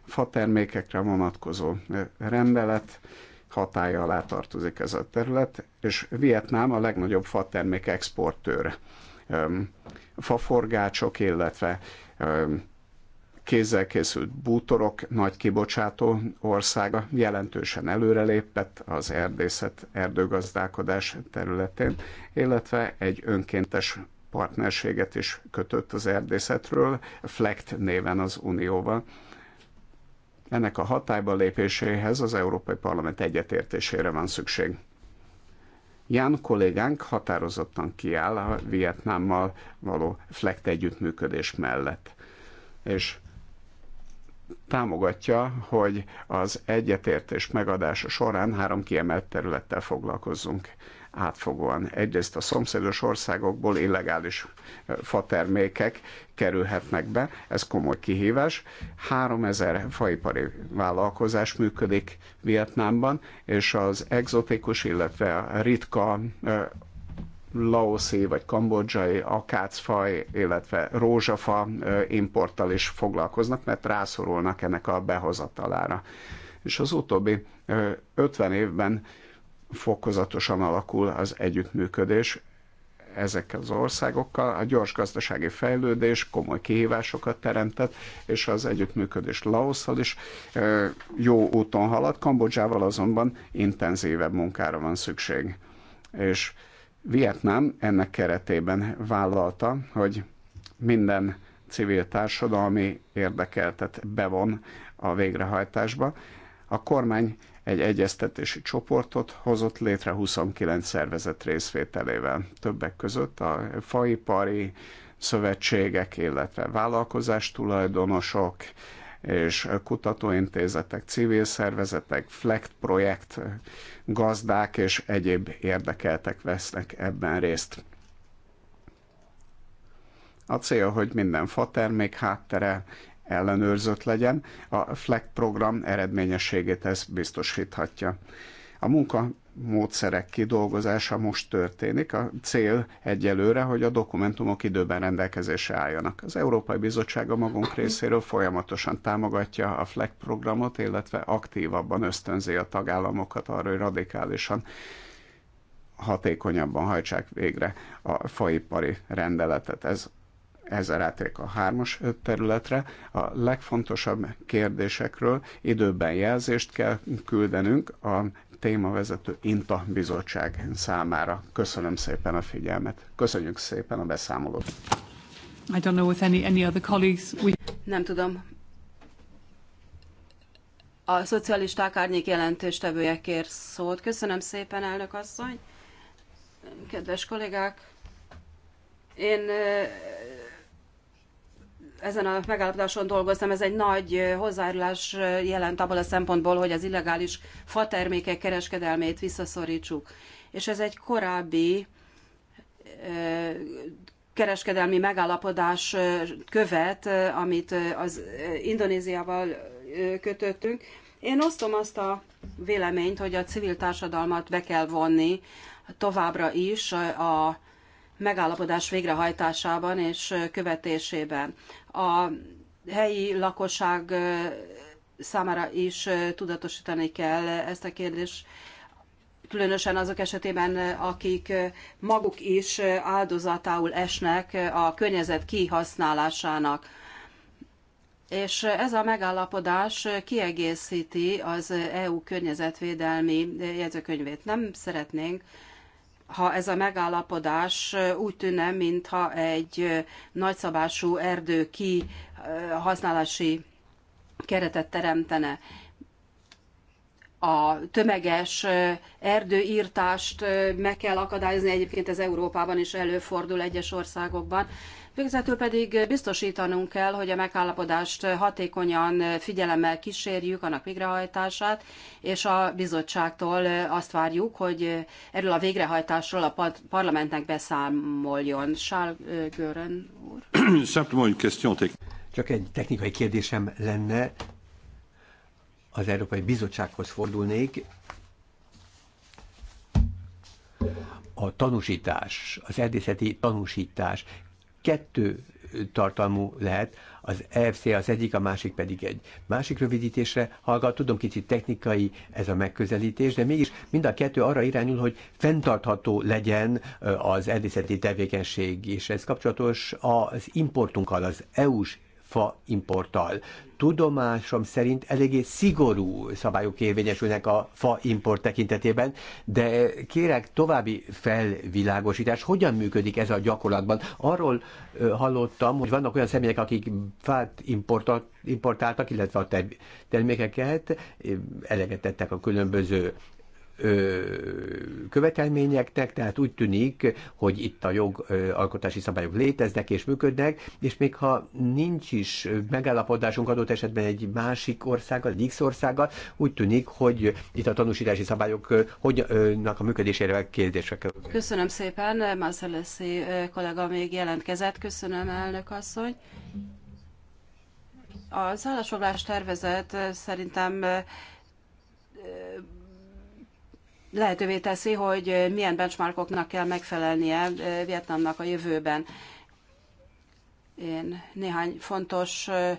fa termékekre vonatkozó rendelet hatája alá tartozik ez a terület, és Vietnám a legnagyobb fatermék exportőr. Faforgácsok, illetve kézzel készült bútorok nagy kibocsátó országa jelentősen előrelépett az erdészet erdőgazdálkodás területén, illetve egy önkéntes partnerséget is kötött az erdészetről, FLECT néven az Unióval. Ennek a hatályba lépéséhez az Európai Parlament egyetértésére van szükség. Ján kollégánk határozottan kiáll a Vietnámmal való FLECT együttműködés mellett és támogatja, hogy az egyetértés megadása során három kiemelt területtel foglalkozzunk átfogóan. Egyrészt a szomszédos országokból illegális fatermékek kerülhetnek be, ez komoly kihívás. 3000 faipari vállalkozás működik Vietnámban, és az egzotikus, illetve a ritka laoszi vagy kambodzsai akácfaj, illetve rózsafa importtal is foglalkoznak, mert rászorulnak ennek a behozatalára. És az utóbbi 50 évben fokozatosan alakul az együttműködés ezekkel az országokkal. A gyors gazdasági fejlődés komoly kihívásokat teremtett, és az együttműködés Laoszal is jó úton halad. Kambodzsával azonban intenzívebb munkára van szükség. És Vietnám ennek keretében vállalta, hogy minden civil társadalmi érdekeltet bevon a végrehajtásba. A kormány egy egyeztetési csoportot hozott létre 29 szervezet részvételével. Többek között a faipari szövetségek, illetve vállalkozástulajdonosok, tulajdonosok, és kutatóintézetek, civil szervezetek, FLECT projekt, gazdák és egyéb érdekeltek vesznek ebben részt. A cél, hogy minden fatermék háttere ellenőrzött legyen, a FLEG program eredményességét ez biztosíthatja. A munka módszerek kidolgozása most történik. A cél egyelőre, hogy a dokumentumok időben rendelkezésre álljanak. Az Európai Bizottság a magunk részéről folyamatosan támogatja a FLEG programot, illetve aktívabban ösztönzi a tagállamokat arra, hogy radikálisan hatékonyabban hajtsák végre a faipari rendeletet. Ez ezzel átérek a hármas területre. A legfontosabb kérdésekről időben jelzést kell küldenünk a témavezető INTA bizottság számára. Köszönöm szépen a figyelmet. Köszönjük szépen a beszámolót. I don't know if any, any other colleagues Nem tudom. A szocialisták árnyék jelentéstevője kér szót. Köszönöm szépen, elnök asszony. Kedves kollégák, én ezen a megállapodáson dolgoztam, ez egy nagy hozzájárulás jelent abban a szempontból, hogy az illegális fatermékek kereskedelmét visszaszorítsuk. És ez egy korábbi kereskedelmi megállapodás követ, amit az Indonéziával kötöttünk. Én osztom azt a véleményt, hogy a civil társadalmat be kell vonni továbbra is a megállapodás végrehajtásában és követésében. A helyi lakosság számára is tudatosítani kell ezt a kérdést, különösen azok esetében, akik maguk is áldozatául esnek a környezet kihasználásának. És ez a megállapodás kiegészíti az EU környezetvédelmi jegyzőkönyvét. Nem szeretnénk, ha ez a megállapodás úgy tűnne, mintha egy nagyszabású erdő kihasználási keretet teremtene. A tömeges erdőírtást meg kell akadályozni, egyébként ez Európában is előfordul egyes országokban, Végzetül pedig biztosítanunk kell, hogy a megállapodást hatékonyan figyelemmel kísérjük, annak végrehajtását, és a bizottságtól azt várjuk, hogy erről a végrehajtásról a parlamentnek beszámoljon. Charles Gören úr. Csak egy technikai kérdésem lenne, az Európai Bizottsághoz fordulnék, a tanúsítás, az erdészeti tanúsítás kettő tartalmú lehet, az EFC az egyik, a másik pedig egy. Másik rövidítésre hallgat, tudom, kicsit technikai ez a megközelítés, de mégis mind a kettő arra irányul, hogy fenntartható legyen az erdészeti tevékenység, és ez kapcsolatos az importunkkal, az EU-s fa importtal. Tudomásom szerint eléggé szigorú szabályok érvényesülnek a fa import tekintetében, de kérek további felvilágosítás, hogyan működik ez a gyakorlatban. Arról hallottam, hogy vannak olyan személyek, akik fát importáltak, illetve a termékeket, eleget tettek a különböző követelményeknek, tehát úgy tűnik, hogy itt a jogalkotási szabályok léteznek és működnek, és még ha nincs is megállapodásunk adott esetben egy másik országgal, egy X országgal, úgy tűnik, hogy itt a tanúsítási szabályok hogynak a működésére kérdésre Köszönöm szépen, Mászeleszi kollega még jelentkezett. Köszönöm, elnök asszony. Az állásfoglalás tervezet szerintem lehetővé teszi, hogy milyen benchmarkoknak kell megfelelnie eh, Vietnamnak a jövőben. Én néhány fontos eh,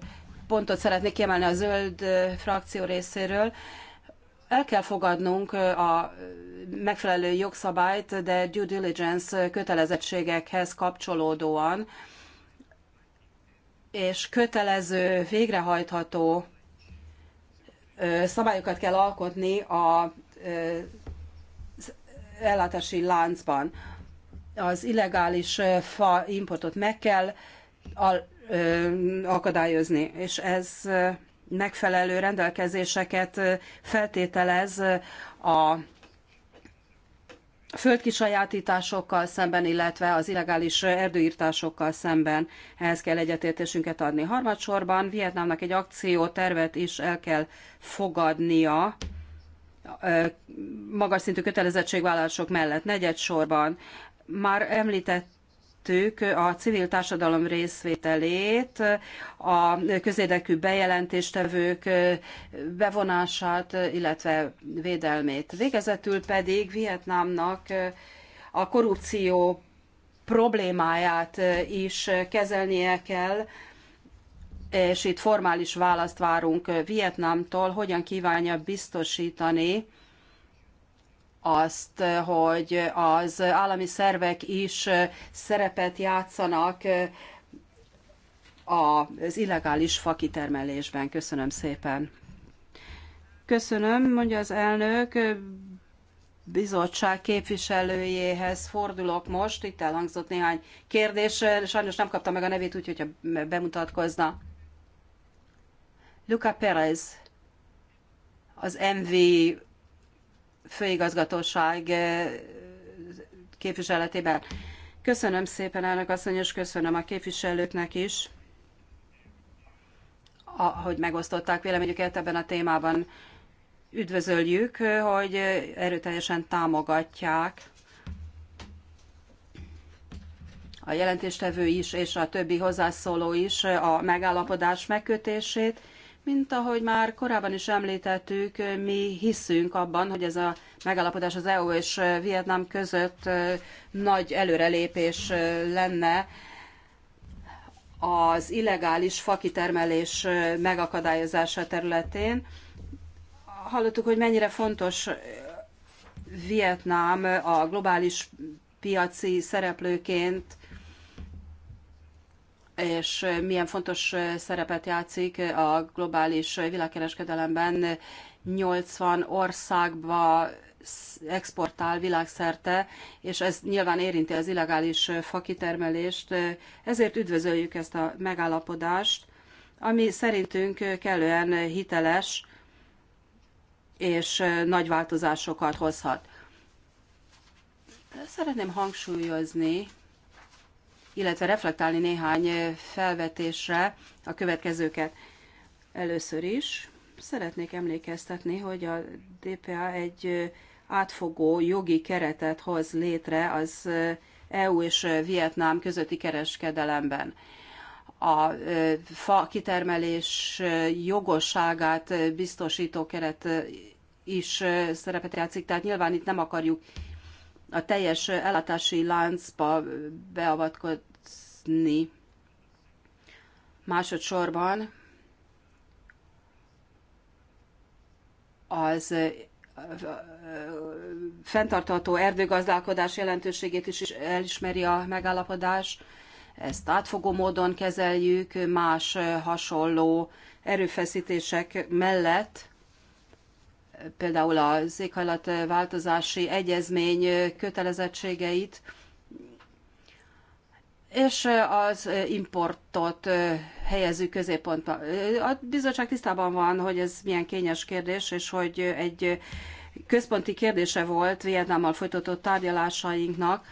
pontot szeretnék kiemelni a zöld eh, frakció részéről. El kell fogadnunk a megfelelő jogszabályt, de due diligence kötelezettségekhez kapcsolódóan, és kötelező, végrehajtható szabályokat kell alkotni a ellátási láncban. Az illegális fa importot meg kell akadályozni, és ez megfelelő rendelkezéseket feltételez a földkisajátításokkal szemben, illetve az illegális erdőírtásokkal szemben ehhez kell egyetértésünket adni. Harmadsorban Vietnámnak egy akciótervet is el kell fogadnia magas szintű kötelezettségvállalások mellett negyed sorban. Már említett a civil társadalom részvételét, a közérdekű bejelentéstevők bevonását, illetve védelmét. Végezetül pedig Vietnámnak a korrupció problémáját is kezelnie kell, és itt formális választ várunk Vietnámtól, hogyan kívánja biztosítani azt, hogy az állami szervek is szerepet játszanak az illegális fakitermelésben. Köszönöm szépen. Köszönöm, mondja az elnök. Bizottság képviselőjéhez fordulok most. Itt elhangzott néhány kérdés. Sajnos nem kapta meg a nevét, úgyhogy bemutatkozna. Luca Perez, az MV főigazgatóság eh, képviseletében. Köszönöm szépen, elnök asszony, és köszönöm a képviselőknek is, hogy megosztották véleményüket ebben a témában. Üdvözöljük, hogy erőteljesen támogatják a jelentéstevő is, és a többi hozzászóló is a megállapodás megkötését mint ahogy már korábban is említettük, mi hiszünk abban, hogy ez a megállapodás az EU és Vietnám között nagy előrelépés lenne az illegális fakitermelés megakadályozása területén. Hallottuk, hogy mennyire fontos Vietnám a globális piaci szereplőként és milyen fontos szerepet játszik a globális világkereskedelemben. 80 országba exportál világszerte, és ez nyilván érinti az illegális fakitermelést, ezért üdvözöljük ezt a megállapodást, ami szerintünk kellően hiteles és nagy változásokat hozhat. Szeretném hangsúlyozni, illetve reflektálni néhány felvetésre a következőket. Először is szeretnék emlékeztetni, hogy a DPA egy átfogó jogi keretet hoz létre az EU és Vietnám közötti kereskedelemben. A fa kitermelés jogosságát biztosító keret is szerepet játszik, tehát nyilván itt nem akarjuk a teljes ellátási láncba beavatkozni. Másodszorban az fenntartható erdőgazdálkodás jelentőségét is elismeri a megállapodás. Ezt átfogó módon kezeljük más hasonló erőfeszítések mellett, például az éghajlatváltozási egyezmény kötelezettségeit, és az importot helyezzük középpontba. A bizottság tisztában van, hogy ez milyen kényes kérdés, és hogy egy központi kérdése volt Vietnámmal folytatott tárgyalásainknak,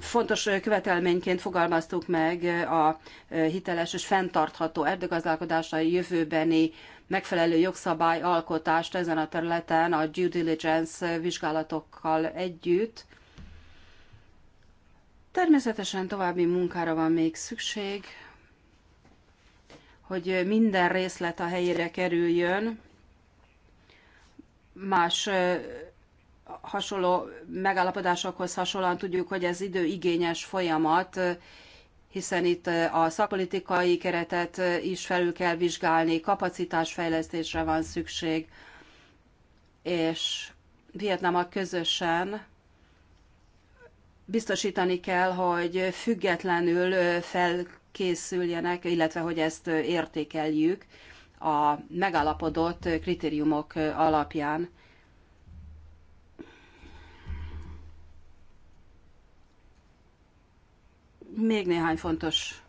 fontos követelményként fogalmaztuk meg a hiteles és fenntartható erdőgazdálkodásra jövőbeni megfelelő jogszabály alkotást ezen a területen a due diligence vizsgálatokkal együtt. Természetesen további munkára van még szükség, hogy minden részlet a helyére kerüljön. Más hasonló megállapodásokhoz hasonlóan tudjuk, hogy ez időigényes folyamat, hiszen itt a szakpolitikai keretet is felül kell vizsgálni, kapacitásfejlesztésre van szükség, és Vietnámmal közösen biztosítani kell, hogy függetlenül felkészüljenek, illetve hogy ezt értékeljük a megállapodott kritériumok alapján. Még néhány fontos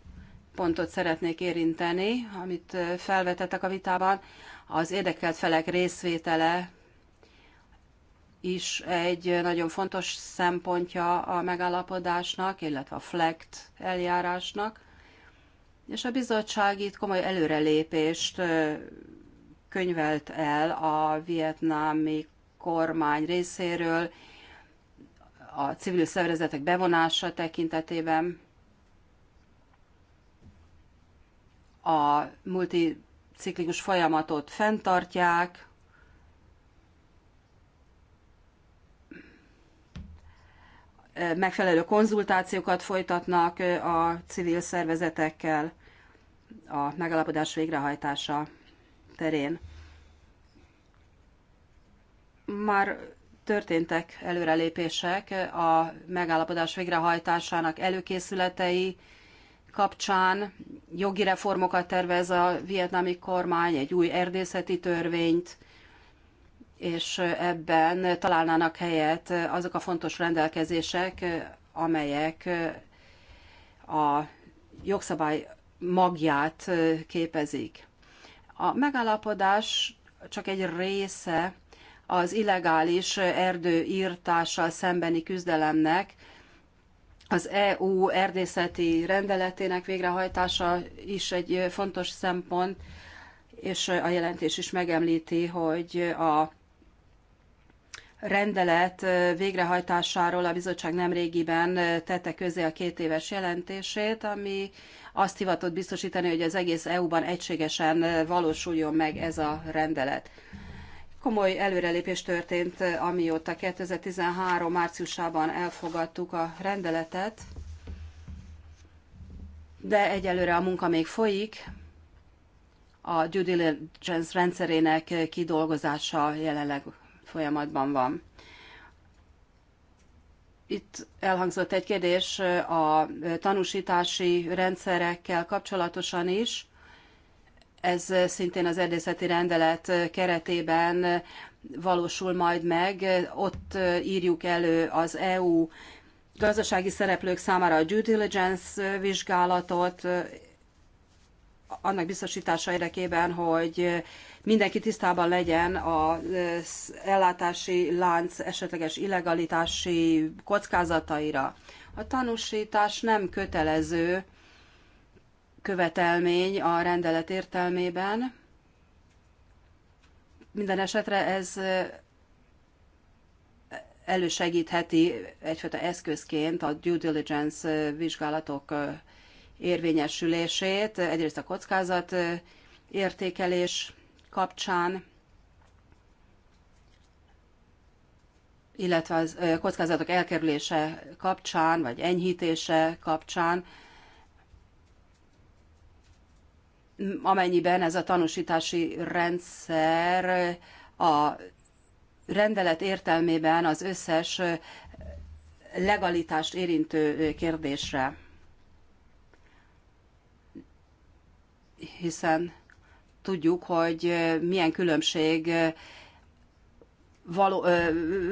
pontot szeretnék érinteni, amit felvetettek a vitában. Az érdekelt felek részvétele is egy nagyon fontos szempontja a megállapodásnak, illetve a FLECT eljárásnak, és a bizottság itt komoly előrelépést könyvelt el a vietnámi kormány részéről a civil szervezetek bevonása tekintetében. a multiciklikus folyamatot fenntartják, megfelelő konzultációkat folytatnak a civil szervezetekkel a megalapodás végrehajtása terén. Már történtek előrelépések a megállapodás végrehajtásának előkészületei kapcsán jogi reformokat tervez a vietnámi kormány, egy új erdészeti törvényt, és ebben találnának helyet azok a fontos rendelkezések, amelyek a jogszabály magját képezik. A megállapodás csak egy része az illegális erdőírtással szembeni küzdelemnek, az EU erdészeti rendeletének végrehajtása is egy fontos szempont, és a jelentés is megemlíti, hogy a rendelet végrehajtásáról a bizottság nemrégiben tette közé a két éves jelentését, ami azt hivatott biztosítani, hogy az egész EU-ban egységesen valósuljon meg ez a rendelet. Komoly előrelépés történt, amióta 2013. márciusában elfogadtuk a rendeletet, de egyelőre a munka még folyik. A due diligence rendszerének kidolgozása jelenleg folyamatban van. Itt elhangzott egy kérdés a tanúsítási rendszerekkel kapcsolatosan is. Ez szintén az erdészeti rendelet keretében valósul majd meg. Ott írjuk elő az EU gazdasági szereplők számára a due diligence vizsgálatot, annak biztosítása érdekében, hogy mindenki tisztában legyen az ellátási lánc esetleges illegalitási kockázataira. A tanúsítás nem kötelező követelmény a rendelet értelmében. Minden esetre ez elősegítheti egyfajta eszközként a due diligence vizsgálatok érvényesülését, egyrészt a kockázat értékelés kapcsán, illetve az kockázatok elkerülése kapcsán, vagy enyhítése kapcsán, amennyiben ez a tanúsítási rendszer a rendelet értelmében az összes legalitást érintő kérdésre. Hiszen tudjuk, hogy milyen különbség való,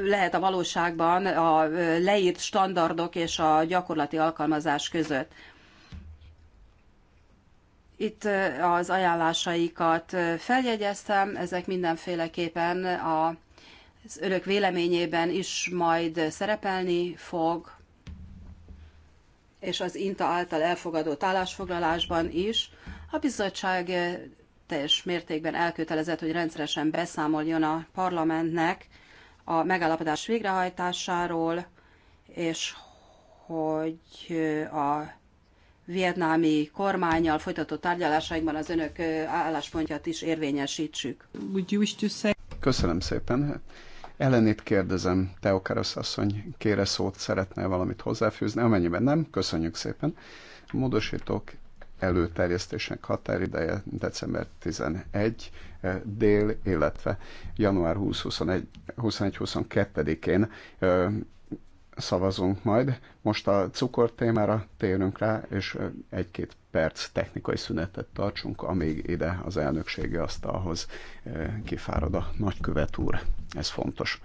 lehet a valóságban a leírt standardok és a gyakorlati alkalmazás között. Itt eh, az ajánlásaikat eh, feljegyeztem, ezek mindenféleképpen az örök véleményében is majd szerepelni fog, és az INTA által elfogadott állásfoglalásban is. A bizottság eh, teljes mértékben elkötelezett, hogy rendszeresen beszámoljon a parlamentnek a megállapodás végrehajtásáról, és hogy a vietnámi kormányjal folytatott tárgyalásainkban az önök álláspontját is érvényesítsük. Köszönöm szépen. Ellenét kérdezem, Teokarosz asszony, kére szót szeretne valamit hozzáfűzni? Amennyiben nem, köszönjük szépen. A módosítók előterjesztésnek határideje december 11 eh, dél, illetve január 20-21-22-én szavazunk majd. Most a cukor témára térünk rá, és egy-két perc technikai szünetet tartsunk, amíg ide az elnökségi asztalhoz kifárad a nagykövet úr. Ez fontos.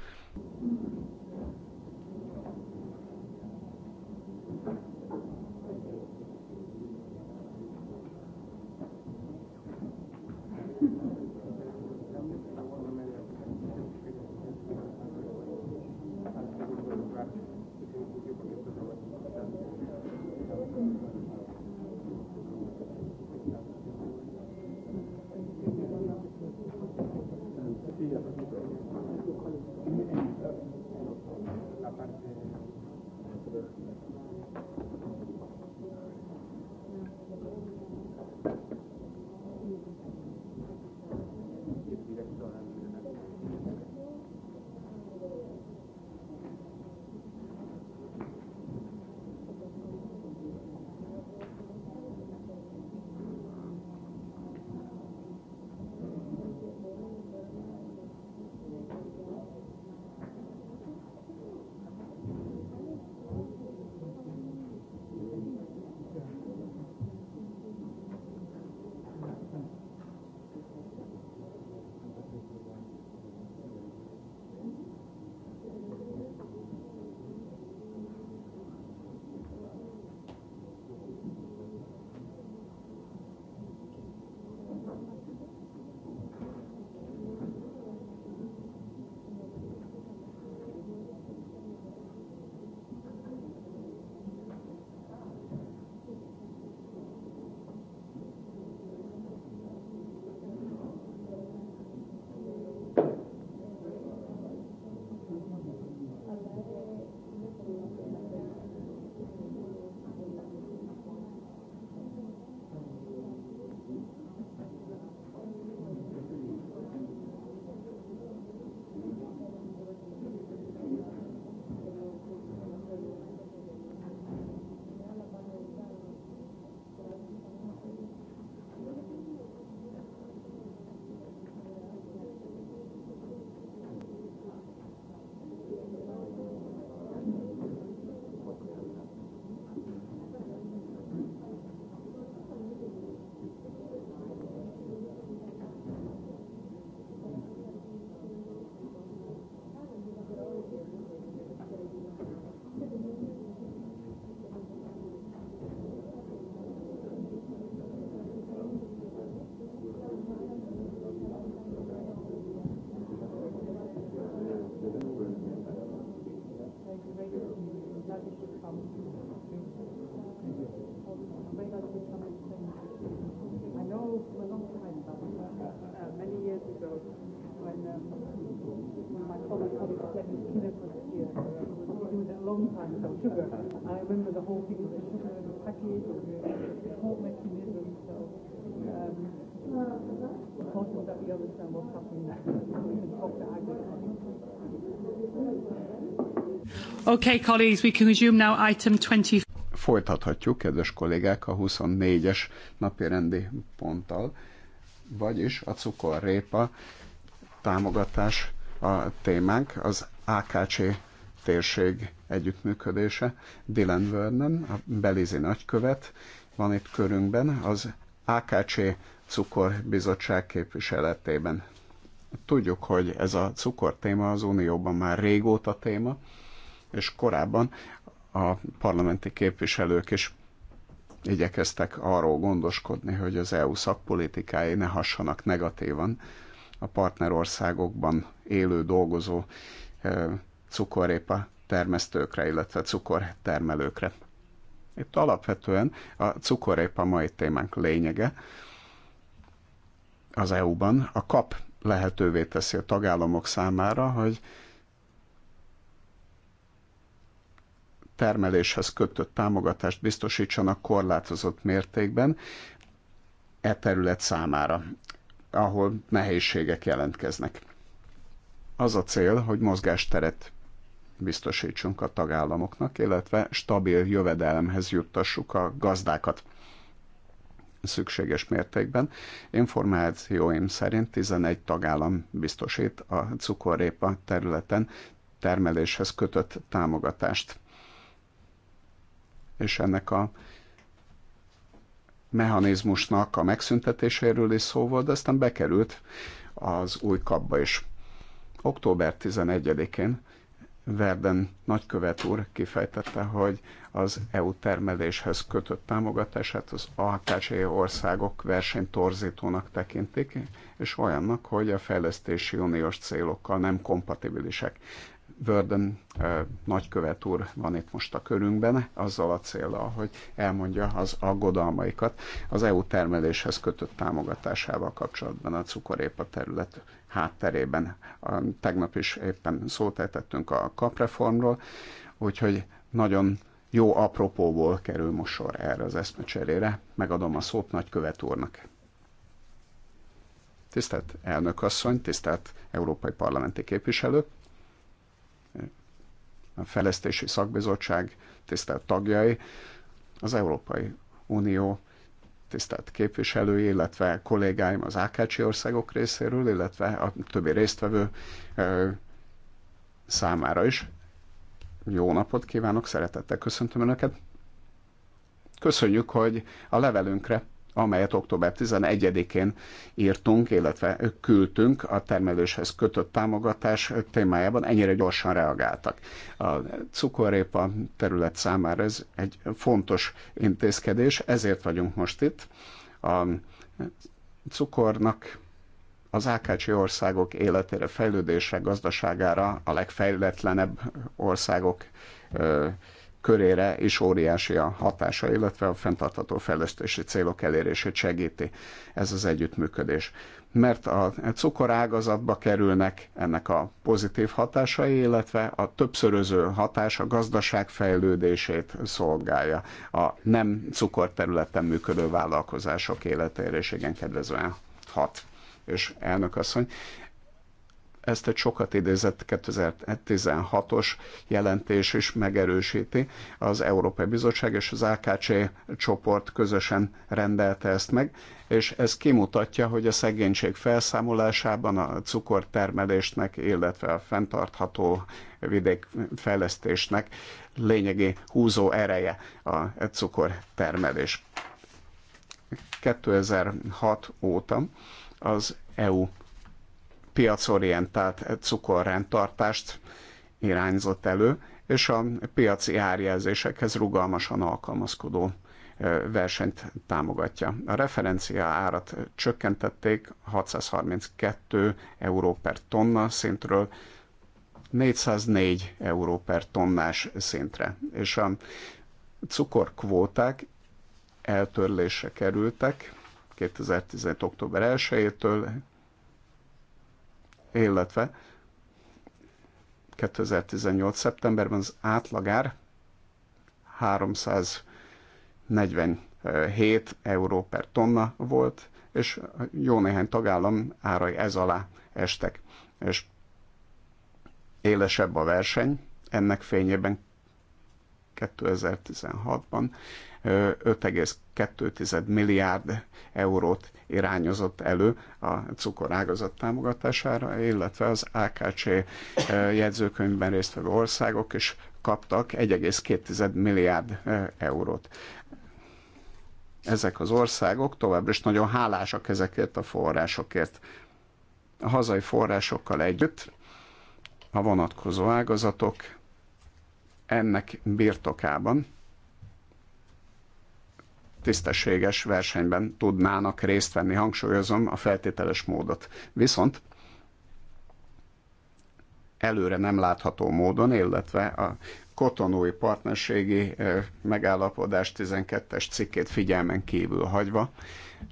the whole mechanism. So um, that we understand what's happening Okay, colleagues, we can resume now item 20. Folytathatjuk, kedves kollégák, a 24-es rendi ponttal, vagyis a cukorrépa támogatás a témánk, az AKC térség együttműködése. Dylan Vernon, a belizi nagykövet, van itt körünkben, az AKC cukorbizottság képviseletében. Tudjuk, hogy ez a cukor téma az Unióban már régóta téma, és korábban a parlamenti képviselők is igyekeztek arról gondoskodni, hogy az EU szakpolitikái ne hassanak negatívan a partnerországokban élő, dolgozó eh, cukorépa termesztőkre, illetve cukortermelőkre. Itt alapvetően a cukorépa mai témánk lényege az EU-ban. A kap lehetővé teszi a tagállamok számára, hogy termeléshez kötött támogatást biztosítsanak korlátozott mértékben e terület számára, ahol nehézségek jelentkeznek. Az a cél, hogy mozgásteret biztosítsunk a tagállamoknak, illetve stabil jövedelemhez juttassuk a gazdákat szükséges mértékben. Információim szerint 11 tagállam biztosít a cukorrépa területen termeléshez kötött támogatást. És ennek a mechanizmusnak a megszüntetéséről is szó volt, de aztán bekerült az új kapba is. Október 11-én Verden nagykövet úr kifejtette, hogy az EU termeléshez kötött támogatását az AKC országok versenytorzítónak tekintik, és olyannak, hogy a fejlesztési uniós célokkal nem kompatibilisek. Vörden eh, nagykövet úr van itt most a körünkben, azzal a célral, hogy elmondja az aggodalmaikat az EU termeléshez kötött támogatásával kapcsolatban a cukorépa terület hátterében. Tegnap is éppen szót ejtettünk a kapreformról, úgyhogy nagyon jó apropóból kerül most sor erre az eszmecserére. Megadom a szót nagykövet úrnak. Tisztelt elnök asszony, tisztelt európai parlamenti képviselők, a Fejlesztési Szakbizottság tisztelt tagjai, az Európai Unió tisztelt képviselő, illetve kollégáim az Ákácsi országok részéről, illetve a többi résztvevő számára is. Jó napot kívánok, szeretettel köszöntöm Önöket. Köszönjük, hogy a levelünkre amelyet október 11-én írtunk, illetve küldtünk a termeléshez kötött támogatás témájában, ennyire gyorsan reagáltak. A cukorrépa terület számára ez egy fontos intézkedés, ezért vagyunk most itt. A cukornak az Ákácsi országok életére, fejlődésre, gazdaságára a legfejletlenebb országok körére is óriási a hatása, illetve a fenntartható fejlesztési célok elérését segíti ez az együttműködés. Mert a cukorágazatba kerülnek ennek a pozitív hatásai, illetve a többszöröző hatás a gazdaság fejlődését szolgálja a nem cukorterületen működő vállalkozások életére is igen kedvezően hat. És elnök asszony, ezt egy sokat idézett 2016-os jelentés is megerősíti. Az Európai Bizottság és az AKC csoport közösen rendelte ezt meg, és ez kimutatja, hogy a szegénység felszámolásában a cukortermelésnek, illetve a fenntartható vidékfejlesztésnek lényegi húzó ereje a cukortermelés. 2006 óta az EU piacorientált cukorrendtartást irányzott elő, és a piaci árjelzésekhez rugalmasan alkalmazkodó versenyt támogatja. A referencia árat csökkentették 632 euró per tonna szintről 404 euró per tonnás szintre, és a cukorkvóták eltörlése kerültek 2017. október 1-től illetve 2018. szeptemberben az átlagár 347 euró per tonna volt, és jó néhány tagállam árai ez alá estek. És élesebb a verseny, ennek fényében 2016-ban 5,2 milliárd eurót irányozott elő a cukorágazat támogatására, illetve az AKC eh, jegyzőkönyvben résztvevő országok is kaptak 1,2 milliárd eh, eurót. Ezek az országok továbbra is nagyon hálásak ezekért a forrásokért. A hazai forrásokkal együtt a vonatkozó ágazatok ennek birtokában tisztességes versenyben tudnának részt venni, hangsúlyozom a feltételes módot. Viszont előre nem látható módon, illetve a kotonói partnerségi megállapodás 12-es cikkét figyelmen kívül hagyva,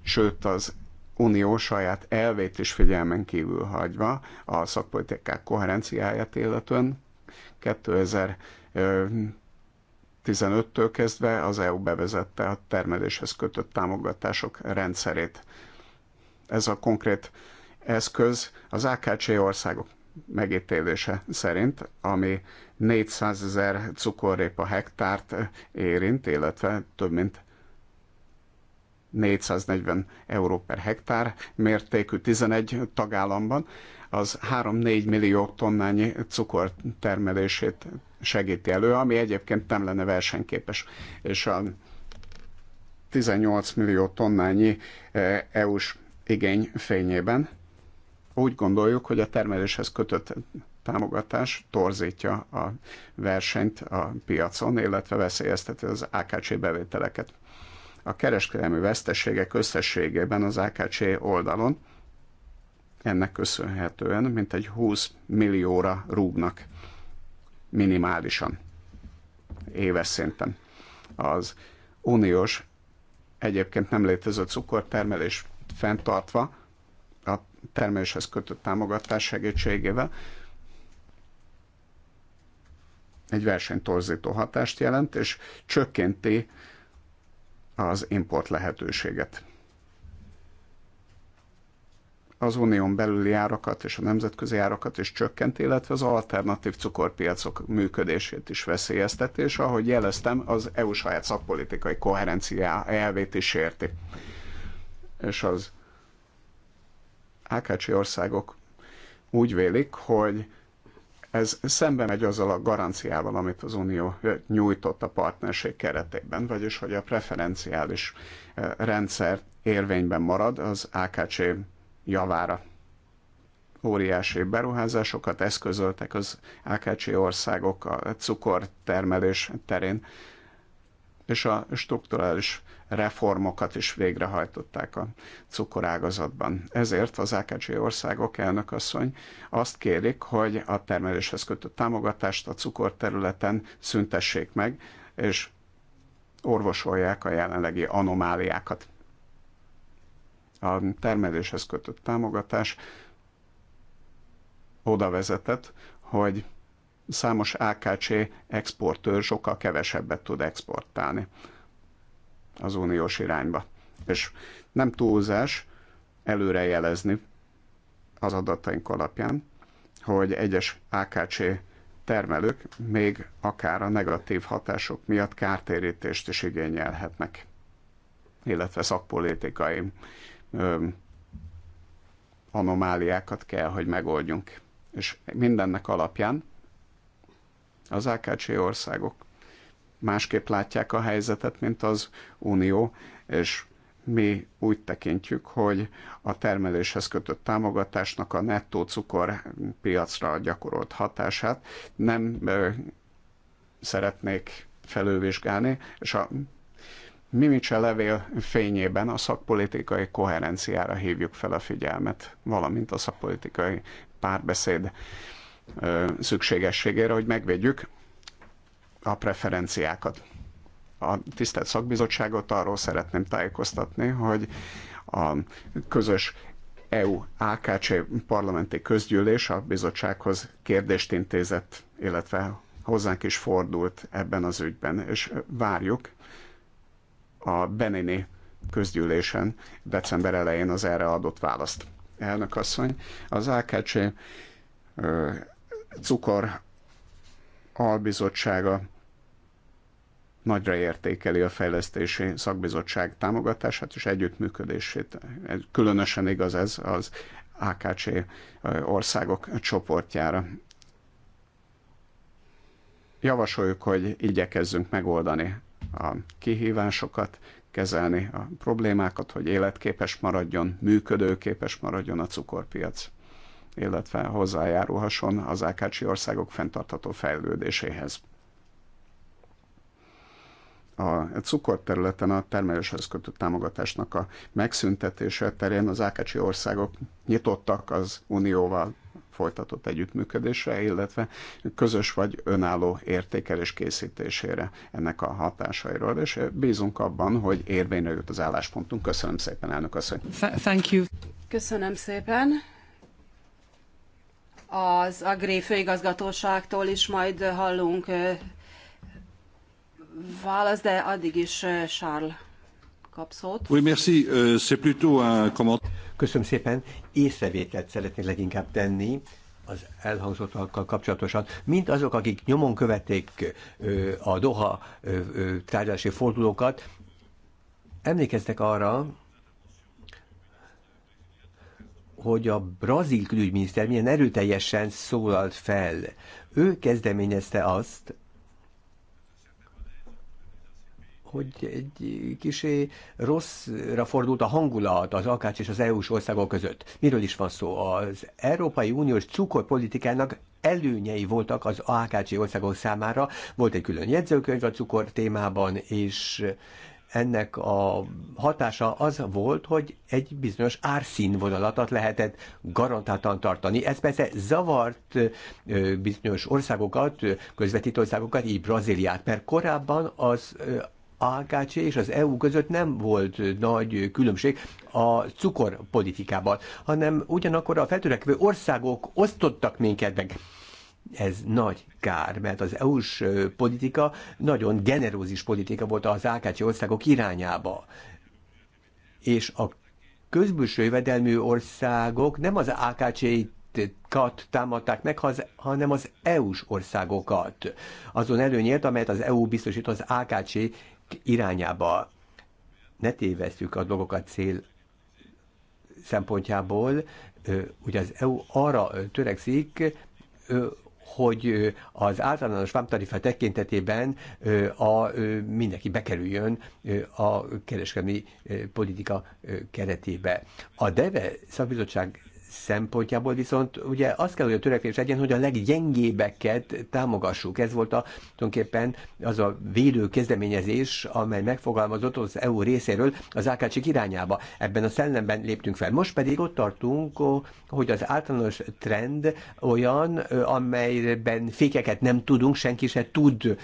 sőt az unió saját elvét is figyelmen kívül hagyva, a szakpolitikák koherenciáját illetően 2000 15-től kezdve az EU bevezette a termeléshez kötött támogatások rendszerét. Ez a konkrét eszköz az AKC országok megítélése szerint, ami 400 ezer cukorrépa hektárt érint, illetve több mint 440 euró per hektár mértékű 11 tagállamban az 3-4 millió tonnányi cukor termelését segíti elő, ami egyébként nem lenne versenyképes. És a 18 millió tonnányi e, EU-s igény fényében úgy gondoljuk, hogy a termeléshez kötött támogatás torzítja a versenyt a piacon, illetve veszélyezteti az AKC bevételeket. A kereskedelmi veszteségek összességében az AKC oldalon ennek köszönhetően mintegy 20 millióra rúgnak minimálisan éves szinten. Az uniós egyébként nem létező cukortermelés fenntartva a termeléshez kötött támogatás segítségével egy versenytorzító hatást jelent, és csökkenti az import lehetőséget az unión belüli árakat és a nemzetközi árakat is csökkent, illetve az alternatív cukorpiacok működését is veszélyezteti, és ahogy jeleztem, az EU saját szakpolitikai koherencia elvét is érti. És az AKC országok úgy vélik, hogy ez szembe megy azzal a garanciával, amit az Unió nyújtott a partnerség keretében, vagyis hogy a preferenciális eh, rendszer érvényben marad az AKC javára. Óriási beruházásokat eszközöltek az AKC országok a cukortermelés terén, és a strukturális reformokat is végrehajtották a cukorágazatban. Ezért az AKC országok elnökasszony azt kérik, hogy a termeléshez kötött támogatást a cukorterületen szüntessék meg, és orvosolják a jelenlegi anomáliákat a termeléshez kötött támogatás oda vezetett, hogy számos AKC exportőr sokkal kevesebbet tud exportálni az uniós irányba. És nem túlzás előrejelezni az adataink alapján, hogy egyes AKC termelők még akár a negatív hatások miatt kártérítést is igényelhetnek, illetve szakpolitikai anomáliákat kell, hogy megoldjunk. És mindennek alapján az AKC országok másképp látják a helyzetet, mint az Unió, és mi úgy tekintjük, hogy a termeléshez kötött támogatásnak a nettó cukor piacra gyakorolt hatását nem szeretnék felővizsgálni, és a Mimicse levél fényében a szakpolitikai koherenciára hívjuk fel a figyelmet, valamint a szakpolitikai párbeszéd szükségességére, hogy megvédjük a preferenciákat. A tisztelt szakbizottságot arról szeretném tájékoztatni, hogy a közös EU-AKC parlamenti közgyűlés a bizottsághoz kérdést intézett, illetve hozzánk is fordult ebben az ügyben, és várjuk a Benini közgyűlésen december elején az erre adott választ. Elnök asszony, az AKC cukor albizottsága nagyra értékeli a fejlesztési szakbizottság támogatását és együttműködését. Különösen igaz ez az AKC országok csoportjára. Javasoljuk, hogy igyekezzünk megoldani a kihívásokat, kezelni a problémákat, hogy életképes maradjon, működőképes maradjon a cukorpiac, illetve hozzájárulhasson az ákácsi országok fenntartható fejlődéséhez a cukorterületen a termeléshez kötött támogatásnak a megszüntetése terén az Ákácsi országok nyitottak az Unióval folytatott együttműködésre, illetve közös vagy önálló értékelés készítésére ennek a hatásairól, és bízunk abban, hogy érvényre jut az álláspontunk. Köszönöm szépen, elnök asszony. Thank you. Köszönöm szépen. Az Agri főigazgatóságtól is majd hallunk válasz, de addig is Charles kap szót. Oui, merci. Euh, c'est plutôt un commentaire. Köszönöm szépen. Észrevételt szeretnék leginkább tenni az elhangzottakkal kapcsolatosan, mint azok, akik nyomon követték a Doha tárgyalási fordulókat, emlékeztek arra, hogy a brazil külügyminiszter milyen erőteljesen szólalt fel. Ő kezdeményezte azt, hogy egy kisé rosszra fordult a hangulat az Akács és az EU-s országok között. Miről is van szó? Az Európai Uniós cukorpolitikának előnyei voltak az AKC országok számára. Volt egy külön jegyzőkönyv a cukor témában, és ennek a hatása az volt, hogy egy bizonyos árszínvonalatat lehetett garantáltan tartani. Ez persze zavart bizonyos országokat, közvetítő országokat, így Brazíliát, mert korábban az AKC és az EU között nem volt nagy különbség a cukorpolitikában, hanem ugyanakkor a feltörekvő országok osztottak minket meg. Ez nagy kár, mert az EU-s politika nagyon generózis politika volt az AKC országok irányába. És a közbűső jövedelmű országok nem az AKC kat támadták meg, hanem az EU-s országokat. Azon előnyért, amelyet az EU biztosít az AKC irányába. Ne tévesszük a dolgokat cél szempontjából, ugye az EU arra törekszik, hogy az általános vámtarifa tekintetében a, mindenki bekerüljön a kereskedelmi politika keretébe. A DEVE szakbizottság szempontjából viszont ugye azt kell, hogy a törekvés legyen, hogy a leggyengébbeket támogassuk. Ez volt a, tulajdonképpen az a védő kezdeményezés, amely megfogalmazott az EU részéről az AKC irányába. Ebben a szellemben léptünk fel. Most pedig ott tartunk, hogy az általános trend olyan, amelyben fékeket nem tudunk, senki se tud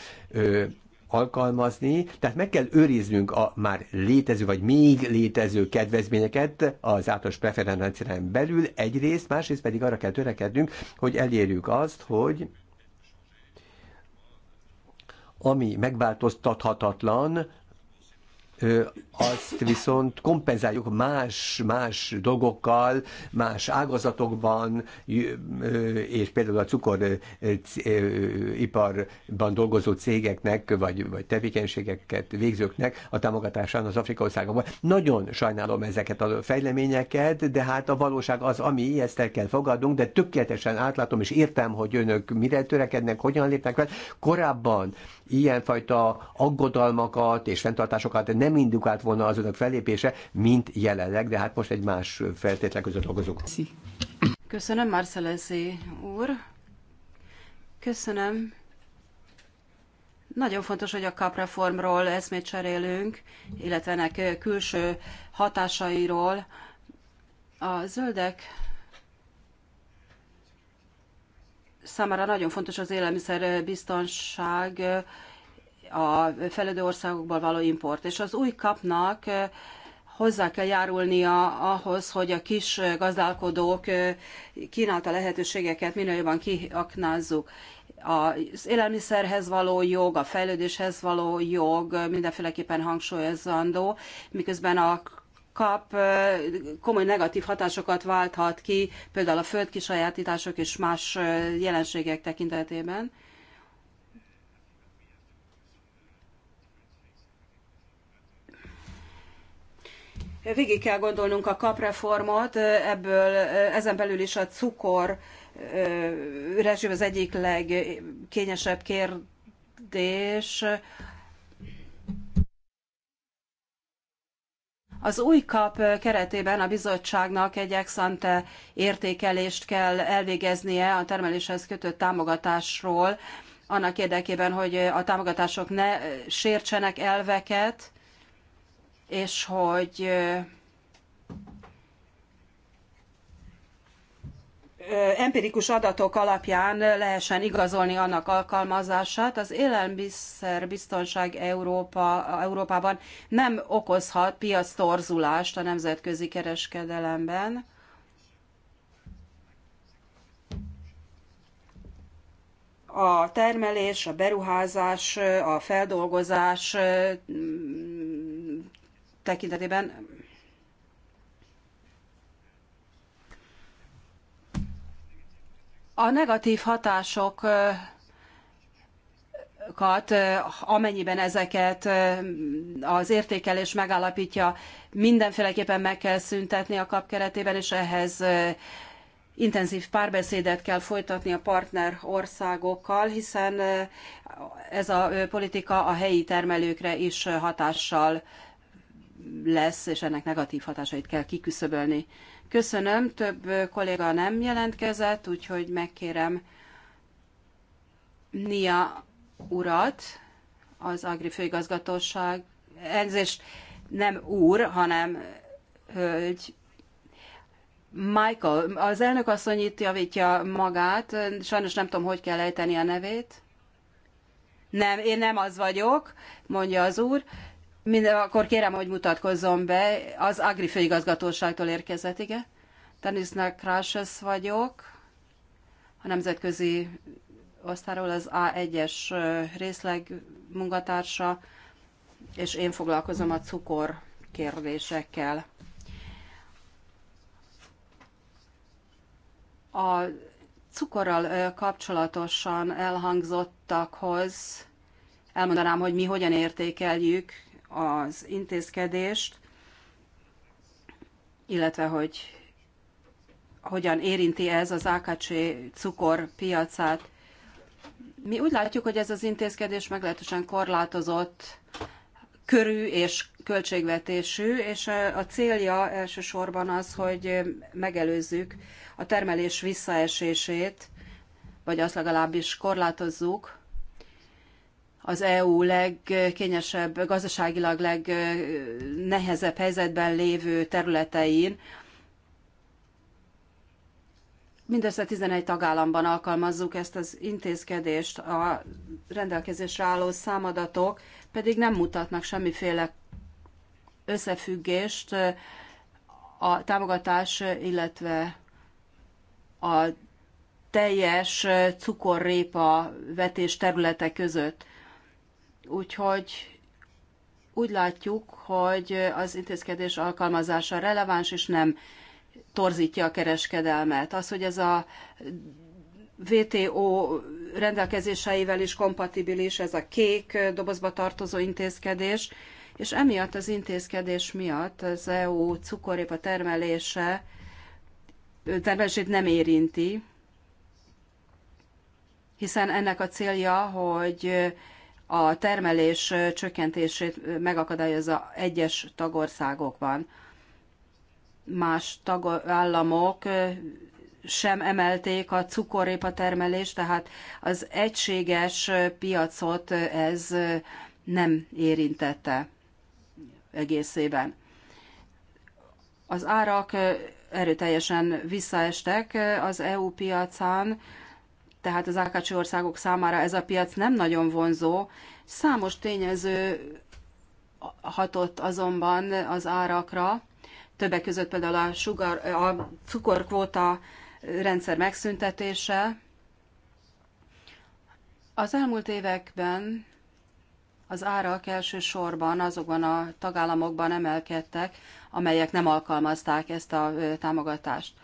alkalmazni, tehát meg kell őriznünk a már létező vagy még létező kedvezményeket az általános preferencián belül egyrészt, másrészt pedig arra kell törekednünk, hogy elérjük azt, hogy ami megváltoztathatatlan, azt viszont kompenzáljuk más, más dolgokkal, más ágazatokban, és például a cukoriparban dolgozó cégeknek, vagy, vagy tevékenységeket végzőknek a támogatásán az Afrika országokban. Nagyon sajnálom ezeket a fejleményeket, de hát a valóság az, ami ezt el kell fogadnunk, de tökéletesen átlátom és értem, hogy önök mire törekednek, hogyan lépnek fel. Korábban ilyenfajta aggodalmakat és fenntartásokat nem indukált volna az önök fellépése, mint jelenleg, de hát most egy más feltétlen között dolgozunk. Köszönöm, Marcelezi úr. Köszönöm. Nagyon fontos, hogy a kapreformról eszmét cserélünk, illetve ennek külső hatásairól. A zöldek számára nagyon fontos az élelmiszerbiztonság, a fejlődő országokból való import. És az új kapnak eh, hozzá kell járulnia ahhoz, hogy a kis gazdálkodók eh, kínálta lehetőségeket minél jobban kiaknázzuk. Az élelmiszerhez való jog, a fejlődéshez való jog mindenféleképpen hangsúlyozandó, miközben a kap komoly negatív hatásokat válthat ki, például a földkisajátítások és más jelenségek tekintetében. Végig kell gondolnunk a kapreformot, ebből ezen belül is a cukor rezsim az egyik legkényesebb kérdés. Az új kap keretében a bizottságnak egy ex-ante értékelést kell elvégeznie a termeléshez kötött támogatásról, annak érdekében, hogy a támogatások ne sértsenek elveket, és hogy empirikus adatok alapján lehessen igazolni annak alkalmazását. Az élelmiszerbiztonság Európa, Európában nem okozhat piactorzulást a nemzetközi kereskedelemben. A termelés, a beruházás, a feldolgozás mm, tekintetében A negatív hatásokat, amennyiben ezeket eh, az értékelés megállapítja, mindenféleképpen meg kell szüntetni a kap keretében, és ehhez eh, intenzív párbeszédet kell folytatni a partner országokkal, hiszen eh, ez a politika a helyi termelőkre is hatással lesz, és ennek negatív hatásait kell kiküszöbölni. Köszönöm, több kolléga nem jelentkezett, úgyhogy megkérem Nia urat, az Agri Főigazgatóság, elnézést nem úr, hanem hölgy, Michael, az elnök asszony itt javítja magát, sajnos nem tudom, hogy kell ejteni a nevét. Nem, én nem az vagyok, mondja az úr. Mind, akkor kérem, hogy mutatkozzon be. Az Agri főigazgatóságtól érkezett, igen. Tanisnak Krásesz vagyok. A nemzetközi osztáról az A1-es részleg munkatársa, és én foglalkozom a cukor kérdésekkel. A cukorral kapcsolatosan elhangzottakhoz elmondanám, hogy mi hogyan értékeljük az intézkedést, illetve hogy hogyan érinti ez az AKC cukorpiacát. Mi úgy látjuk, hogy ez az intézkedés meglehetősen korlátozott körű és költségvetésű, és a célja elsősorban az, hogy megelőzzük a termelés visszaesését, vagy azt legalábbis korlátozzuk, az EU legkényesebb, gazdaságilag legnehezebb helyzetben lévő területein. Mindössze 11 tagállamban alkalmazzuk ezt az intézkedést, a rendelkezésre álló számadatok pedig nem mutatnak semmiféle összefüggést a támogatás, illetve a teljes cukorrépa vetés területe között. Úgyhogy úgy látjuk, hogy az intézkedés alkalmazása releváns, és nem torzítja a kereskedelmet. Az, hogy ez a VTO rendelkezéseivel is kompatibilis, ez a kék dobozba tartozó intézkedés, és emiatt az intézkedés miatt az EU cukorépa termelése termelését nem érinti, hiszen ennek a célja, hogy a termelés csökkentését megakadályozza egyes tagországokban. Más tagállamok sem emelték a cukorrépa termelést, tehát az egységes piacot ez nem érintette egészében. Az árak erőteljesen visszaestek az EU piacán, tehát az AKC országok számára ez a piac nem nagyon vonzó. Számos tényező hatott azonban az árakra, többek között például a, sugar, a cukorkvóta rendszer megszüntetése. Az elmúlt években az árak elsősorban azokban a tagállamokban emelkedtek, amelyek nem alkalmazták ezt a támogatást.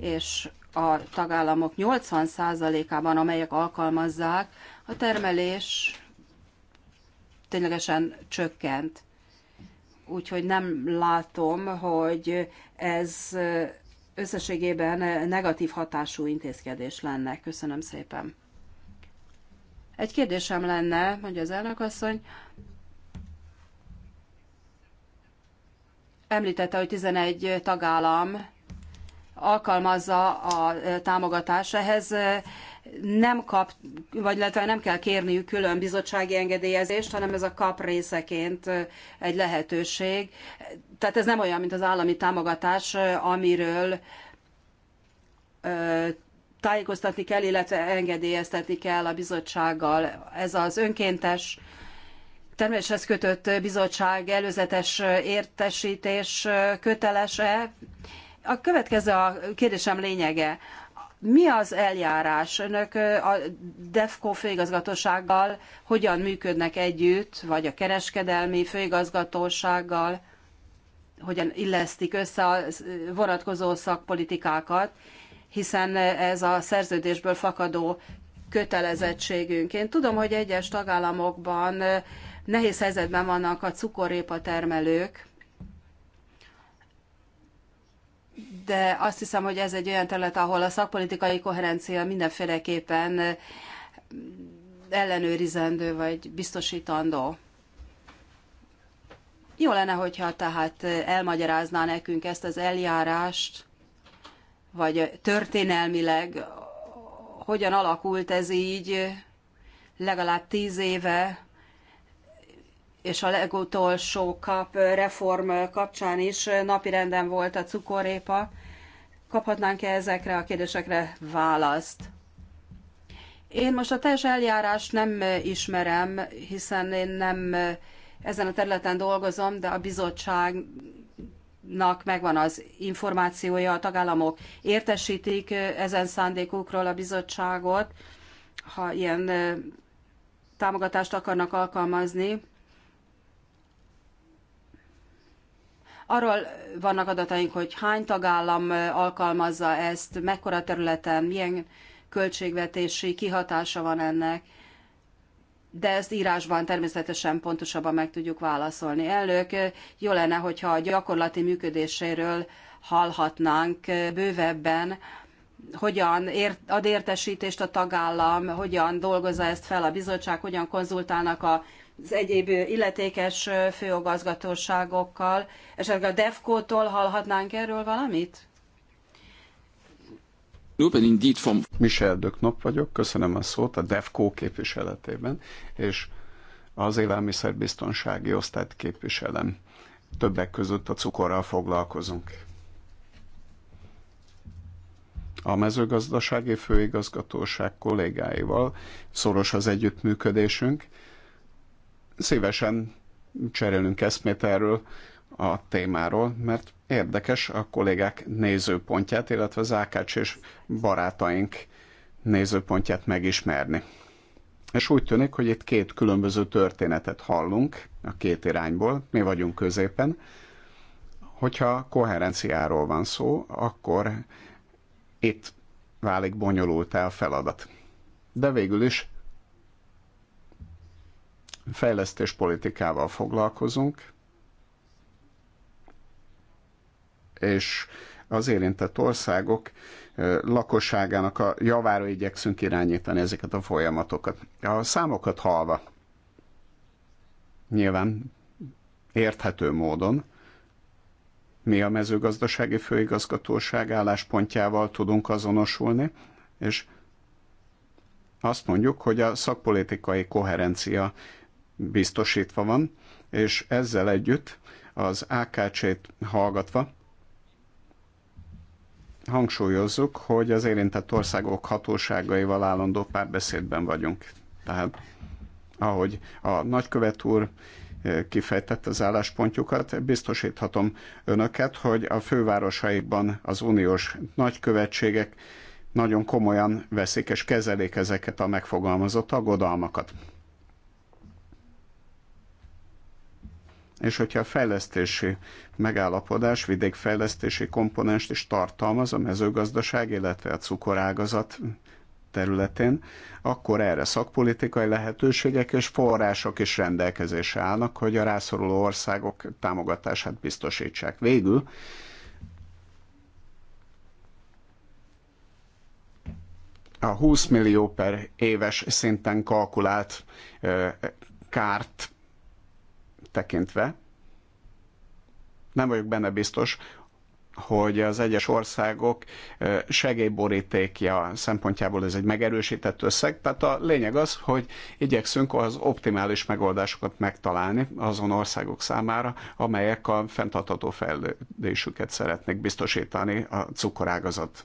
És a tagállamok 80%-ában, amelyek alkalmazzák, a termelés ténylegesen csökkent. Úgyhogy nem látom, hogy ez összességében negatív hatású intézkedés lenne. Köszönöm szépen. Egy kérdésem lenne, mondja az elnökasszony, említette, hogy 11 tagállam alkalmazza a támogatás. Ehhez nem kap, vagy illetve nem kell kérniük külön bizottsági engedélyezést, hanem ez a kap részeként egy lehetőség. Tehát ez nem olyan, mint az állami támogatás, amiről tájékoztatni kell, illetve engedélyeztetni kell a bizottsággal. Ez az önkéntes terméshez kötött bizottság előzetes értesítés köteles-e? A következő a kérdésem lényege. Mi az eljárás? Önök a DEFCO főigazgatósággal hogyan működnek együtt, vagy a kereskedelmi főigazgatósággal? Hogyan illesztik össze a vonatkozó szakpolitikákat? Hiszen ez a szerződésből fakadó kötelezettségünk. Én tudom, hogy egyes tagállamokban nehéz helyzetben vannak a cukorépa termelők, de azt hiszem, hogy ez egy olyan terület, ahol a szakpolitikai koherencia mindenféleképpen ellenőrizendő vagy biztosítandó. Jó lenne, hogyha tehát elmagyarázná nekünk ezt az eljárást, vagy történelmileg hogyan alakult ez így legalább tíz éve, és a legutolsó kap reform kapcsán is napirenden volt a cukorépa. Kaphatnánk-e ezekre a kérdésekre választ? Én most a teljes eljárást nem ismerem, hiszen én nem ezen a területen dolgozom, de a bizottságnak megvan az információja, a tagállamok értesítik ezen szándékukról a bizottságot, ha ilyen támogatást akarnak alkalmazni. Arról vannak adataink, hogy hány tagállam alkalmazza ezt, mekkora területen, milyen költségvetési kihatása van ennek, de ezt írásban természetesen pontosabban meg tudjuk válaszolni. Elnök, jó lenne, hogyha a gyakorlati működéséről hallhatnánk bővebben, hogyan ért, ad értesítést a tagállam, hogyan dolgozza ezt fel a bizottság, hogyan konzultálnak a az egyéb illetékes főogazgatóságokkal. Esetleg a DEFCO-tól hallhatnánk erről valamit? Michel döknop vagyok, köszönöm a szót a DEFCO képviseletében, és az élelmiszerbiztonsági osztályt képviselem. Többek között a cukorral foglalkozunk. A mezőgazdasági főigazgatóság kollégáival szoros az együttműködésünk, Szívesen cserélünk eszmét erről a témáról, mert érdekes a kollégák nézőpontját, illetve az Ákács és barátaink nézőpontját megismerni. És úgy tűnik, hogy itt két különböző történetet hallunk a két irányból, mi vagyunk középen. Hogyha koherenciáról van szó, akkor itt válik bonyolult a feladat. De végül is fejlesztéspolitikával foglalkozunk, és az érintett országok lakosságának a javára igyekszünk irányítani ezeket a folyamatokat. A számokat halva, nyilván érthető módon, mi a mezőgazdasági főigazgatóság álláspontjával tudunk azonosulni, és azt mondjuk, hogy a szakpolitikai koherencia biztosítva van, és ezzel együtt az AKC-t hallgatva hangsúlyozzuk, hogy az érintett országok hatóságaival állandó párbeszédben vagyunk. Tehát ahogy a nagykövet úr eh, kifejtett az álláspontjukat, biztosíthatom önöket, hogy a fővárosaikban az uniós nagykövetségek nagyon komolyan veszik és kezelik ezeket a megfogalmazott aggodalmakat. És hogyha a fejlesztési megállapodás vidékfejlesztési komponenst is tartalmaz a mezőgazdaság, illetve a cukorágazat területén, akkor erre szakpolitikai lehetőségek és források is rendelkezésre állnak, hogy a rászoruló országok támogatását biztosítsák. Végül a 20 millió per éves szinten kalkulált kárt tekintve nem vagyok benne biztos, hogy az egyes országok segélyborítékja szempontjából ez egy megerősített összeg. Tehát a lényeg az, hogy igyekszünk az optimális megoldásokat megtalálni azon országok számára, amelyek a fenntartható fejlődésüket szeretnék biztosítani a cukorágazat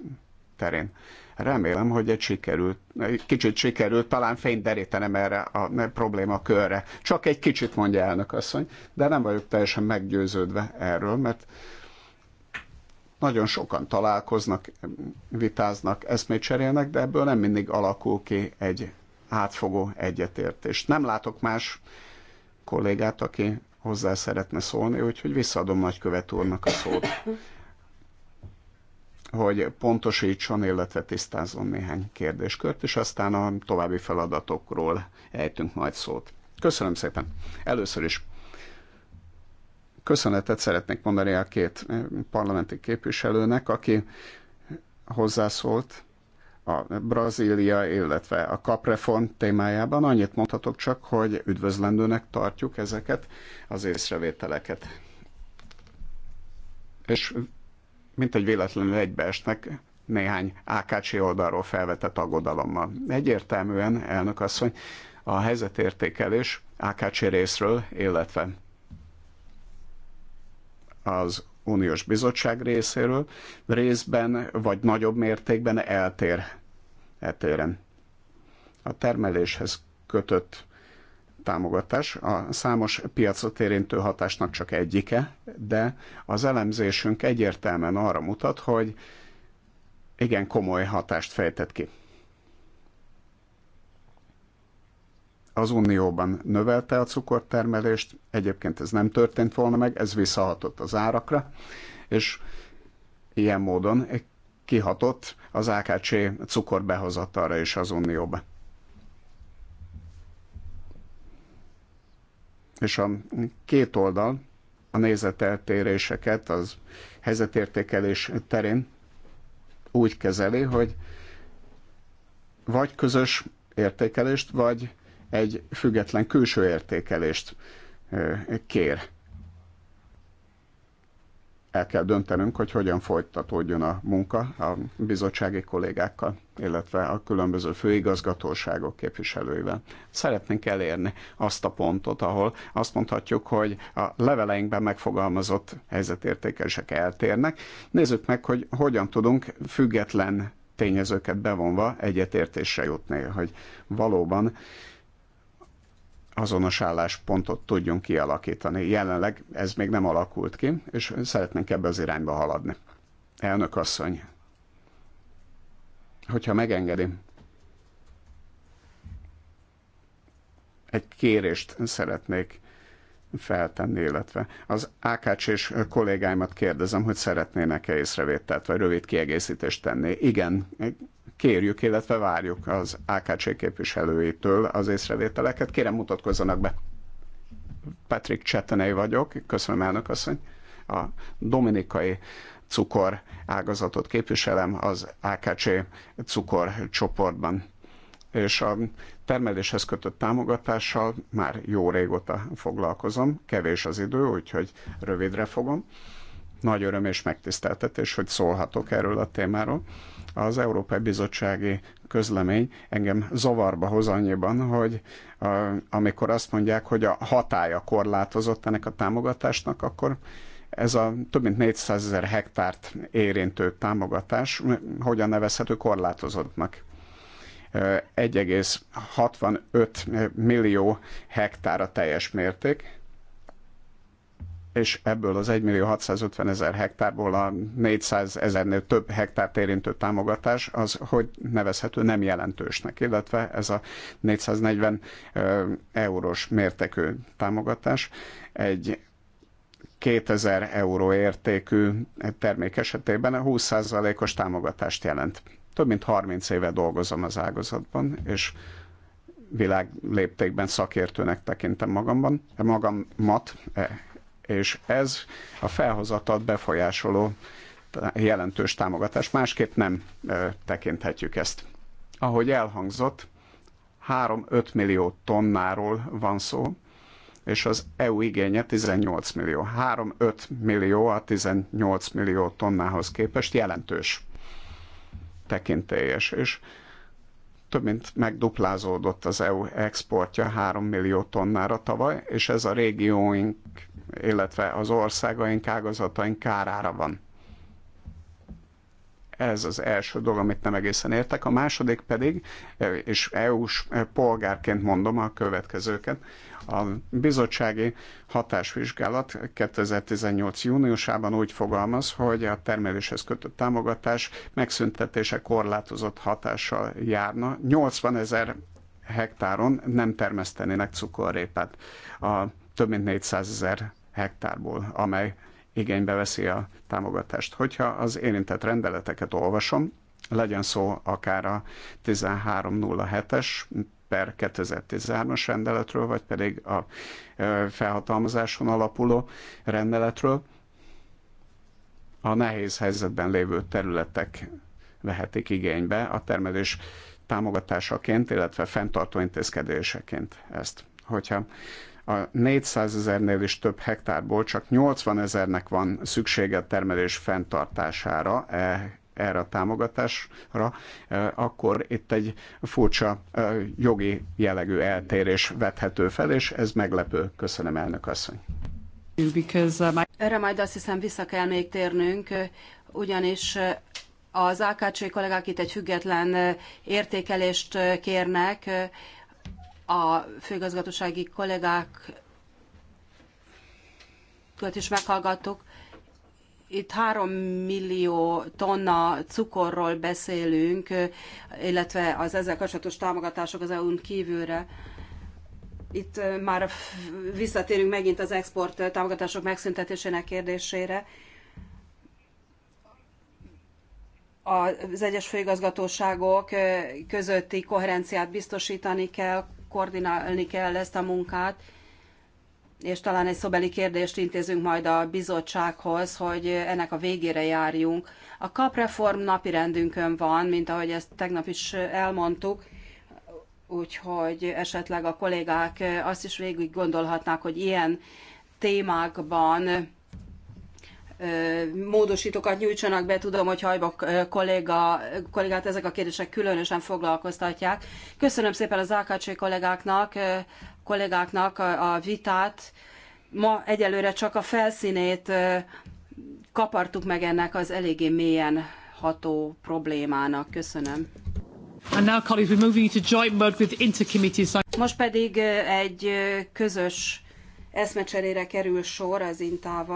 terén. Remélem, hogy egy sikerült, egy kicsit sikerült talán fényt derítenem erre a probléma körre. Csak egy kicsit mondja elnök asszony, de nem vagyok teljesen meggyőződve erről, mert nagyon sokan találkoznak, vitáznak, eszmét cserélnek, de ebből nem mindig alakul ki egy átfogó egyetértés. Nem látok más kollégát, aki hozzá szeretne szólni, úgyhogy visszaadom nagykövet úrnak a szót hogy pontosítson, illetve tisztázzon néhány kérdéskört, és aztán a további feladatokról ejtünk majd szót. Köszönöm szépen. Először is köszönetet szeretnék mondani a két eh, parlamenti képviselőnek, aki hozzászólt a Brazília, illetve a kapreform témájában. Annyit mondhatok csak, hogy üdvözlendőnek tartjuk ezeket az észrevételeket. És mint hogy véletlenül egybeesnek néhány AKC oldalról felvetett aggodalommal. Egyértelműen, elnök asszony, a helyzetértékelés AKC részről, illetve az Uniós Bizottság részéről részben vagy nagyobb mértékben eltér etéren. A termeléshez kötött támogatás a számos piacot érintő hatásnak csak egyike, de az elemzésünk egyértelműen arra mutat, hogy igen komoly hatást fejtett ki. az Unióban növelte a cukortermelést, egyébként ez nem történt volna meg, ez visszahatott az árakra, és ilyen módon kihatott az AKC cukorbehozatalra és az Unióba. és a két oldal a nézeteltéréseket az helyzetértékelés terén úgy kezeli, hogy vagy közös értékelést, vagy egy független külső értékelést kér el kell döntenünk, hogy hogyan folytatódjon a munka a bizottsági kollégákkal, illetve a különböző főigazgatóságok képviselőivel. Szeretnénk elérni azt a pontot, ahol azt mondhatjuk, hogy a leveleinkben megfogalmazott helyzetértékesek eltérnek. Nézzük meg, hogy hogyan tudunk független tényezőket bevonva egyetértésre jutni, hogy valóban azonos álláspontot tudjunk kialakítani. Jelenleg ez még nem alakult ki, és szeretnénk ebbe az irányba haladni. Elnök asszony, hogyha megengedi, egy kérést szeretnék feltenni, illetve az AKC és kollégáimat kérdezem, hogy szeretnének-e észrevételt vagy rövid kiegészítést tenni. Igen, kérjük, illetve várjuk az AKC képviselőitől az észrevételeket. Kérem, mutatkozzanak be. Patrick Csetenei vagyok, köszönöm elnök asszony. A dominikai cukor ágazatot képviselem az AKC cukor csoportban. És a termeléshez kötött támogatással már jó régóta foglalkozom, kevés az idő, úgyhogy rövidre fogom. Nagy öröm és megtiszteltetés, hogy szólhatok erről a témáról az Európai Bizottsági közlemény engem zavarba hoz annyiban, hogy amikor azt mondják, hogy a hatája korlátozott ennek a támogatásnak, akkor ez a több mint 400 ezer hektárt érintő támogatás hogyan nevezhető korlátozottnak? 1,65 millió hektára teljes mérték, és ebből az 1 millió 650 ezer hektárból a 400 ezernél több hektárt érintő támogatás az, hogy nevezhető nem jelentősnek, illetve ez a 440 eurós mértékű támogatás egy 2000 euró értékű termék esetében 20%-os támogatást jelent. Több mint 30 éve dolgozom az ágazatban, és világ léptékben szakértőnek tekintem magamban, mat és ez a felhozatat befolyásoló jelentős támogatás. Másképp nem tekinthetjük ezt. Ahogy elhangzott, 3-5 millió tonnáról van szó, és az EU igénye 18 millió. 3-5 millió a 18 millió tonnához képest jelentős, tekintélyes, és több mint megduplázódott az EU exportja 3 millió tonnára tavaly, és ez a régióink illetve az országaink ágazataink kárára van. Ez az első dolog, amit nem egészen értek. A második pedig, és EU-s polgárként mondom a következőket, a bizottsági hatásvizsgálat 2018. júniusában úgy fogalmaz, hogy a termeléshez kötött támogatás megszüntetése korlátozott hatással járna. 80 ezer hektáron nem termesztenének cukorrépát a több mint 400 ezer hektárból, amely igénybe veszi a támogatást. Hogyha az érintett rendeleteket olvasom, legyen szó akár a 1307-es per 2013-as rendeletről, vagy pedig a felhatalmazáson alapuló rendeletről, a nehéz helyzetben lévő területek vehetik igénybe a termelés támogatásaként, illetve fenntartó intézkedéseként ezt. Hogyha a 400 ezernél is több hektárból csak 80 ezernek van szüksége a termelés fenntartására, e, erre a támogatásra, e, akkor itt egy furcsa e, jogi jellegű eltérés vethető fel, és ez meglepő. Köszönöm, elnök asszony. Uh, erre majd azt hiszem vissza kell még térnünk, ugyanis az AKC kollégák itt egy független értékelést kérnek a főigazgatósági költ is meghallgattuk. Itt három millió tonna cukorról beszélünk, illetve az ezzel kapcsolatos támogatások az EU-n kívülre itt már visszatérünk megint az export támogatások megszüntetésének kérdésére. Az egyes főigazgatóságok közötti koherenciát biztosítani kell, koordinálni kell ezt a munkát, és talán egy szobeli kérdést intézünk majd a bizottsághoz, hogy ennek a végére járjunk. A kapreform napi rendünkön van, mint ahogy ezt tegnap is elmondtuk, úgyhogy esetleg a kollégák azt is végig gondolhatnák, hogy ilyen témákban módosítókat nyújtsanak be. Tudom, hogy hajbok kolléga, kollégát ezek a kérdések különösen foglalkoztatják. Köszönöm szépen az AKC kollégáknak, kollégáknak a vitát. Ma egyelőre csak a felszínét kapartuk meg ennek az eléggé mélyen ható problémának. Köszönöm. Most pedig egy közös eszmecserére kerül sor az Intával.